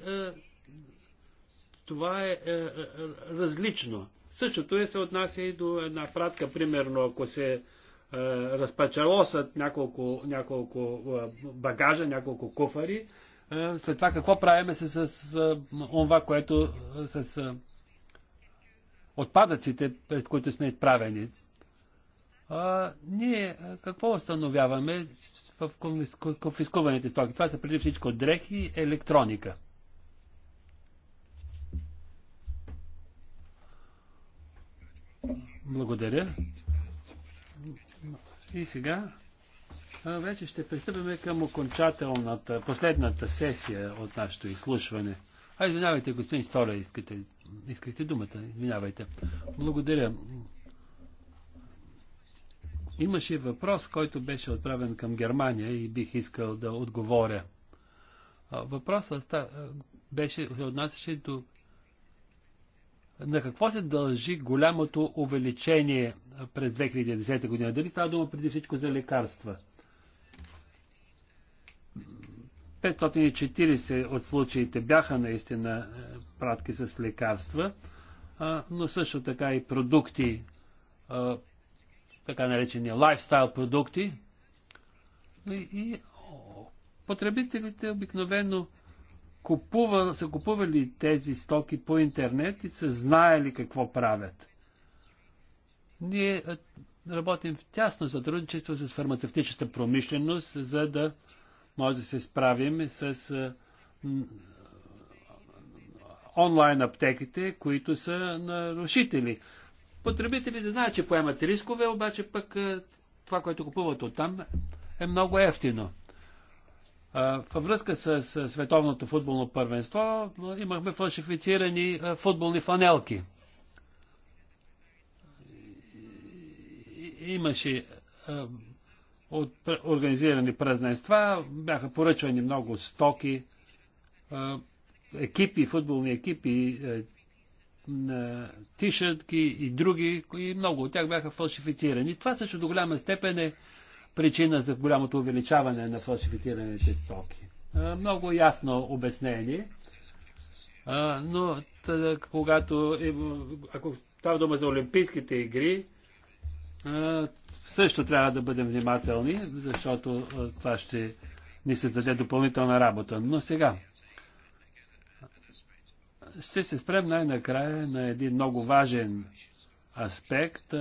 това е, е, е различно. Същото е се отнася и до една пратка, примерно, ако се е, разпачалосат няколко, няколко е, багажа, няколко куфари, е, след това какво правиме с, с това, е, което е, с е, отпадъците, пред които сме изправени. А, ние какво установяваме в конфискуваните стоки? Това са преди всичко дрехи и електроника. Благодаря. И сега вече ще пристъпим към окончателната, последната сесия от нашето изслушване. А, извинявайте, господин Столя, искате, искате думата. Извинявайте. Благодаря. Имаше въпрос, който беше отправен към Германия и бих искал да отговоря. Въпросът беше, се отнасяше до на какво се дължи голямото увеличение през 2010 година? Дали става дума преди всичко за лекарства? 540 от случаите бяха наистина е, пратки с лекарства, но също така и продукти, е, така наречени лайфстайл продукти. И потребителите обикновено купува, са купували тези стоки по интернет и са знаели какво правят. Ние е, работим в тясно сътрудничество с фармацевтичната промишленост, за да може да се справим с е, онлайн аптеките, които са нарушители. Потребителите знаят, че поемат рискове, обаче пък е, това, което купуват оттам е много ефтино. Във връзка с световното футболно първенство имахме фалшифицирани футболни фанелки. Имаше от организирани празненства, бяха поръчвани много стоки, екипи, футболни екипи, тишатки и други, и много от тях бяха фалшифицирани. Това също до голяма степен е причина за голямото увеличаване на фалшифицираните стоки. Много ясно обяснение, но тъда, когато, ако става дума за Олимпийските игри, също трябва да бъдем внимателни, защото това ще ни създаде допълнителна работа. Но сега ще се спрем най-накрая на един много важен аспект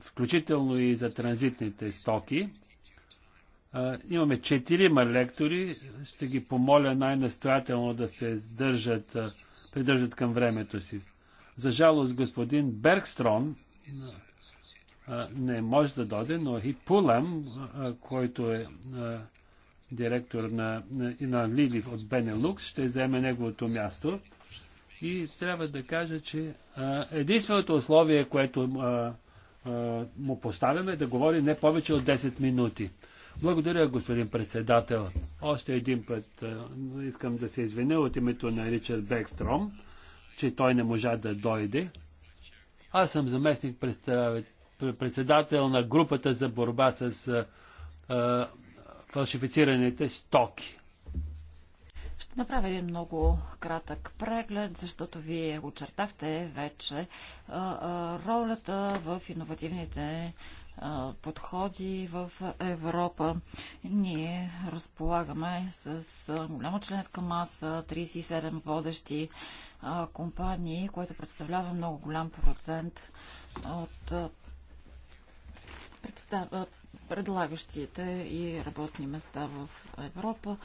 включително и за транзитните стоки. Имаме четирима лектори. Ще ги помоля най-настоятелно да се сдържат, придържат към времето си. За жалост, господин Бергстрон не може да дойде, но и Пулам, който е директор на, на, на Лилив от Бенелукс, ще вземе неговото място. И трябва да кажа, че единственото условие, което а, му поставяме да говори не повече от 10 минути. Благодаря, господин председател. Още един път искам да се извиня от името на Ричард Бекстром, че той не можа да дойде. Аз съм заместник председател на групата за борба с фалшифицираните стоки. Ще направя един много кратък преглед, защото вие очертахте вече ролята в иновативните подходи в Европа. Ние разполагаме с голяма членска маса, 37 водещи компании, което представлява много голям процент от предлагащите и работни места в Европа.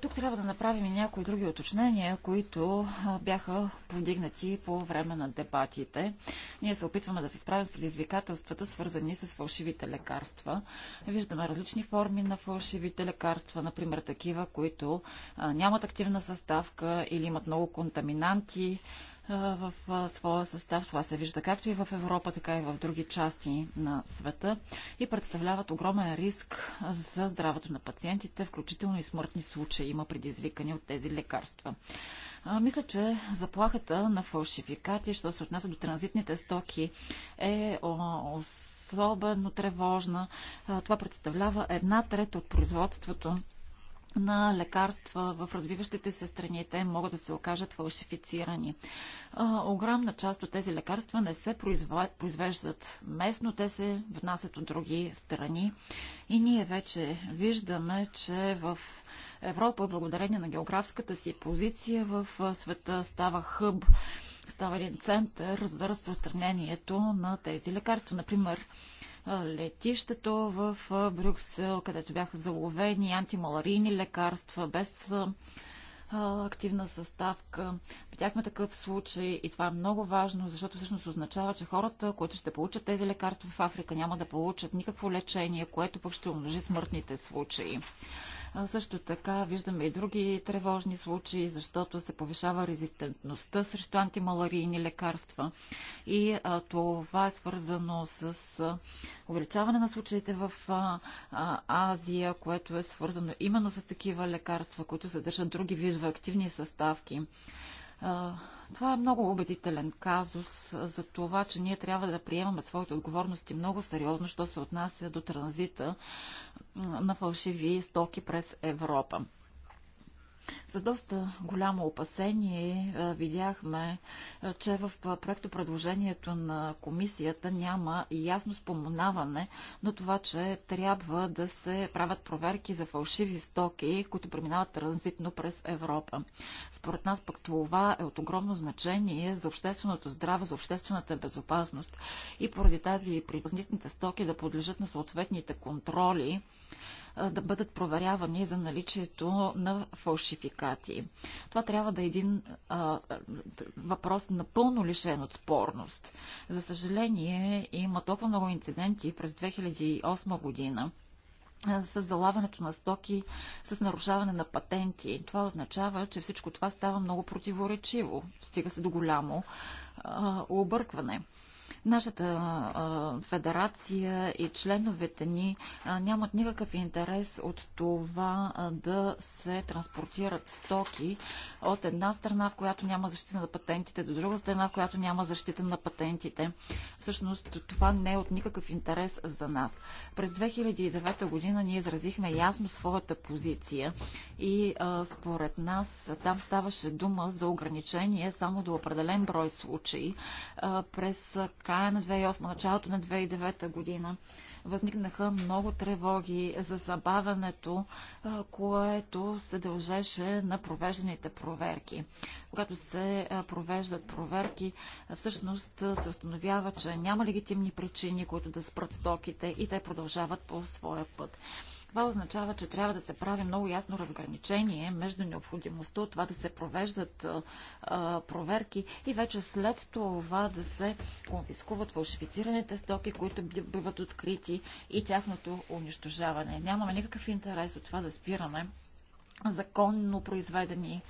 Тук трябва да направим и някои други уточнения, които бяха повдигнати по време на дебатите. Ние се опитваме да се справим с предизвикателствата, свързани с фалшивите лекарства. Виждаме различни форми на фалшивите лекарства, например такива, които нямат активна съставка или имат много контаминанти, в своя състав. Това се вижда както и в Европа, така и в други части на света и представляват огромен риск за здравето на пациентите, включително и смъртни случаи има предизвикани от тези лекарства. мисля, че заплахата на фалшификати, що се отнася до транзитните стоки, е особено тревожна. това представлява една трета от производството на лекарства в развиващите се страни, те могат да се окажат фалшифицирани. А, огромна част от тези лекарства не се произвеждат местно, те се внасят от други страни. И ние вече виждаме, че в Европа, благодарение на географската си позиция в света, става хъб, става един център за разпространението на тези лекарства. Например, летището в Брюксел, където бяха заловени антималарийни лекарства без активна съставка. Видяхме такъв случай и това е много важно, защото всъщност означава, че хората, които ще получат тези лекарства в Африка, няма да получат никакво лечение, което пък ще умножи смъртните случаи. Също така виждаме и други тревожни случаи, защото се повишава резистентността срещу антималарийни лекарства. И това е свързано с увеличаване на случаите в Азия, което е свързано именно с такива лекарства, които съдържат други видове активни съставки. Това е много убедителен казус за това, че ние трябва да приемаме своите отговорности много сериозно, що се отнася до транзита на фалшиви стоки през Европа. С доста голямо опасение видяхме, че в проекто предложението на комисията няма ясно споменаване на това, че трябва да се правят проверки за фалшиви стоки, които преминават транзитно през Европа. Според нас пък това е от огромно значение за общественото здраве, за обществената безопасност и поради тази при стоки да подлежат на съответните контроли, да бъдат проверявани за наличието на фалшификати. Това трябва да е един въпрос напълно лишен от спорност. За съжаление, има толкова много инциденти през 2008 година, с залаването на стоки, с нарушаване на патенти. Това означава, че всичко това става много противоречиво. Стига се до голямо а, объркване. Нашата федерация и членовете ни нямат никакъв интерес от това да се транспортират стоки от една страна, в която няма защита на патентите, до друга страна, в която няма защита на патентите. Всъщност това не е от никакъв интерес за нас. През 2009 година ние изразихме ясно своята позиция и а, според нас там ставаше дума за ограничение само до определен брой случаи а, през края на 2008, началото на 2009 година, възникнаха много тревоги за забавянето, което се дължеше на провежданите проверки. Когато се провеждат проверки, всъщност се установява, че няма легитимни причини, които да спрат стоките и те продължават по своя път. Това означава, че трябва да се прави много ясно разграничение между необходимостта от това да се провеждат а, проверки и вече след това да се конфискуват фалшифицираните стоки, които биват открити и тяхното унищожаване. Нямаме никакъв интерес от това да спираме законно произведени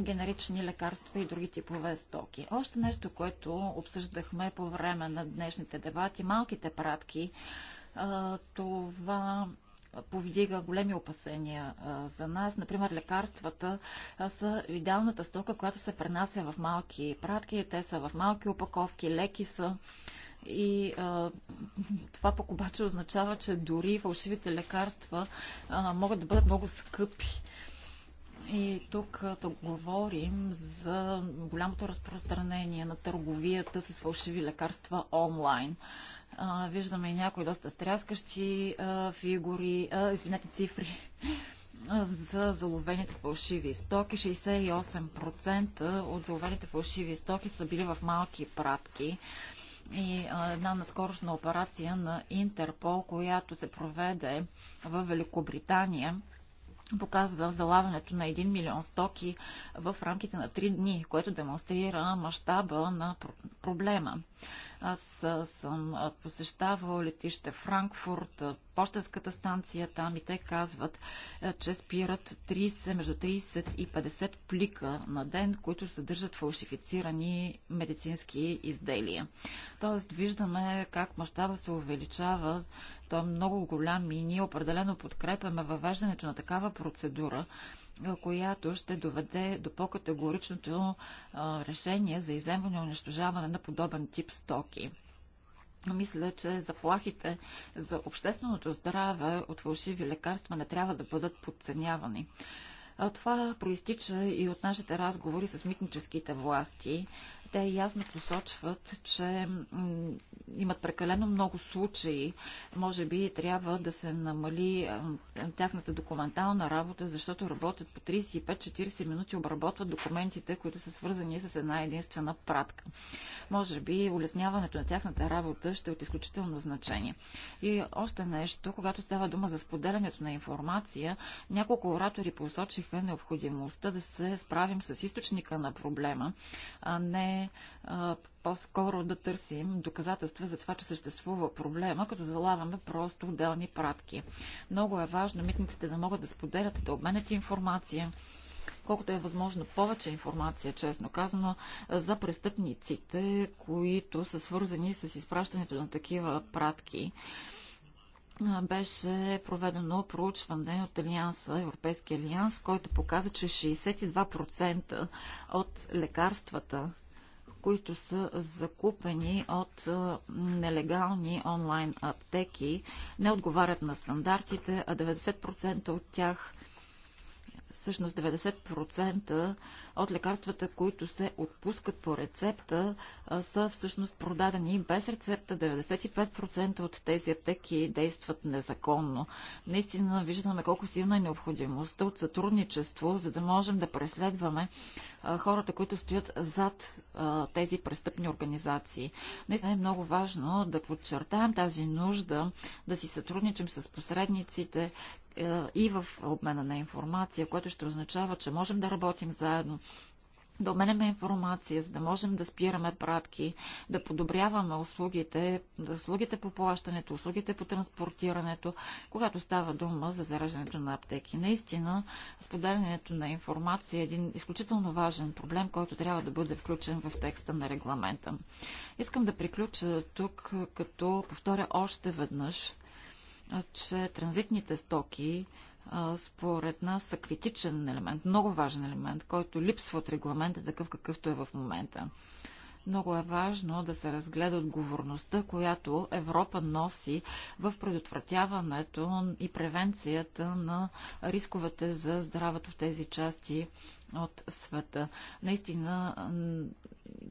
генерични лекарства и други типове стоки. Още нещо, което обсъждахме по време на днешните дебати, малките пратки. това повдига големи опасения за нас. Например, лекарствата са идеалната стока, която се пренася в малки пратки. Те са в малки опаковки, леки са. И а, това пък обаче означава, че дори фалшивите лекарства а, могат да бъдат много скъпи. И тук да говорим за голямото разпространение на търговията с фалшиви лекарства онлайн. А, виждаме и някои доста стряскащи а, фигури, а, извинете, цифри за заловените фалшиви стоки. 68% от заловените фалшиви стоки са били в малки пратки и а, една наскорошна операция на Интерпол, която се проведе в Великобритания показа залавянето на 1 милион стоки в рамките на 3 дни, което демонстрира мащаба на проблема. Аз съм посещавал летище Франкфурт, почтенската станция там и те казват, е, че спират 30, между 30 и 50 плика на ден, които съдържат фалшифицирани медицински изделия. Тоест виждаме как мащаба се увеличава, той е много голям и ние определено подкрепяме въвеждането на такава процедура, която ще доведе до по-категоричното решение за иземване и унищожаване на подобен тип стоки. Мисля, че заплахите за общественото здраве от фалшиви лекарства не трябва да бъдат подценявани. Това проистича и от нашите разговори с митническите власти те ясно посочват, че имат прекалено много случаи. Може би трябва да се намали тяхната документална работа, защото работят по 35-40 минути, обработват документите, които са свързани с една единствена пратка. Може би улесняването на тяхната работа ще е от изключително значение. И още нещо, когато става дума за споделянето на информация, няколко оратори посочиха необходимостта да се справим с източника на проблема, а не по-скоро да търсим доказателства за това, че съществува проблема, като залавяме просто отделни пратки. Много е важно митниците да могат да споделят, и да обменят информация, колкото е възможно повече информация, честно казано, за престъпниците, които са свързани с изпращането на такива пратки беше проведено проучване от Алианса, Европейския алианс, който показа, че 62% от лекарствата, които са закупени от нелегални онлайн аптеки, не отговарят на стандартите, а 90% от тях – всъщност 90% от лекарствата, които се отпускат по рецепта, са всъщност продадени без рецепта. 95% от тези аптеки действат незаконно. Наистина виждаме колко силна е необходимостта от сътрудничество, за да можем да преследваме хората, които стоят зад тези престъпни организации. Наистина е много важно да подчертаем тази нужда да си сътрудничим с посредниците, е, и в обмена на информация, което ще означава, че можем да работим заедно, да обменяме информация, за да можем да спираме пратки, да подобряваме услугите, услугите по плащането, услугите по транспортирането, когато става дума за зараждането на аптеки. Наистина, споделянето на информация е един изключително важен проблем, който трябва да бъде включен в текста на регламента. Искам да приключа тук, като повторя още веднъж, че транзитните стоки според нас са критичен елемент, много важен елемент, който липсва от регламента е такъв какъвто е в момента. Много е важно да се разгледа отговорността, която Европа носи в предотвратяването и превенцията на рисковете за здравето в тези части от света. Наистина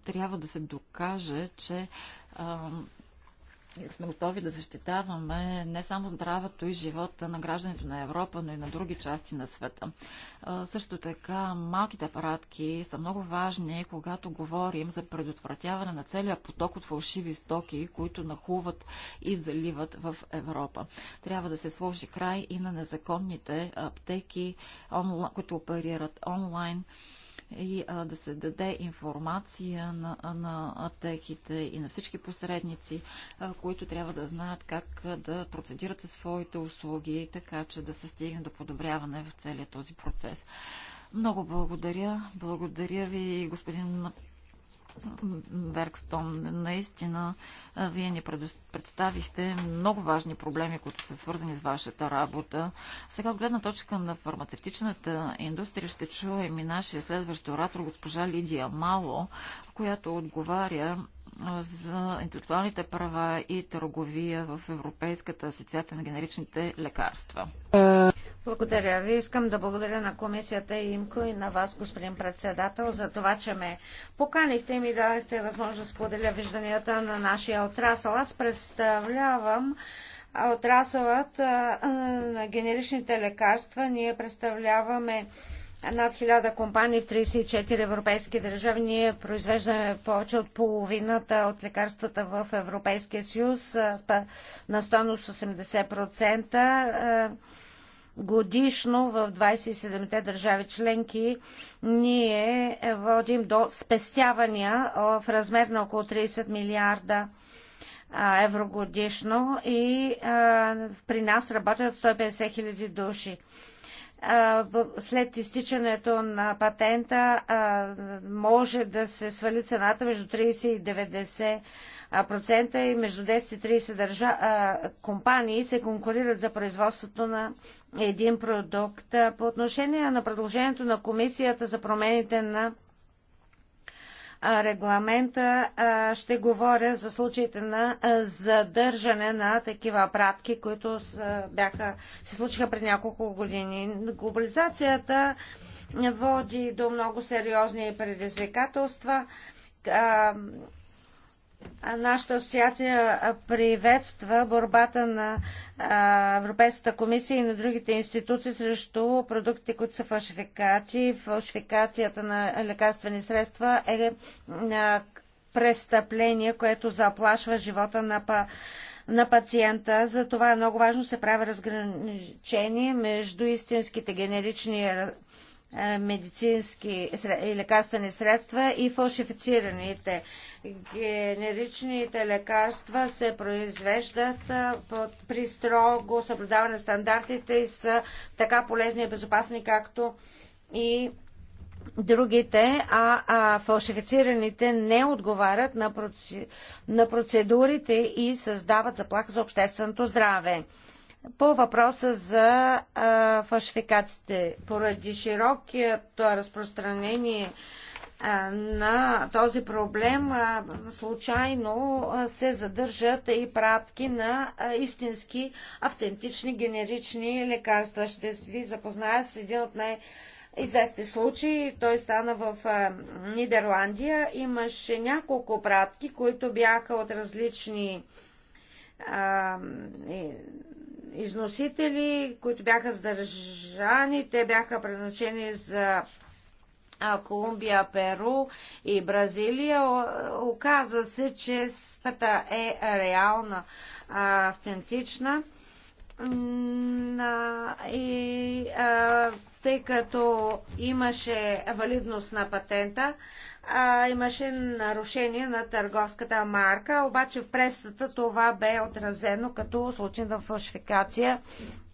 трябва да се докаже, че сме готови да защитаваме не само здравето и живота на гражданите на Европа, но и на други части на света. Също така, малките апаратки са много важни, когато говорим за предотвратяване на целия поток от фалшиви стоки, които нахуват и заливат в Европа. Трябва да се сложи край и на незаконните аптеки, които оперират онлайн и а, да се даде информация на, на аптеките и на всички посредници, а, които трябва да знаят как да процедират със своите услуги, така че да се стигне до подобряване в целия този процес. Много благодаря. Благодаря ви, господин Бергстон, наистина вие ни представихте много важни проблеми, които са свързани с вашата работа. Сега от гледна точка на фармацевтичната индустрия ще чуем и нашия следващ оратор, госпожа Лидия Мало, която отговаря за интелектуалните права и търговия в Европейската асоциация на генеричните лекарства. Е, благодаря ви. Искам да благодаря на комисията ИМКО и на вас, господин председател, за това, че ме поканихте и ми дадете възможност да споделя вижданията на нашия отрасъл. Аз представлявам отрасълът на генеричните лекарства. Ние представляваме над 1000 компании в 34 европейски държави. Ние произвеждаме повече от половината от лекарствата в Европейския съюз на стойност 80% годишно в 27-те държави членки ние водим до спестявания в размер на около 30 милиарда евро годишно и при нас работят 150 хиляди души. след изтичането на патента може да се свали цената между 30 и 90 процента е между 10 и 30 държа, а, компании се конкурират за производството на един продукт. По отношение на предложението на комисията за промените на регламента ще говоря за случаите на задържане на такива пратки, които бяха, се случиха при няколко години. Глобализацията води до много сериозни предизвикателства Нашата асоциация приветства борбата на Европейската комисия и на другите институции срещу продукти, които са фалшификати. Фалшификацията на лекарствени средства е престъпление, което заплашва живота на па на пациента. това е много важно се прави разграничение между истинските генерични е, медицински и лекарствени средства и фалшифицираните. Генеричните лекарства се произвеждат е, при строго съблюдаване на стандартите и са така полезни и безопасни, както и другите, а, а фалшифицираните не отговарят на, процедурите и създават заплаха за общественото здраве. По въпроса за а, фалшификациите, поради широкият разпространение а, на този проблем, а, случайно а, се задържат и пратки на а, истински, автентични, генерични лекарства. Ще ви запозная с един от най- известни случаи. Той стана в а, Нидерландия. Имаше няколко пратки, които бяха от различни а, износители, които бяха задържани. Те бяха предназначени за Колумбия, Перу и Бразилия. Оказа се, че сметата е реална, автентична. И тъй като имаше валидност на патента, а, имаше нарушение на търговската марка, обаче в пресата това бе отразено като случай на фалшификация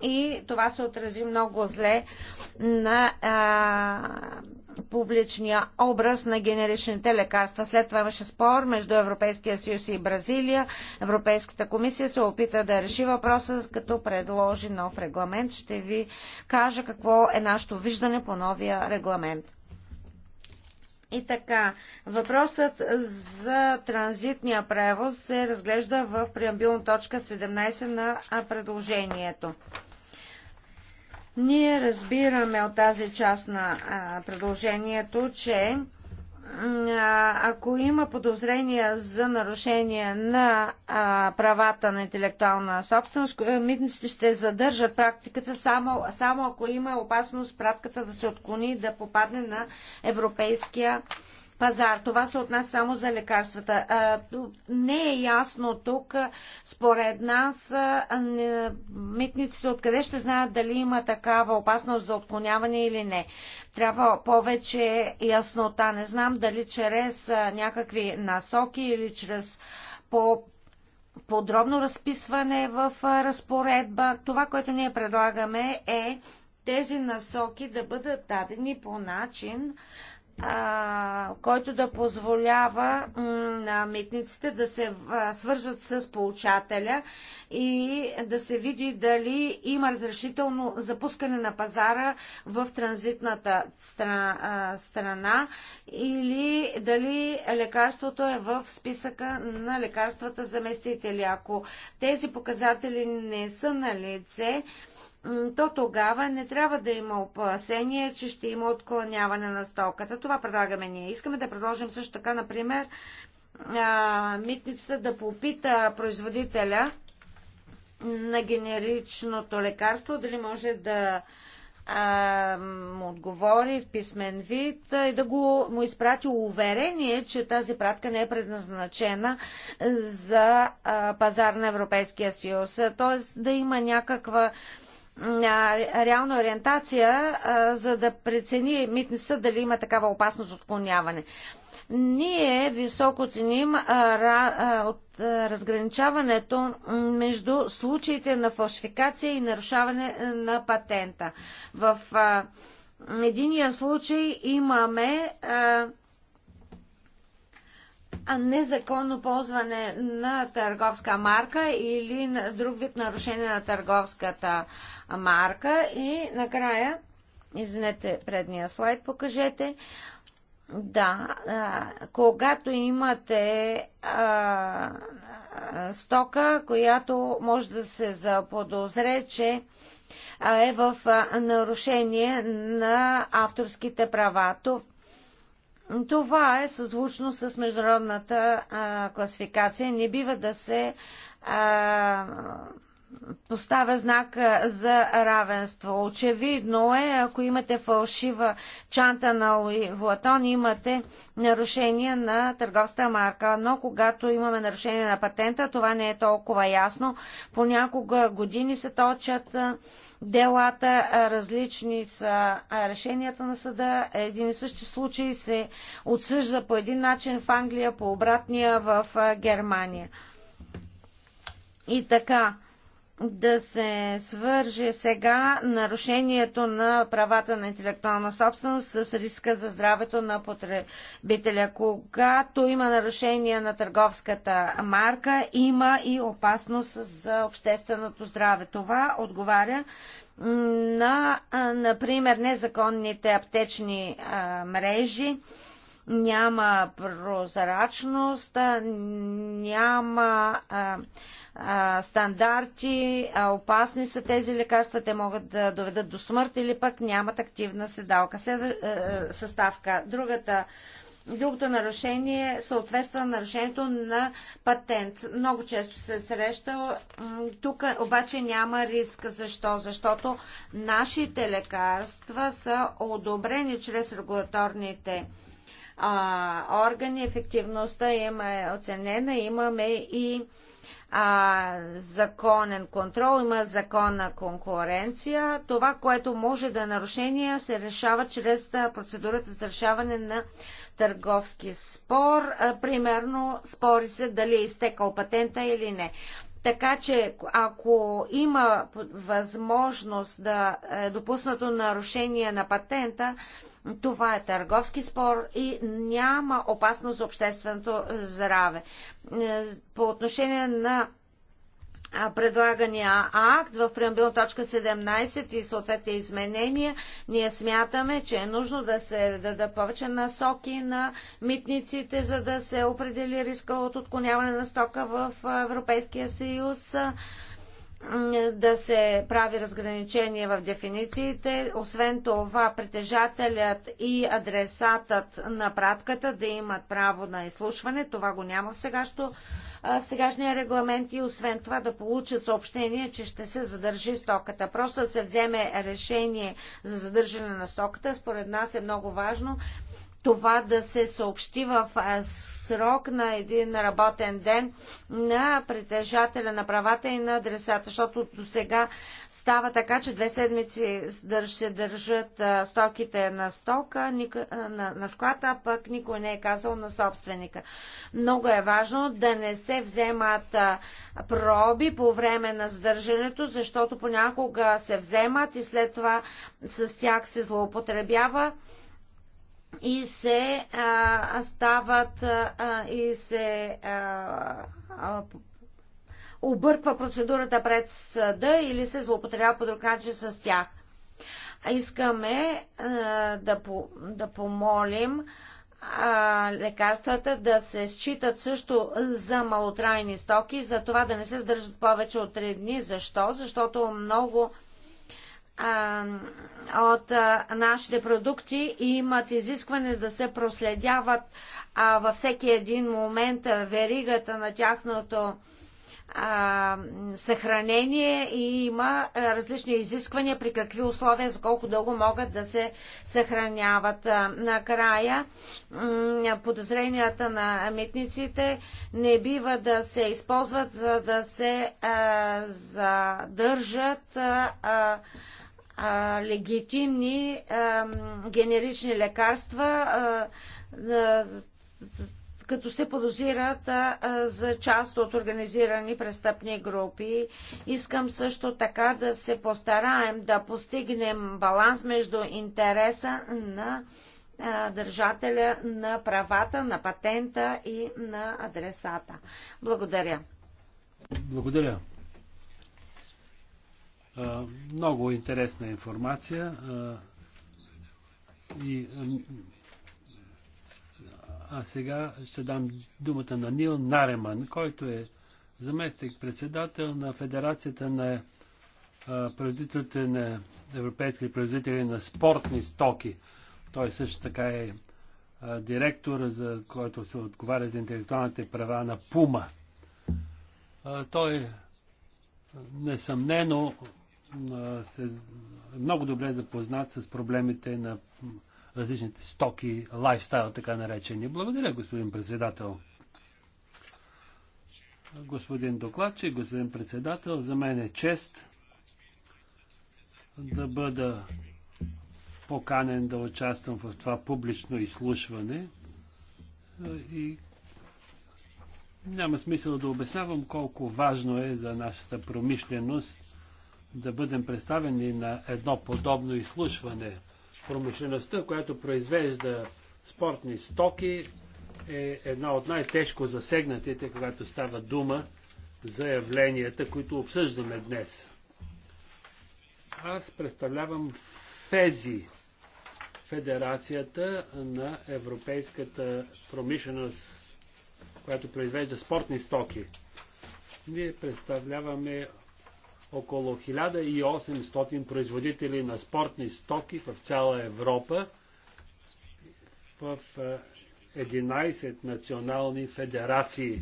и това се отрази много зле на а, публичния образ на генеричните лекарства. След това имаше спор между Европейския съюз и Бразилия. Европейската комисия се опита да реши въпроса, като предложи нов регламент. Ще ви кажа какво е нашето виждане по новия регламент. И така, въпросът за транзитния превоз се разглежда в преамбилна точка 17 на предложението. Ние разбираме от тази част на предложението, че ако има подозрения за нарушение на а, правата на интелектуална собственост, митниците ще задържат практиката само, само ако има опасност пратката да се отклони и да попадне на европейския пазар. Това се отнася само за лекарствата. Не е ясно тук, според нас, митниците откъде ще знаят дали има такава опасност за отклоняване или не. Трябва повече яснота. Не знам дали чрез някакви насоки или чрез по подробно разписване в разпоредба. Това, което ние предлагаме е тези насоки да бъдат дадени по начин, а, който да позволява на митниците да се свържат с получателя и да се види дали има разрешително запускане на пазара в транзитната страна, страна или дали лекарството е в списъка на лекарствата заместители. Ако тези показатели не са на лице, то тогава не трябва да има опасение, че ще има отклоняване на стоката. Това предлагаме ние. Искаме да предложим също така, например, митницата да попита производителя на генеричното лекарство, дали може да а, му отговори в писмен вид и да го, му изпрати уверение, че тази пратка не е предназначена за а, пазар на Европейския съюз. Тоест да има някаква а, реална ориентация, за да прецени митница дали има такава опасност от отклоняване. Ние високо ценим от разграничаването между случаите на фалшификация и нарушаване на патента. В единия случай имаме незаконно ползване на търговска марка или на друг вид нарушение на търговската марка. И накрая, извинете предния слайд, покажете. Да, когато имате а, стока, която може да се заподозре, че е в нарушение на авторските права. Това е съзвучно с международната а, класификация. Не бива да се а, поставя знак за равенство. Очевидно е, ако имате фалшива чанта на Луи Влатон, имате нарушение на търговска марка. Но когато имаме нарушение на патента, това не е толкова ясно. Понякога години се точат делата, различни са решенията на съда. Един и същи случай се отсъжда по един начин в Англия, по обратния в Германия. И така, да се свърже сега нарушението на правата на интелектуална собственост с риска за здравето на потребителя. Когато има нарушение на търговската марка, има и опасност за общественото здраве. Това отговаря на, например, незаконните аптечни мрежи, няма прозрачност, няма а, а, стандарти, а опасни са тези лекарства, те могат да доведат до смърт или пък нямат активна седалка, след, а, е, е, съставка. Другата Другото нарушение съответства на нарушението на патент. Много често се среща. Тук обаче няма риск. Защо? Защото нашите лекарства са одобрени чрез регулаторните а, органи. Ефективността им е оценена. Имаме и а, законен контрол, има законна конкуренция. Това, което може да е нарушение, се решава чрез процедурата за решаване на търговски спор. А, примерно, спори се дали е изтекал патента или не. Така че, ако има възможност да е допуснато нарушение на патента, това е търговски спор и няма опасност за общественото здраве. Е, по отношение на предлагания акт в преамбил точка 17 и съответните изменения, ние смятаме, че е нужно да се дадат повече насоки на митниците, за да се определи риска от отклоняване на стока в Европейския съюз да се прави разграничение в дефинициите. Освен това, притежателят и адресатът на пратката да имат право на изслушване. Това го няма в, сегащо, в сегашния регламент и освен това да получат съобщение, че ще се задържи стоката. Просто да се вземе решение за задържане на стоката, според нас е много важно това да се съобщи в срок на един работен ден на притежателя на правата и на адресата, защото до сега става така, че две седмици се държат стоките на стока, на склада, пък никой не е казал на собственика. Много е важно да не се вземат проби по време на задържането, защото понякога се вземат и след това с тях се злоупотребява и се а, стават а, и се а, а, обърква процедурата пред съда или се злоупотребява по друг начин с тях. Искаме а, да, по, да помолим а, лекарствата да се считат също за малотрайни стоки, за това да не се сдържат повече от 3 дни. Защо? Защото много от нашите продукти и имат изискване да се проследяват във всеки един момент веригата на тяхното съхранение и има различни изисквания при какви условия, за колко дълго могат да се съхраняват. Накрая, подозренията на митниците не бива да се използват, за да се задържат а, легитимни а, генерични лекарства, а, а, като се подозират а, а, за част от организирани престъпни групи. Искам също така да се постараем да постигнем баланс между интереса на държателя на правата, на патента и на адресата. Благодаря. Благодаря. Много интересна информация и а сега ще дам думата на Нил Нареман, който е заместник-председател на Федерацията на производителите на европейски производители на спортни стоки. Той също така е директор, за който се отговаря за интелектуалните права на Пума. той несъмнено се, много добре запознат с проблемите на различните стоки, лайфстайл, така наречени. Благодаря, господин председател. Господин докладчик, господин председател, за мен е чест да бъда поканен да участвам в това публично изслушване и няма смисъл да обяснявам колко важно е за нашата промишленост да бъдем представени на едно подобно изслушване. Промишлеността, която произвежда спортни стоки, е една от най-тежко засегнатите, когато става дума за явленията, които обсъждаме днес. Аз представлявам ФЕЗИ, Федерацията на европейската промишленост, която произвежда спортни стоки. Ние представляваме около 1800 производители на спортни стоки в цяла Европа в 11 е, национални федерации,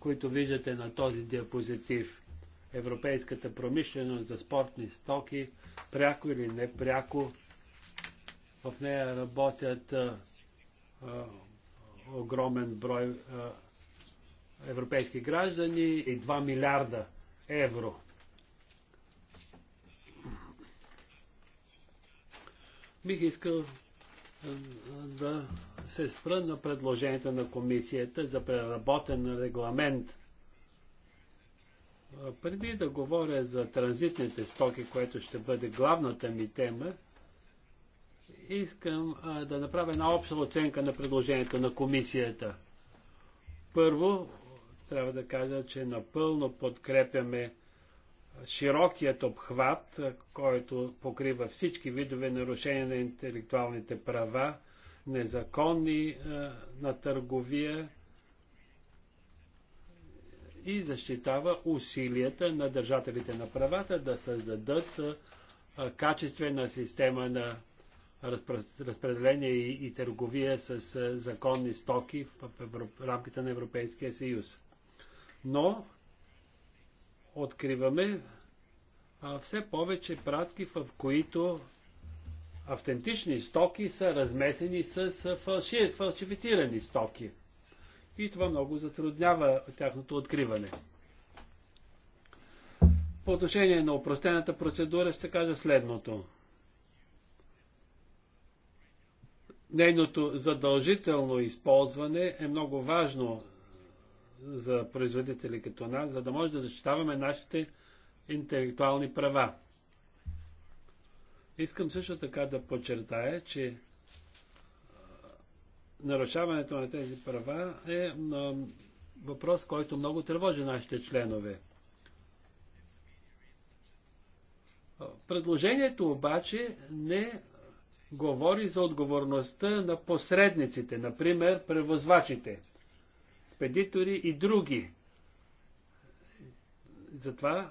които виждате на този диапозитив. Европейската промишленост за спортни стоки, пряко или непряко, в нея работят а, е, а, е, огромен брой а, европейски граждани и 2 милиарда евро Бих искал да се спра на предложението на комисията за преработен регламент. Преди да говоря за транзитните стоки, което ще бъде главната ми тема, искам да направя една обща оценка на предложението на комисията. Първо, трябва да кажа, че напълно подкрепяме широкият обхват, който покрива всички видове нарушения на интелектуалните права, незаконни на търговия и защитава усилията на държателите на правата да създадат качествена система на разпределение и търговия с законни стоки в рамките на Европейския съюз. Но откриваме а, все повече пратки, в които автентични стоки са размесени с фалши... фалшифицирани стоки. И това много затруднява тяхното откриване. По отношение на упростената процедура ще кажа следното. Нейното задължително използване е много важно за производители като нас, за да може да защитаваме нашите интелектуални права. Искам също така да подчертая, че нарушаването на тези права е въпрос, който много тревожи нашите членове. Предложението обаче не говори за отговорността на посредниците, например превозвачите – експедитори и други. Затова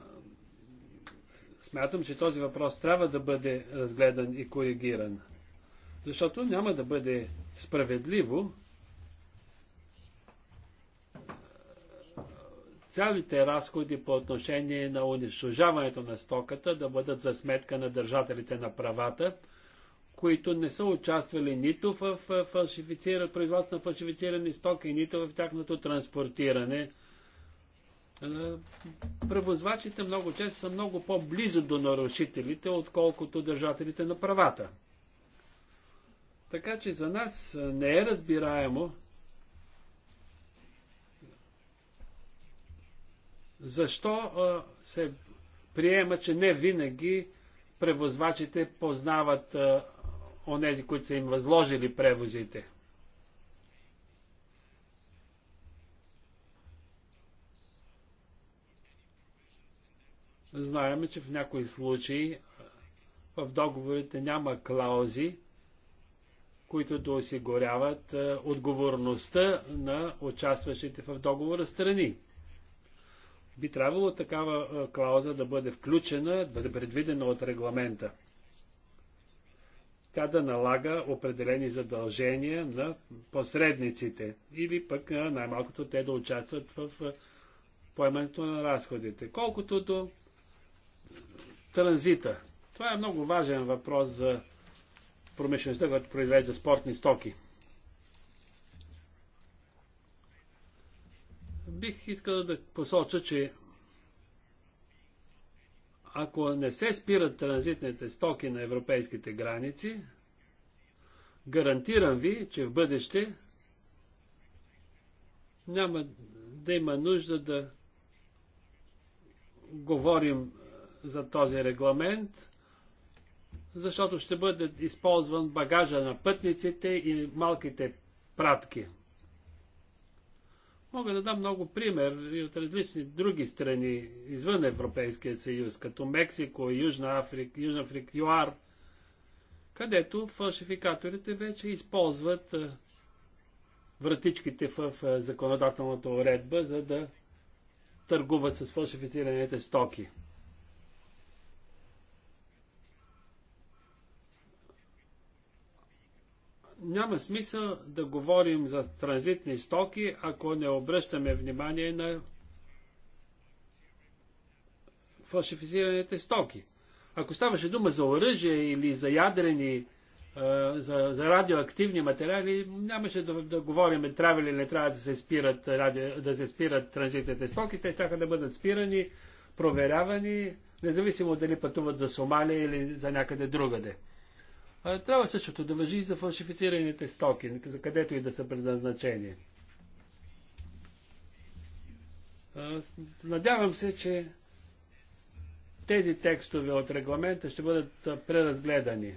смятам, че този въпрос трябва да бъде разгледан и коригиран. Защото няма да бъде справедливо цялите разходи по отношение на унищожаването на стоката да бъдат за сметка на държателите на правата – които не са участвали нито в производство на фалшифицирани стоки, нито в тяхното транспортиране. Е, превозвачите много често са много по-близо до нарушителите, отколкото държателите на правата. Така че за нас не е разбираемо защо е, се приема, че не винаги превозвачите познават е, онези, които са им възложили превозите. Знаем, че в някои случаи в договорите няма клаузи, които да осигуряват отговорността на участващите в договора страни. Би трябвало такава клауза да бъде включена, да бъде предвидена от регламента тя да налага определени задължения на посредниците или пък най-малкото те да участват в поемането на разходите. Колкото до транзита. Това е много важен въпрос за промишлеността, която произвежда спортни стоки. Бих искал да посоча, че ако не се спират транзитните стоки на европейските граници, гарантирам ви, че в бъдеще няма да има нужда да говорим за този регламент, защото ще бъде използван багажа на пътниците и малките пратки. Мога да дам много пример и от различни други страни извън Европейския съюз, като Мексико, Южна Африка, Южна Африка, ЮАР, където фалшификаторите вече използват вратичките в законодателната уредба, за да търгуват с фалшифицираните стоки. няма смисъл да говорим за транзитни стоки, ако не обръщаме внимание на фалшифицираните стоки. Ако ставаше дума за оръжие или за ядрени, за, за радиоактивни материали, нямаше да, да говорим трябва ли не трябва да се спират, радио, да се спират транзитните стоки. Те трябва да бъдат спирани, проверявани, независимо дали пътуват за Сомалия или за някъде другаде. Трябва същото да въжи и за фалшифицираните стоки, за където и да са предназначени. Надявам се, че тези текстове от регламента ще бъдат преразгледани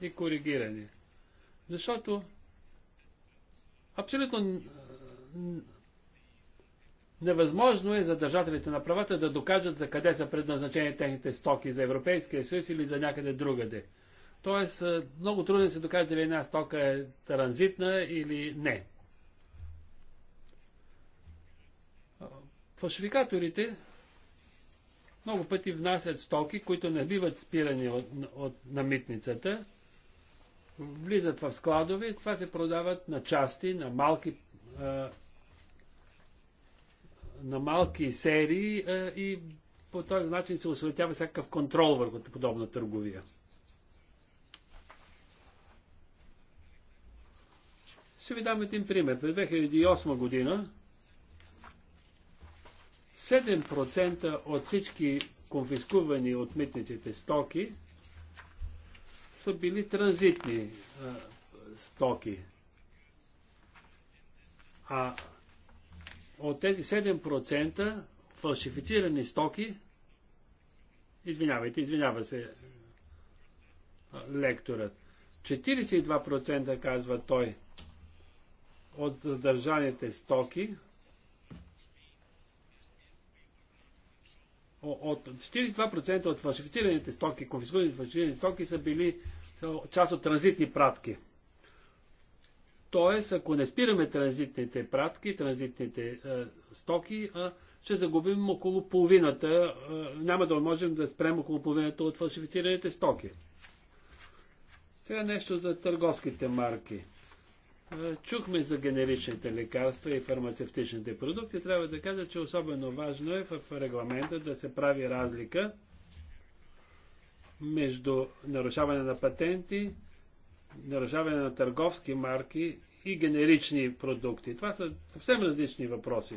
и коригирани. Защото абсолютно невъзможно е за държателите на правата да докажат за къде са предназначени техните стоки за Европейския съюз или за някъде другаде. Тоест, е, много трудно да се докаже дали една стока е транзитна или не. Фалшификаторите много пъти внасят стоки, които не биват спирани от, от, на митницата, влизат в складове и това се продават на части, на малки, а, на малки серии а, и по този начин се осветява всякакъв контрол върху подобна търговия. Ще ви дам един пример. През 2008 година 7% от всички конфискувани от митниците стоки са били транзитни а, стоки. А от тези 7% фалшифицирани стоки, извинявайте, извинява се лекторът, 42% казва той, от задържаните стоки от 42% от фалшифицираните стоки, конфискуваните фалшифицирани стоки са били част от транзитни пратки. Тоест, ако не спираме транзитните пратки, транзитните е, стоки, е, ще загубим около половината, е, няма да можем да спрем около половината от фалшифицираните стоки. Сега нещо за търговските марки. Е, чухме за генеричните лекарства и фармацевтичните продукти. Трябва да кажа, че особено важно е в регламента да се прави разлика между нарушаване на патенти, нарушаване на търговски марки и генерични продукти. Това са съвсем различни въпроси.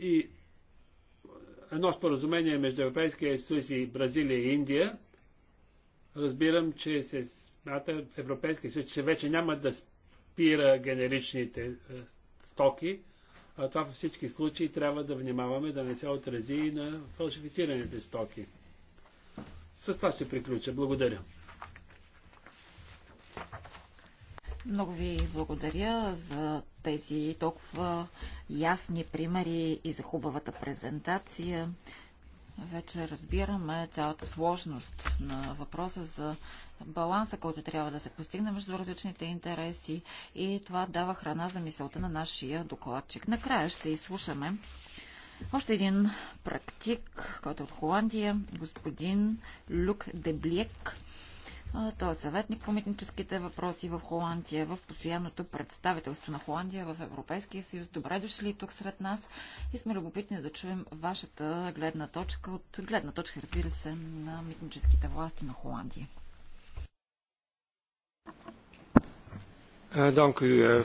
И едно споразумение между Европейския съюз и Бразилия и Индия. Разбирам, че се смята Европейския съюз, че вече няма да спира генеричните е, стоки, а това във всички случаи трябва да внимаваме да не се отрази и на фалшифицираните стоки. С това ще приключа. Благодаря. Много ви благодаря за тези толкова ясни примери и за хубавата презентация. Вече разбираме цялата сложност на въпроса за баланса, който трябва да се постигне между различните интереси и това дава храна за мисълта на нашия докладчик. Накрая ще изслушаме още един практик, който е от Холандия, господин Люк Деблек. Той е съветник по митническите въпроси в Холандия, в постоянното представителство на Холандия в Европейския съюз. Добре дошли тук сред нас и сме любопитни да чуем вашата гледна точка, от гледна точка, разбира се, на митническите власти на Холандия. Е,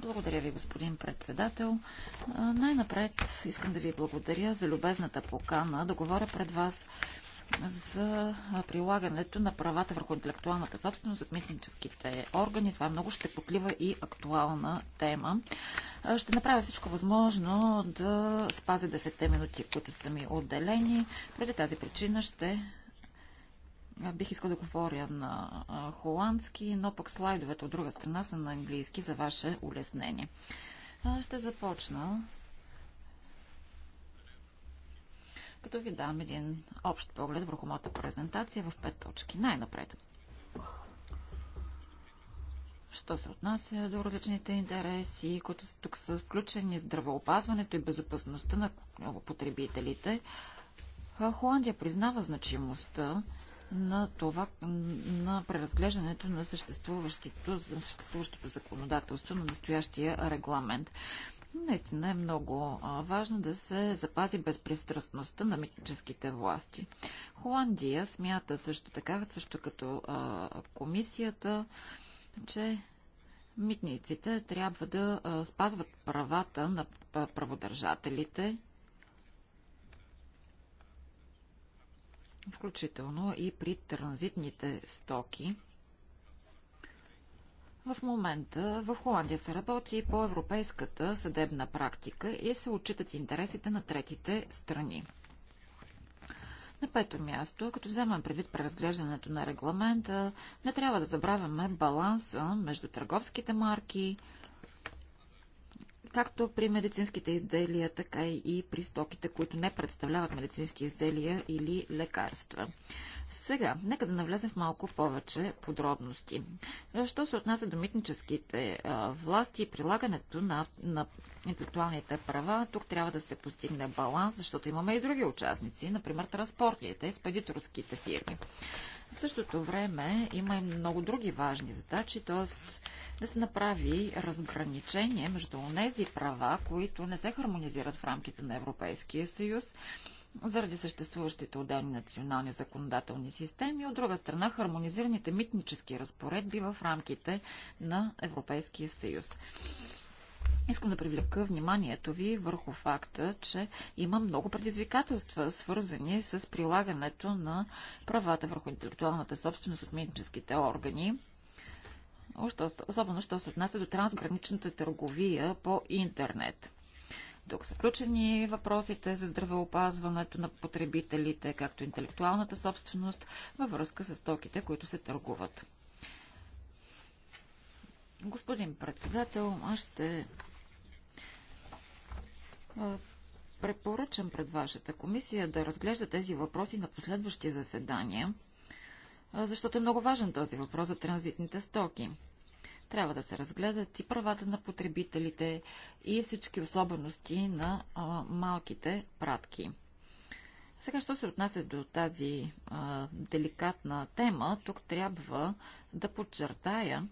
е, благодаря ви, господин председател. Е, най-напред искам да ви благодаря за любезната покана да говоря пред вас за прилагането на правата върху интелектуалната собственост от митническите органи. Това е много щепотлива и актуална тема. Ще направя всичко възможно да спазя 10 минути, които са ми отделени. Преди тази причина ще Бих искал да говоря на холандски, но пък слайдовете от друга страна са на английски за ваше улеснение. Ще започна като ви дам един общ поглед върху моята презентация в пет точки. Най-напред. Що се отнася до различните интереси, които тук са включени здравеопазването и безопасността на потребителите, Холандия признава значимостта на това, на преразглеждането на съществуващото, съществуващото законодателство на настоящия регламент. Наистина е много важно да се запази безпристрастността на митническите власти. Холандия смята също така, също като комисията, че митниците трябва да спазват правата на праводържателите, включително и при транзитните стоки. В момента в Холандия се работи по европейската съдебна практика и се отчитат интересите на третите страни. На пето място, като вземем предвид преразглеждането на регламента, не трябва да забравяме баланса между търговските марки, както при медицинските изделия, така и при стоките, които не представляват медицински изделия или лекарства. Сега, нека да навлезем в малко повече подробности. Що се отнася до митническите власти и прилагането на, на интелектуалните права, тук трябва да се постигне баланс, защото имаме и други участници, например транспортните, спедиторските фирми. В същото време има и много други важни задачи, т.е. да се направи разграничение между тези права, които не се хармонизират в рамките на Европейския съюз, заради съществуващите отделни национални законодателни системи, от друга страна хармонизираните митнически разпоредби в рамките на Европейския съюз. Искам да привлека вниманието ви върху факта, че има много предизвикателства, свързани с прилагането на правата върху интелектуалната собственост от митническите органи, особено що се отнася до трансграничната търговия по интернет. Тук са включени въпросите за здравеопазването на потребителите, както интелектуалната собственост във връзка с токите, които се търгуват. Господин председател, аз ще препоръчам пред вашата комисия да разглежда тези въпроси на последващи заседания, защото е много важен този въпрос за транзитните стоки. Трябва да се разгледат и правата на потребителите и всички особености на а, малките пратки. Сега, що се отнася до тази а, деликатна тема, тук трябва да подчертая,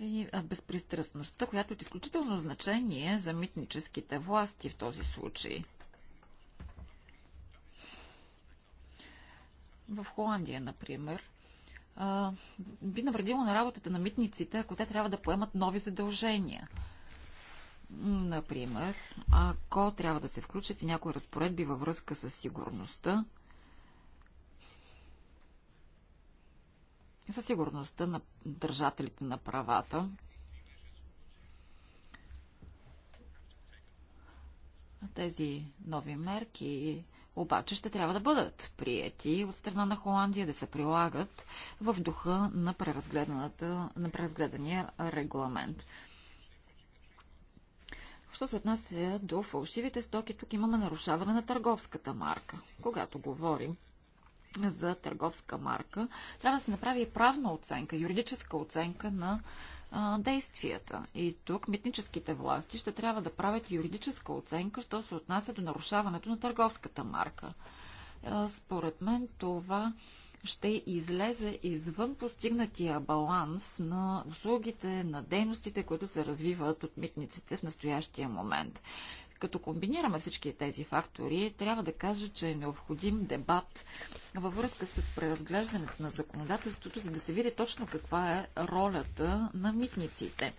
и безпристрастността, която е от изключително значение за митническите власти в този случай. В Холандия, например, би навредило на работата на митниците, ако те трябва да поемат нови задължения. Например, ако трябва да се включат и някои разпоредби във връзка с сигурността, за сигурността на държателите на правата. Тези нови мерки обаче ще трябва да бъдат приети от страна на Холандия, да се прилагат в духа на, на преразгледания регламент. Що се отнася до фалшивите стоки, тук имаме нарушаване на търговската марка. Когато говорим за търговска марка, трябва да се направи правна оценка, юридическа оценка на а, действията. И тук митническите власти ще трябва да правят юридическа оценка, що се отнася до нарушаването на търговската марка. А, според мен това ще излезе извън постигнатия баланс на услугите, на дейностите, които се развиват от митниците в настоящия момент. Като комбинираме всички тези фактори, трябва да кажа, че е необходим дебат във връзка с преразглеждането на законодателството, за да се види точно каква е ролята на митниците.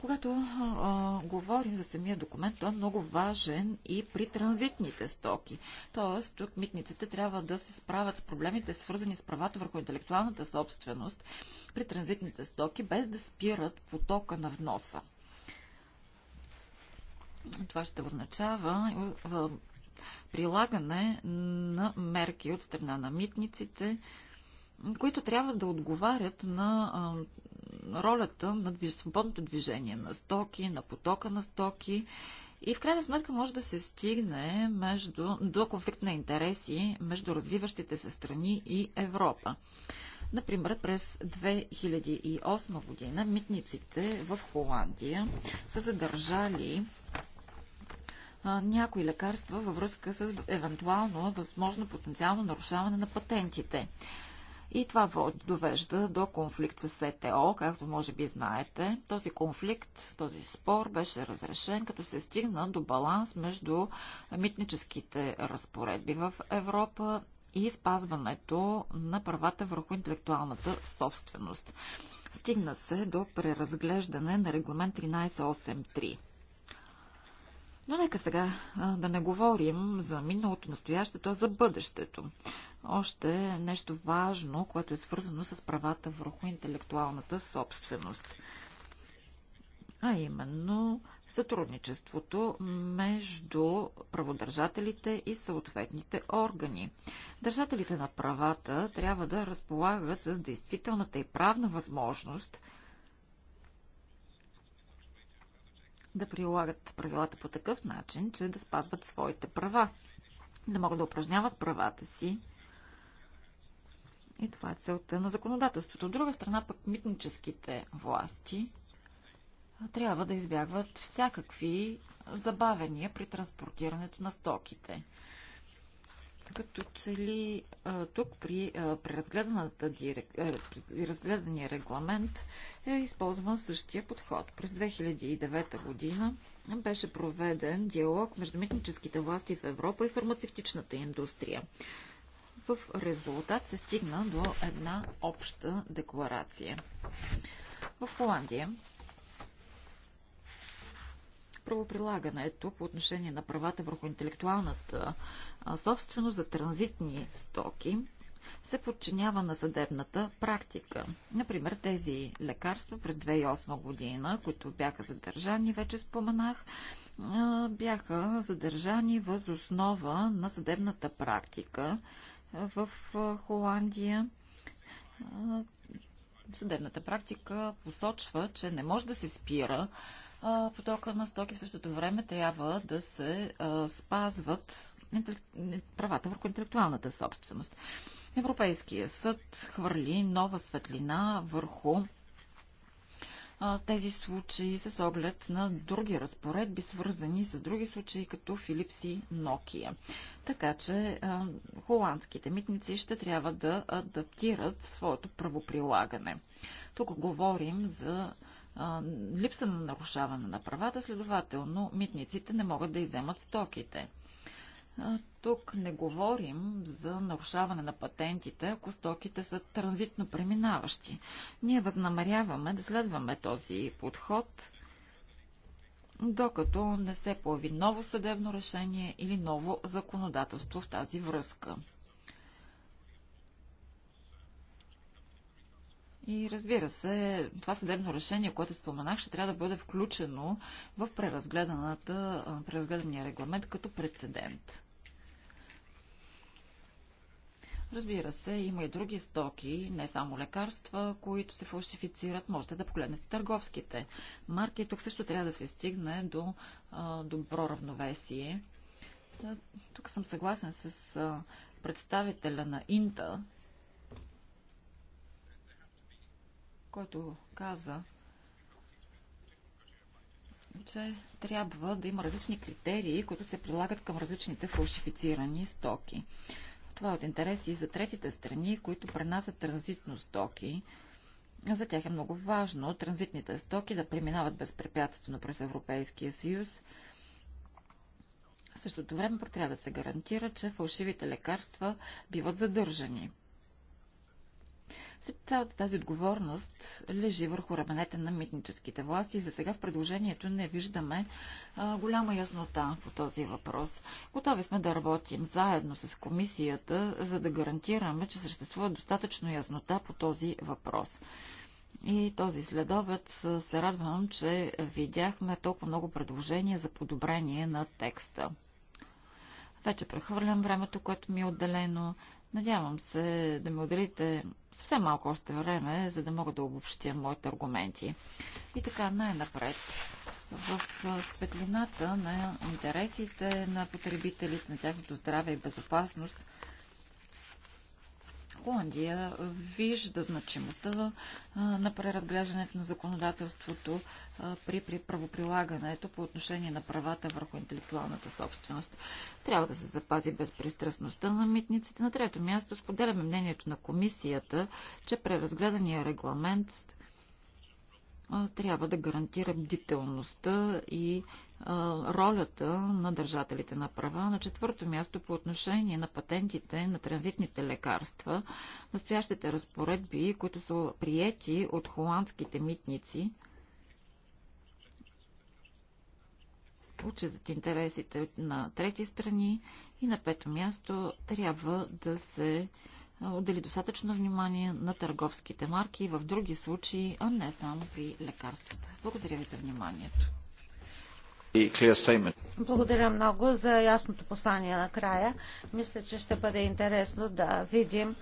Когато а, говорим за самия документ, той е много важен и при транзитните стоки. Тоест, тук митниците трябва да се справят с проблемите, свързани с правата върху интелектуалната собственост при транзитните стоки, без да спират потока на вноса. Това ще означава прилагане на мерки от страна на митниците, които трябва да отговарят на ролята на свободното движение на стоки, на потока на стоки и в крайна сметка може да се стигне между, до конфликт на интереси между развиващите се страни и Европа. Например, през 2008 година митниците в Холандия са задържали някои лекарства във връзка с евентуално възможно потенциално нарушаване на патентите. И това довежда до конфликт с СТО, както може би знаете. Този конфликт, този спор беше разрешен, като се стигна до баланс между митническите разпоредби в Европа и спазването на правата върху интелектуалната собственост. Стигна се до преразглеждане на регламент 1383. Но нека сега да не говорим за миналото, настоящето, а за бъдещето. Още нещо важно, което е свързано с правата върху интелектуалната собственост. А именно сътрудничеството между праводържателите и съответните органи. Държателите на правата трябва да разполагат с действителната и правна възможност – да прилагат правилата по такъв начин, че да спазват своите права, да могат да упражняват правата си. И това е целта на законодателството. От друга страна, пък митническите власти трябва да избягват всякакви забавения при транспортирането на стоките. Като че ли тук при, при разгледания регламент е използван същия подход. През 2009 година беше проведен диалог между митническите власти в Европа и фармацевтичната индустрия. В резултат се стигна до една обща декларация. В Холандия правоприлагането по отношение на правата върху интелектуалната собственост за транзитни стоки се подчинява на съдебната практика. Например, тези лекарства през 2008 година, които бяха задържани, вече споменах, бяха задържани въз основа на съдебната практика в Холандия. Съдебната практика посочва, че не може да се спира потока на стоки. В същото време трябва да се спазват правата върху интелектуалната собственост. Европейския съд хвърли нова светлина върху тези случаи с оглед на други разпоредби, свързани с други случаи, като Филипс и Така че холандските митници ще трябва да адаптират своето правоприлагане. Тук говорим за липса на нарушаване на правата, следователно митниците не могат да иземат стоките. Тук не говорим за нарушаване на патентите, ако стоките са транзитно преминаващи. Ние възнамеряваме да следваме този подход, докато не се появи ново съдебно решение или ново законодателство в тази връзка. И разбира се, това съдебно решение, което споменах, ще трябва да бъде включено в преразгледания регламент като прецедент. Разбира се, има и други стоки, не само лекарства, които се фалшифицират. Можете да погледнете търговските марки. Тук също трябва да се стигне до а, добро равновесие. Тук съм съгласен с представителя на Инта, който каза, че трябва да има различни критерии, които се прилагат към различните фалшифицирани стоки. Това е от интерес и за третите страни, които пренасят транзитно стоки. За тях е много важно транзитните стоки да преминават безпрепятствено през Европейския съюз. В същото време пък трябва да се гарантира, че фалшивите лекарства биват задържани. Цялата тази отговорност лежи върху раменете на митническите власти за сега в предложението не виждаме а, голяма яснота по този въпрос. Готови сме да работим заедно с комисията, за да гарантираме, че съществува достатъчно яснота по този въпрос. И този следобед се радвам, че видяхме толкова много предложения за подобрение на текста. Вече прехвърлям времето, което ми е отделено. Надявам се да ми отделите съвсем малко още време, за да мога да обобщя моите аргументи. И така, най-напред, в светлината на интересите на потребителите, на тяхното здраве и безопасност – Холандия вижда значимостта на преразглеждането на законодателството при, при правоприлагането по отношение на правата върху интелектуалната собственост. Трябва да се запази безпристрастността на митниците. На трето място споделяме мнението на комисията, че преразгледания регламент трябва да гарантира бдителността и ролята на държателите на права. На четвърто място по отношение на патентите на транзитните лекарства, настоящите разпоредби, които са приети от холандските митници, учат интересите на трети страни и на пето място трябва да се отдели достатъчно внимание на търговските марки в други случаи, а не само при лекарствата. Благодаря ви за вниманието. Благодаря много за ясното послание накрая. Мисля, че ще бъде интересно да видим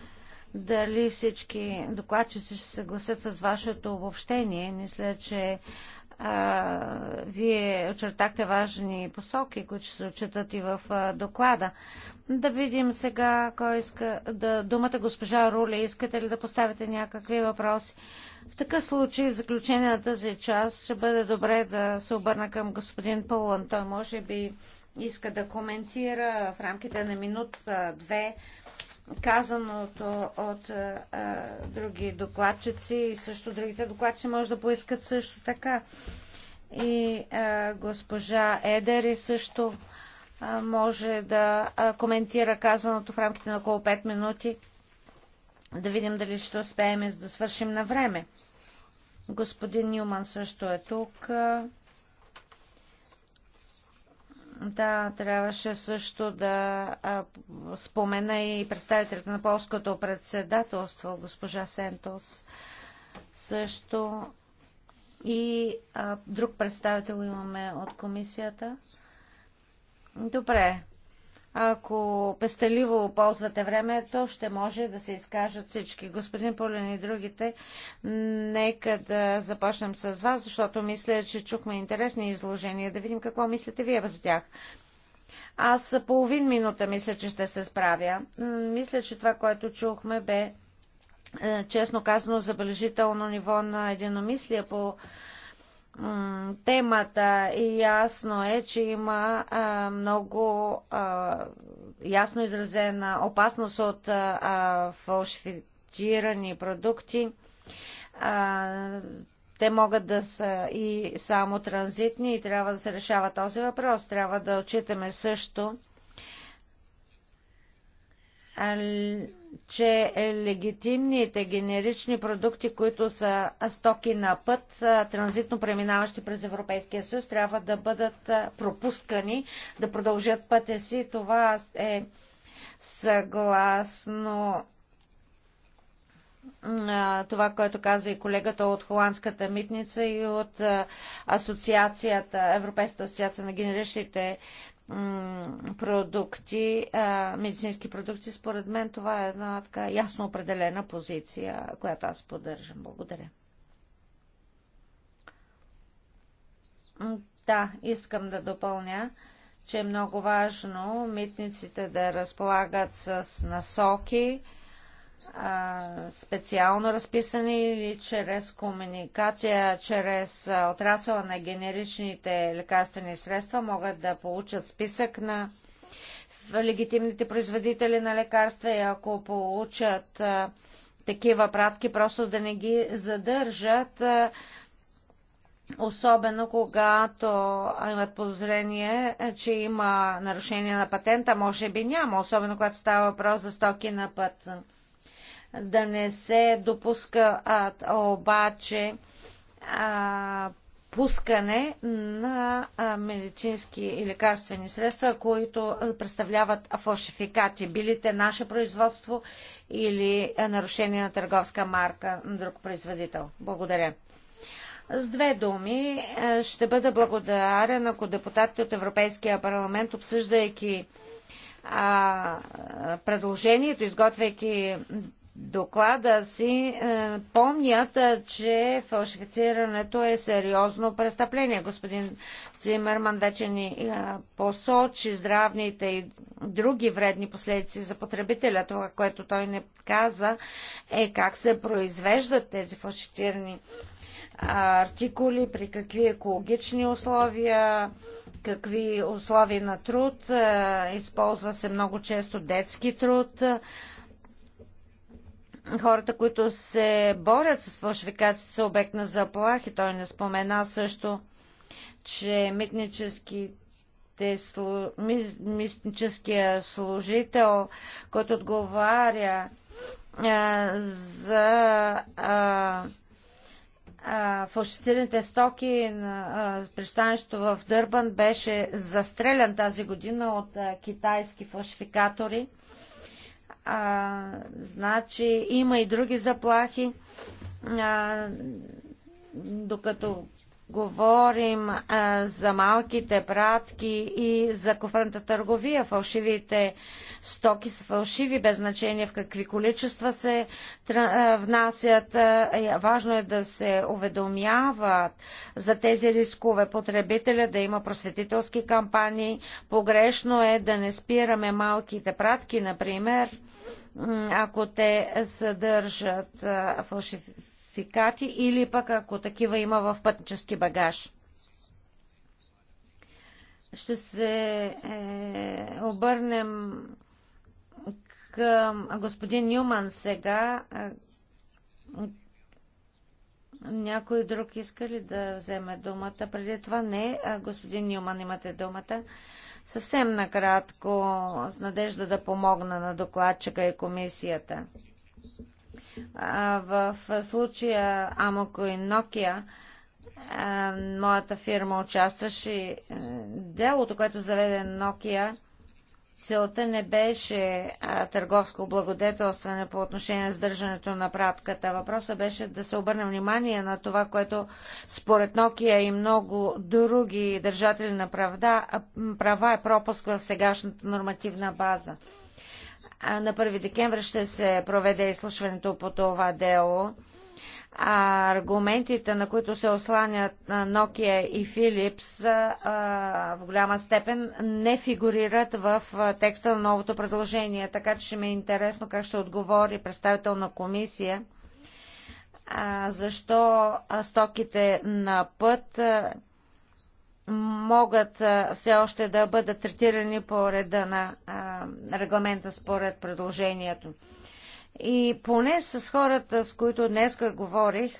дали всички докладчици ще се съгласят с вашето обобщение. Мисля, че а, вие очертахте важни посоки, които ще се отчитат и в а, доклада. Да видим сега кой иска да думата. Госпожа Руле, искате ли да поставите някакви въпроси? В такъв случай, в заключение на тази част, ще бъде добре да се обърна към господин Пълън. Той може би иска да коментира в рамките на минут-две казаното от а, а, други докладчици и също другите докладчици може да поискат също така. И а, госпожа Едери също а, може да а, коментира казаното в рамките на около 5 минути да видим дали ще успеем да свършим на време. Господин Нюман също е тук. Да, трябваше също да а, спомена и представителите на полското председателство, госпожа Сентос. Също и а, друг представител имаме от комисията. Добре, ако пестеливо ползвате времето, ще може да се изкажат всички. Господин Полен и другите, нека да започнем с вас, защото мисля, че чухме интересни изложения. Да видим какво мислите вие за тях. Аз половин минута мисля, че ще се справя. Мисля, че това, което чухме, бе е, честно казано, забележително ниво на единомислие по темата и ясно е, че има а, много а, ясно изразена опасност от а, фалшифицирани продукти. А, те могат да са и само транзитни и трябва да се решава този въпрос. Трябва да отчитаме също че легитимните генерични продукти, които са стоки на път, транзитно преминаващи през Европейския съюз, трябва да бъдат пропускани, да продължат пътя си. Това е съгласно това, което каза и колегата от Холандската митница и от асоциацията, Европейската асоциация на генеричните продукти, медицински продукти. Според мен това е една така ясно определена позиция, която аз поддържам. Благодаря. Да, искам да допълня, че е много важно митниците да разполагат с насоки, специално разписани или чрез комуникация, чрез отрасъла на генеричните лекарствени средства могат да получат списък на легитимните производители на лекарства и ако получат такива пратки, просто да не ги задържат. особено когато имат подозрение, че има нарушение на патента, може би няма, особено когато става въпрос за стоки на патент да не се допуска а, обаче а, пускане на медицински и лекарствени средства, които представляват фалшификати, били те наше производство или нарушение на търговска марка на друг производител. Благодаря. С две думи ще бъда благодарен, ако депутатите от Европейския парламент, обсъждайки а, предложението, изготвяйки доклада си е, помнят, е, че фалшифицирането е сериозно престъпление. Господин Цимерман вече ни е, посочи здравните и други вредни последици за потребителя. Това, което той не каза, е как се произвеждат тези фалшифицирани артикули, при какви екологични условия, какви условия на труд. използва се много често детски труд хората, които се борят с фалшификацията, са обект на заплахи. Той не спомена също, че митнически мистическия служител, който отговаря а, за а, фалшифицираните стоки на пристанището в Дърбан, беше застрелян тази година от а, китайски фалшификатори а, значи има и други заплахи. А, докато говорим а, за малките пратки и за куфърната търговия, фалшивите стоки са фалшиви, без значение в какви количества се а, внасят. А, е, важно е да се уведомяват за тези рискове потребителя, да има просветителски кампании. Погрешно е да не спираме малките пратки, например ако те съдържат фалшификати или пък ако такива има в пътнически багаж. Ще се е, обърнем към господин Нюман сега. Някой друг иска ли да вземе думата? Преди това не. Господин Нюман, имате думата. Съвсем накратко, с надежда да помогна на докладчика и комисията. В случая Амоко и Nokia моята фирма участваше. Е, делото, което заведе Nokia, Целта не беше а, търговско благодетелстване по отношение на сдържането на пратката. Въпросът беше да се обърне внимание на това, което според Нокия и много други държатели на правда, права е пропуск в сегашната нормативна база. А на 1 декември ще се проведе изслушването по това дело а, аргументите, на които се осланят Nokia и Philips, а, в голяма степен не фигурират в текста на новото предложение. Така че ще ми е интересно как ще отговори представител на комисия а, защо стоките на път могат все още да бъдат третирани по реда на регламента според предложението. И поне с хората, с които днес говорих,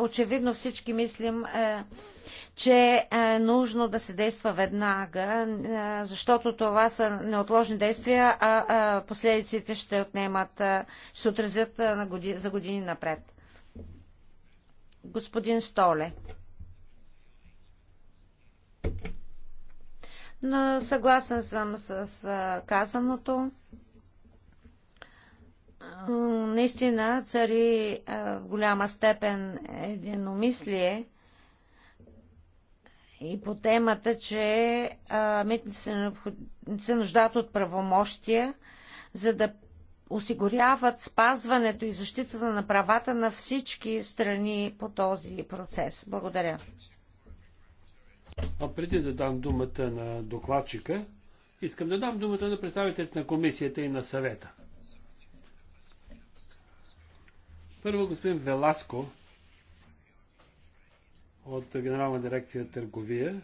очевидно всички мислим, че е нужно да се действа веднага, защото това са неотложни действия, а последиците ще отнемат, ще се отразят за години напред. Господин Столе. Но съгласен съм с казаното. Наистина цари в голяма степен единомислие и по темата, че митниците се нуждаят от правомощия, за да осигуряват спазването и защитата на правата на всички страни по този процес. Благодаря. А преди да дам думата на докладчика, искам да дам думата на представителите на комисията и на съвета. Първо господин Веласко от Генерална дирекция Търговия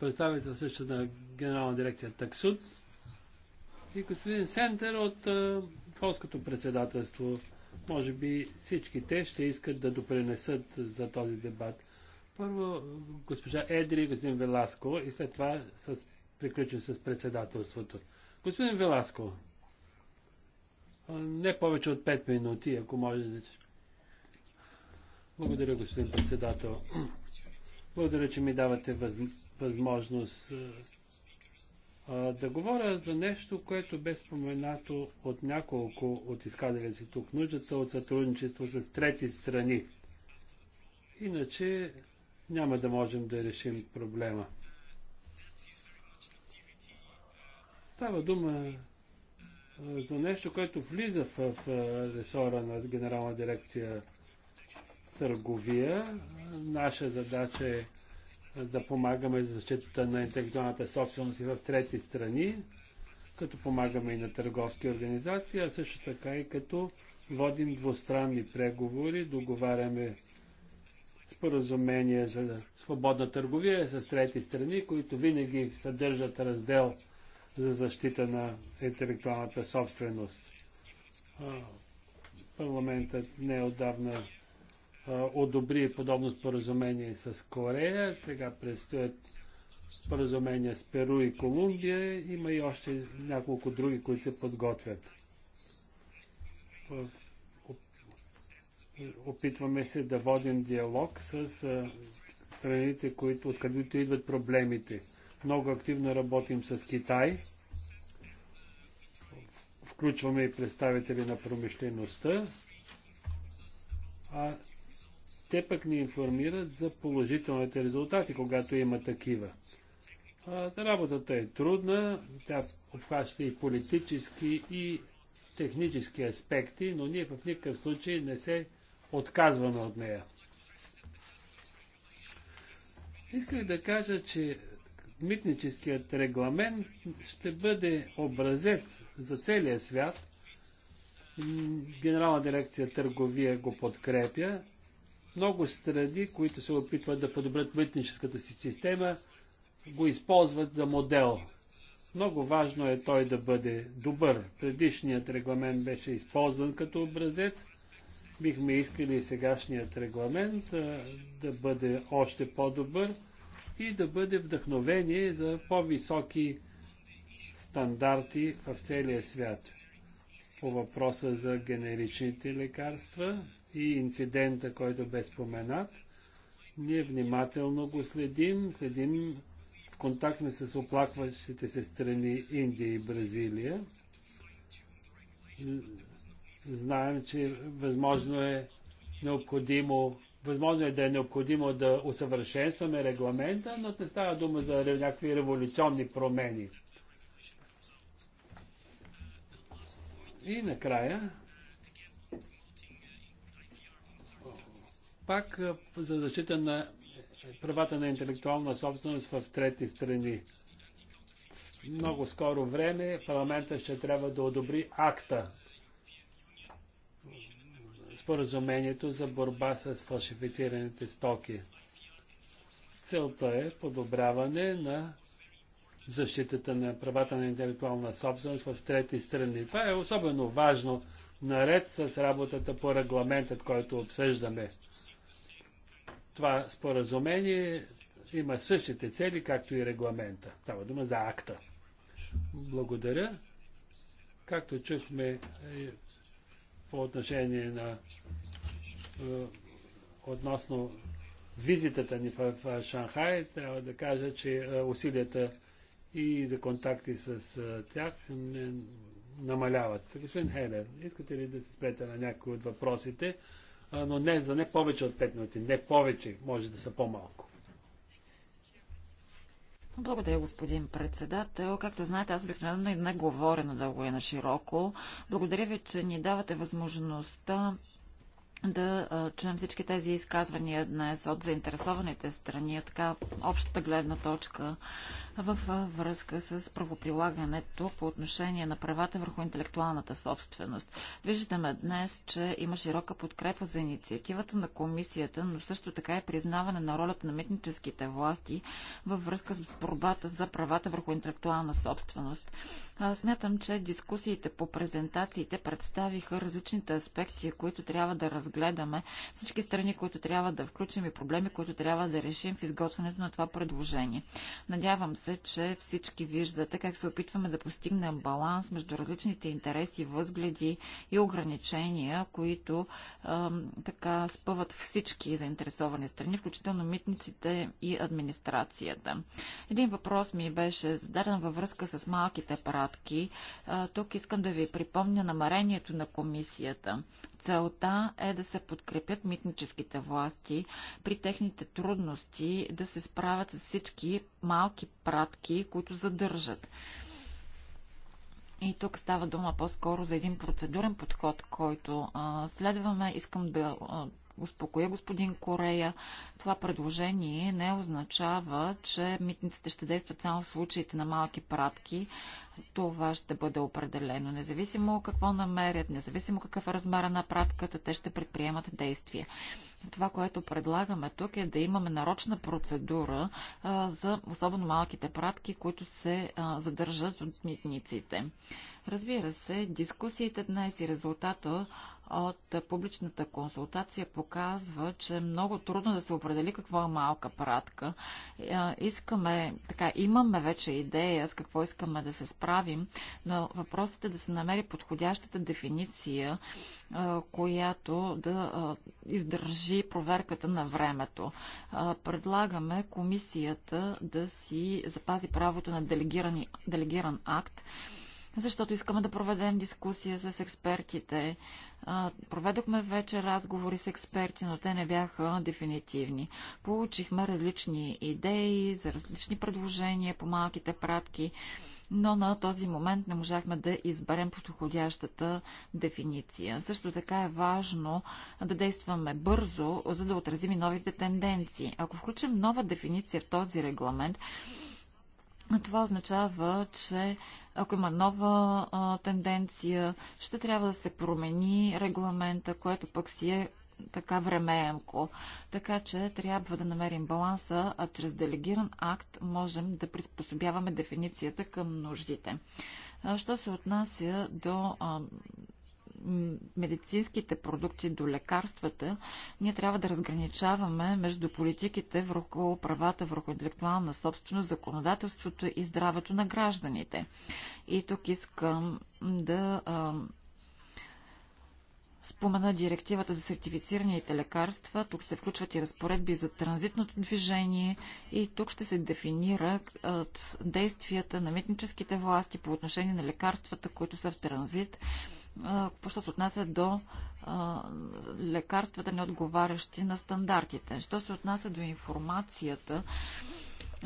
представител също на Генерална дирекция Таксуд и господин Сентер от полското председателство. Може би всички те ще искат да допренесат за този дебат. Първо госпожа Едри, господин Веласко и след това с, приключим с председателството. Господин Веласко. Не повече от 5 минути, ако може. Благодаря, господин председател. Благодаря, че ми давате въз... възможност а, да говоря за нещо, което бе споменато от няколко от изказали си тук. Нуждата от сътрудничество с трети страни. Иначе няма да можем да решим проблема. Става дума за нещо, което влиза в, ресора на Генерална дирекция търговия. Наша задача е да помагаме за защитата на интелектуалната собственост и в трети страни, като помагаме и на търговски организации, а също така и като водим двустранни преговори, договаряме споразумения за свободна търговия с трети страни, които винаги съдържат раздел за защита на интелектуалната собственост. Парламентът не отдавна одобри подобно споразумение с Корея. Сега предстоят споразумения с Перу и Колумбия. Има и още няколко други, които се подготвят. Опитваме се да водим диалог с страните, които, откъдето идват проблемите. Много активно работим с Китай. Включваме и представители на промишлеността. А те пък ни информират за положителните резултати, когато има такива. А, работата е трудна, тя обхваща и политически, и технически аспекти, но ние в никакъв случай не се отказваме от нея. Исках да кажа, че митническият регламент ще бъде образец за целия свят. Генерална дирекция търговия го подкрепя. Много страни, които се опитват да подобрят митническата си система, го използват за модел. Много важно е той да бъде добър. Предишният регламент беше използван като образец. Бихме искали сегашният регламент да бъде още по-добър и да бъде вдъхновение за по-високи стандарти в целия свят. По въпроса за генеричните лекарства и инцидента, който бе споменат, ние внимателно го следим, следим в контакт с оплакващите се страни Индия и Бразилия. Знаем, че възможно е необходимо Възможно е да е необходимо да усъвършенстваме регламента, но не става дума за някакви революционни промени. И накрая, пак за защита на правата на интелектуална собственост в трети страни. Много скоро време парламента ще трябва да одобри акта споразумението за борба с фалшифицираните стоки. Целта е подобряване на защитата на правата на интелектуална собственост в трети страни. Това е особено важно наред с работата по регламентът, който обсъждаме. Това споразумение има същите цели, както и регламента. Става дума за акта. Благодаря. Както чухме, по отношение на е, относно визитата ни в Шанхай, трябва да кажа, че е, усилията и за контакти с е, тях не намаляват. Господин Хелер, искате ли да се спрете на някои от въпросите, но не за не повече от 5 минути, не повече, може да са по-малко. Благодаря, господин председател. Както знаете, аз обикновено и не говоря надълго и на широко. Благодаря ви, че ни давате възможността да чуем всички тези изказвания днес от заинтересованите страни, така общата гледна точка в връзка с правоприлагането по отношение на правата върху интелектуалната собственост. Виждаме днес, че има широка подкрепа за инициативата на комисията, но също така е признаване на ролята на митническите власти във връзка с борбата за правата върху интелектуална собственост. Смятам, че дискусиите по презентациите представиха различните аспекти, които трябва да разглеждаме разгледаме всички страни, които трябва да включим и проблеми, които трябва да решим в изготвянето на това предложение. Надявам се, че всички виждате как се опитваме да постигнем баланс между различните интереси, възгледи и ограничения, които е, така спъват всички заинтересовани страни, включително митниците и администрацията. Един въпрос ми беше зададен във връзка с малките пратки. Тук искам да ви припомня намерението на комисията. Целта е да се подкрепят митническите власти при техните трудности да се справят с всички малки пратки, които задържат. И тук става дума по-скоро за един процедурен подход, който а, следваме. Искам да а, успокоя господин Корея. Това предложение не означава, че митниците ще действат само в случаите на малки пратки. Това ще бъде определено. Независимо какво намерят, независимо какъв е размера на пратката, те ще предприемат действия. Това, което предлагаме тук е да имаме нарочна процедура а, за особено малките пратки, които се а, задържат от митниците. Разбира се, дискусиите днес и резултата от публичната консултация показва, че е много трудно да се определи какво е малка пратка. Искаме, така, имаме вече идея с какво искаме да се справим, но въпросът е да се намери подходящата дефиниция, която да издържи проверката на времето. Предлагаме комисията да си запази правото на делегиран акт, защото искаме да проведем дискусия с експертите. проведохме вече разговори с експерти, но те не бяха дефинитивни. Получихме различни идеи за различни предложения по малките пратки, но на този момент не можахме да изберем подходящата дефиниция. Също така е важно да действаме бързо, за да отразим и новите тенденции. Ако включим нова дефиниция в този регламент, това означава, че ако има нова а, тенденция, ще трябва да се промени регламента, което пък си е така времеемко. Така че трябва да намерим баланса, а чрез делегиран акт можем да приспособяваме дефиницията към нуждите. Що се отнася до а, медицинските продукти до лекарствата, ние трябва да разграничаваме между политиките върху правата върху интелектуална собственост, законодателството и здравето на гражданите. И тук искам да а, спомена директивата за сертифицираните лекарства. Тук се включват и разпоредби за транзитното движение и тук ще се дефинират действията на митническите власти по отношение на лекарствата, които са в транзит Пощо се отнася до лекарствата, не отговарящи на стандартите. Що се отнася до информацията,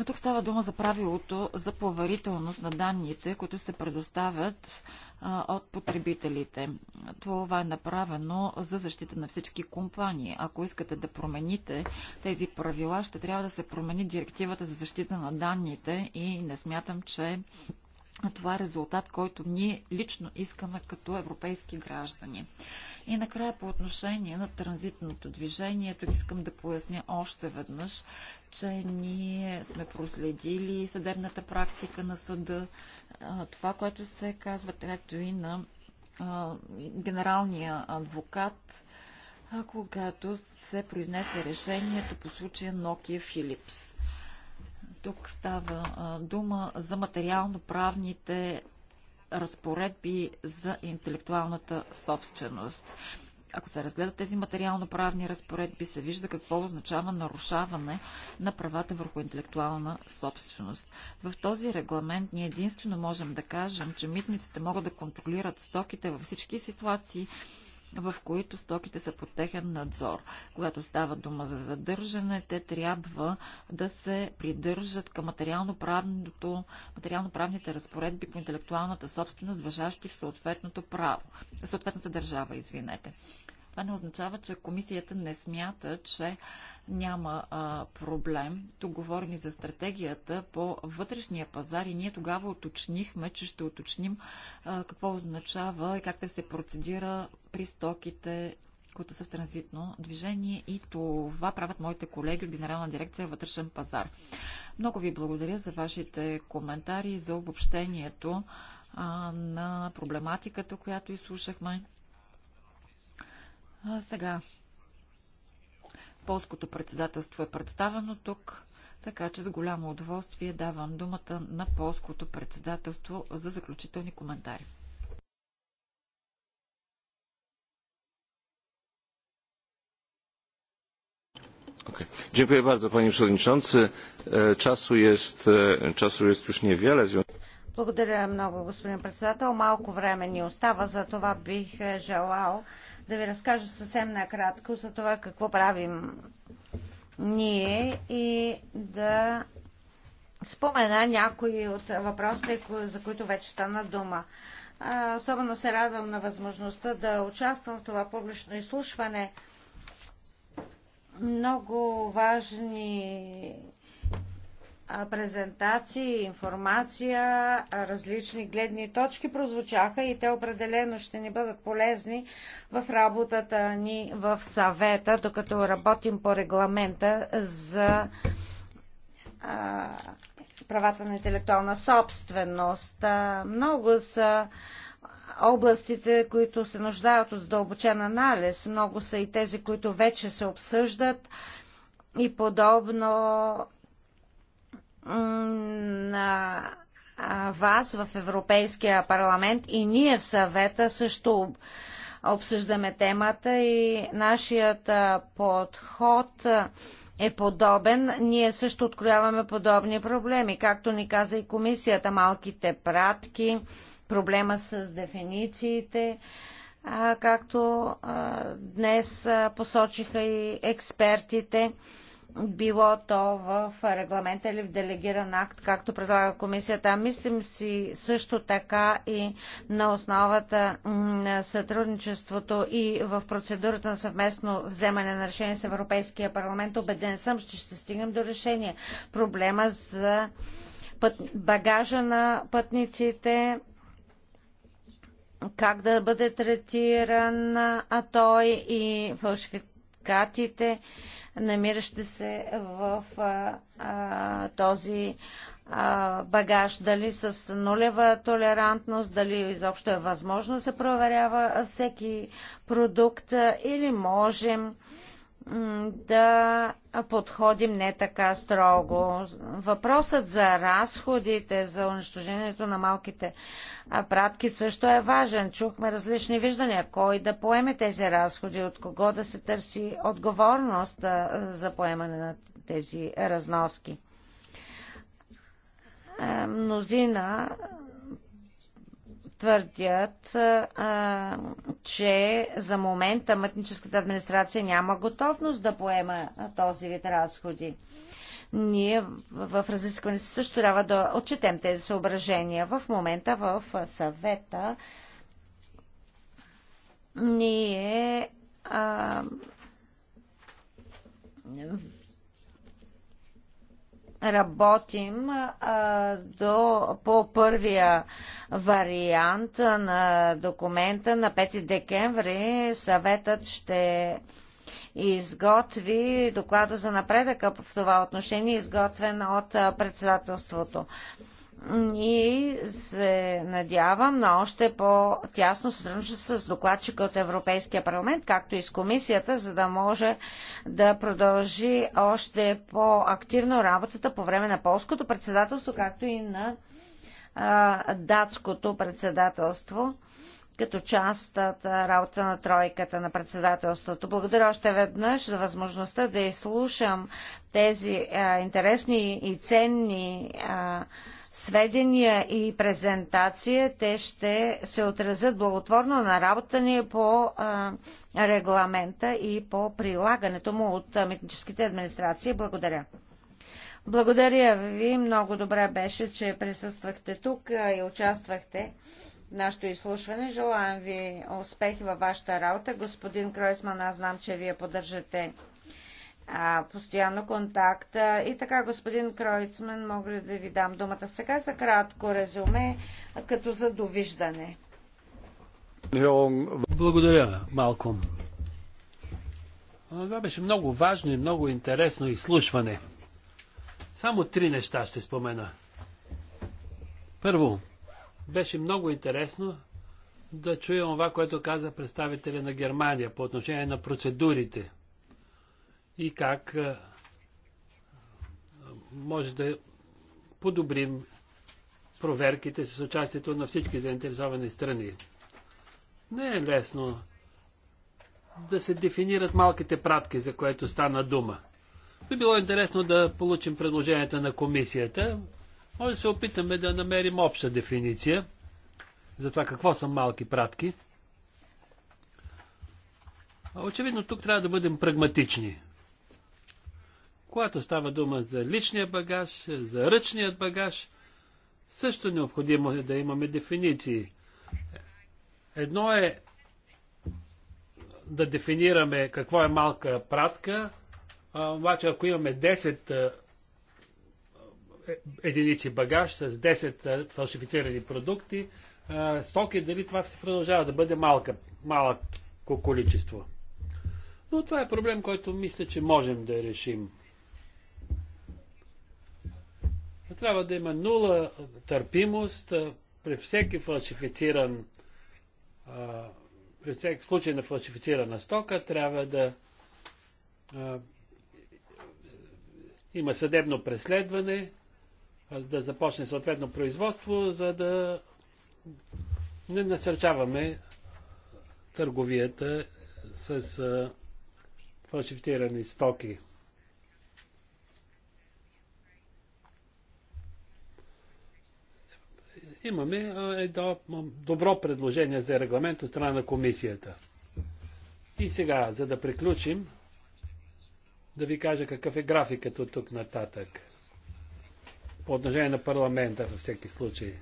тук става дума за правилото за поверителност на данните, които се предоставят а, от потребителите. Това е направено за защита на всички компании. Ако искате да промените тези правила, ще трябва да се промени директивата за защита на данните и не смятам, че това е резултат, който ние лично искаме като европейски граждани. И накрая по отношение на транзитното движение, тук искам да поясня още веднъж, че ние сме проследили съдебната практика на съда, това, което се казва, както и на генералния адвокат, когато се произнесе решението по случая Nokia Philips. Тук става дума за материално-правните разпоредби за интелектуалната собственост. Ако се разгледат тези материално-правни разпоредби, се вижда какво означава нарушаване на правата върху интелектуална собственост. В този регламент ние единствено можем да кажем, че митниците могат да контролират стоките във всички ситуации, в които стоките са под техен надзор. Когато става дума за задържане, те трябва да се придържат към материално-правните материално разпоредби по интелектуалната собственост, въжащи в съответното право, съответната държава, извинете. Това не означава, че комисията не смята, че няма а, проблем. Тук говорим и за стратегията по вътрешния пазар и ние тогава уточнихме, че ще уточним а, какво означава и как да се процедира при стоките които са в транзитно движение и това правят моите колеги от Генерална дирекция Вътрешен пазар. Много ви благодаря за вашите коментари и за обобщението а, на проблематиката, която изслушахме. А, сега Полското председателство е представено тук, така че с голямо удоволствие давам думата на Полското председателство за заключителни коментари. dziękuję bardzo panie przewodniczący! E, e, czasu jest już niewiele благодаря много, господин председател. Малко време ни остава, за това бих е, желал да ви разкажа съвсем накратко за това какво правим ние и да спомена някои от въпросите, за които вече стана дума. Особено се радвам на възможността да участвам в това публично изслушване. Много важни презентации, информация, различни гледни точки прозвучаха и те определено ще ни бъдат полезни в работата ни в съвета, докато работим по регламента за правата на интелектуална собственост. Много са областите, които се нуждаят от задълбочен анализ. Много са и тези, които вече се обсъждат и подобно на вас в Европейския парламент и ние в съвета също обсъждаме темата и нашият подход е подобен. Ние също открояваме подобни проблеми, както ни каза и комисията, малките пратки, проблема с дефинициите, както днес посочиха и експертите било то в регламента или в делегиран акт, както предлага комисията. А мислим си също така и на основата на сътрудничеството и в процедурата на съвместно вземане на решение с Европейския парламент. Обеден съм, че ще стигнем до решение. Проблема за път, багажа на пътниците, как да бъде третиран а той и фалшификатите намиращи се в а, а, този а, багаж. Дали с нулева толерантност, дали изобщо е възможно да се проверява всеки продукт или можем да подходим не така строго. Въпросът за разходите за унищожението на малките пратки също е важен. Чухме различни виждания. Кой да поеме тези разходи, от кого да се търси отговорност за поемане на тези разноски. Мнозина твърдят, а, че за момента мътническата администрация няма готовност да поема този вид разходи. Ние в разискването също трябва да отчетем тези съображения. В момента в съвета ние а, работим а, до, по първия вариант на документа на 5 декември. Съветът ще изготви доклада за напредъка в това отношение, изготвен от председателството и се надявам на още по-тясно сътрудничество с докладчика от Европейския парламент, както и с комисията, за да може да продължи още по-активно работата по време на полското председателство, както и на а, датското председателство като част от работа на тройката на председателството. Благодаря още веднъж за възможността да изслушам тези а, интересни и ценни а, сведения и презентация, те ще се отразят благотворно на работа ни по а, регламента и по прилагането му от митническите администрации. Благодаря. Благодаря ви. Много добре беше, че присъствахте тук и участвахте в нашето изслушване. Желаем ви успехи във вашата работа. Господин Кройсман, аз знам, че вие поддържате а, постоянно контакт. И така, господин Кройцман, мога ли да ви дам думата сега за кратко резюме, като за довиждане? Благодаря, Малком. Това беше много важно и много интересно изслушване. Само три неща ще спомена. Първо, беше много интересно да чуя това, което каза представителя на Германия по отношение на процедурите – и как може да подобрим проверките с участието на всички заинтересовани страни. Не е лесно да се дефинират малките пратки, за което стана дума. Би било интересно да получим предложенията на комисията. Може да се опитаме да намерим обща дефиниция за това какво са малки пратки. Очевидно тук трябва да бъдем прагматични. Когато става дума за личния багаж, за ръчният багаж, също необходимо е да имаме дефиниции. Едно е да дефинираме какво е малка пратка, обаче ако имаме 10 е, единици багаж с 10 фалшифицирани продукти, стоки, дали това се продължава да бъде малка, малко количество. Но това е проблем, който мисля, че можем да решим. Трябва да има нула търпимост при всеки фалшифициран при всеки случай на фалшифицирана стока трябва да а, има съдебно преследване, а, да започне съответно производство, за да не насърчаваме търговията с а, фалшифицирани стоки. имаме едно добро предложение за регламент от страна на комисията. И сега, за да приключим, да ви кажа какъв е графикът от тук нататък. По отношение на парламента във всеки случай.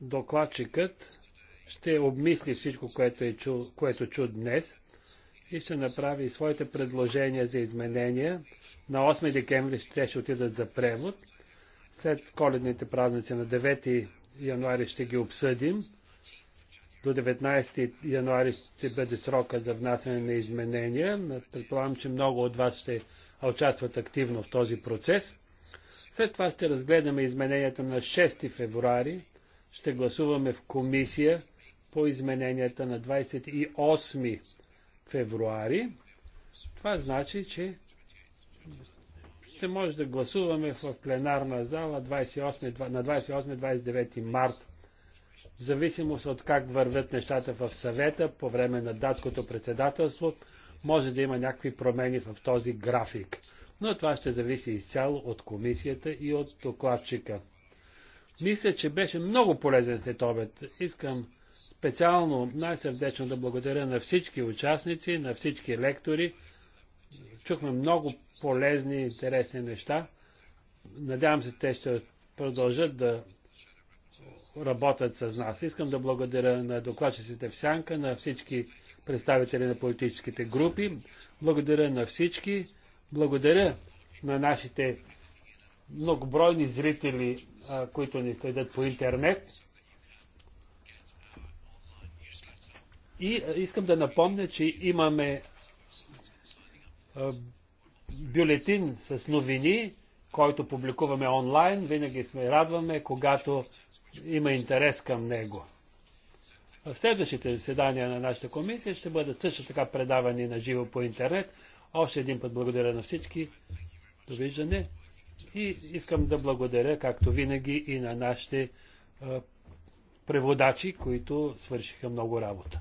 Докладчикът ще обмисли всичко, което, е чу, което чу днес и ще направи своите предложения за изменения. На 8 декември ще, ще отидат за превод след коледните празници на 9 януари ще ги обсъдим. До 19 януари ще бъде срока за внасяне на изменения. Предполагам, че много от вас ще участват активно в този процес. След това ще разгледаме измененията на 6 февруари. Ще гласуваме в комисия по измененията на 28 февруари. Това значи, че се може да гласуваме в пленарна зала 28, на 28-29 март. В зависимост от как вървят нещата в съвета по време на датското председателство, може да има някакви промени в този график. Но това ще зависи изцяло от комисията и от докладчика. Мисля, че беше много полезен след обед. Искам специално най-сърдечно да благодаря на всички участници, на всички лектори, чухме много полезни и интересни неща. Надявам се, те ще продължат да работят с нас. Искам да благодаря на докладчиците в Сянка, на всички представители на политическите групи. Благодаря на всички. Благодаря на нашите многобройни зрители, които ни следят по интернет. И искам да напомня, че имаме бюлетин с новини, който публикуваме онлайн. Винаги сме радваме, когато има интерес към него. В следващите заседания на нашата комисия ще бъдат също така предавани на живо по интернет. Още един път благодаря на всички. Довиждане. И искам да благодаря, както винаги, и на нашите преводачи, които свършиха много работа.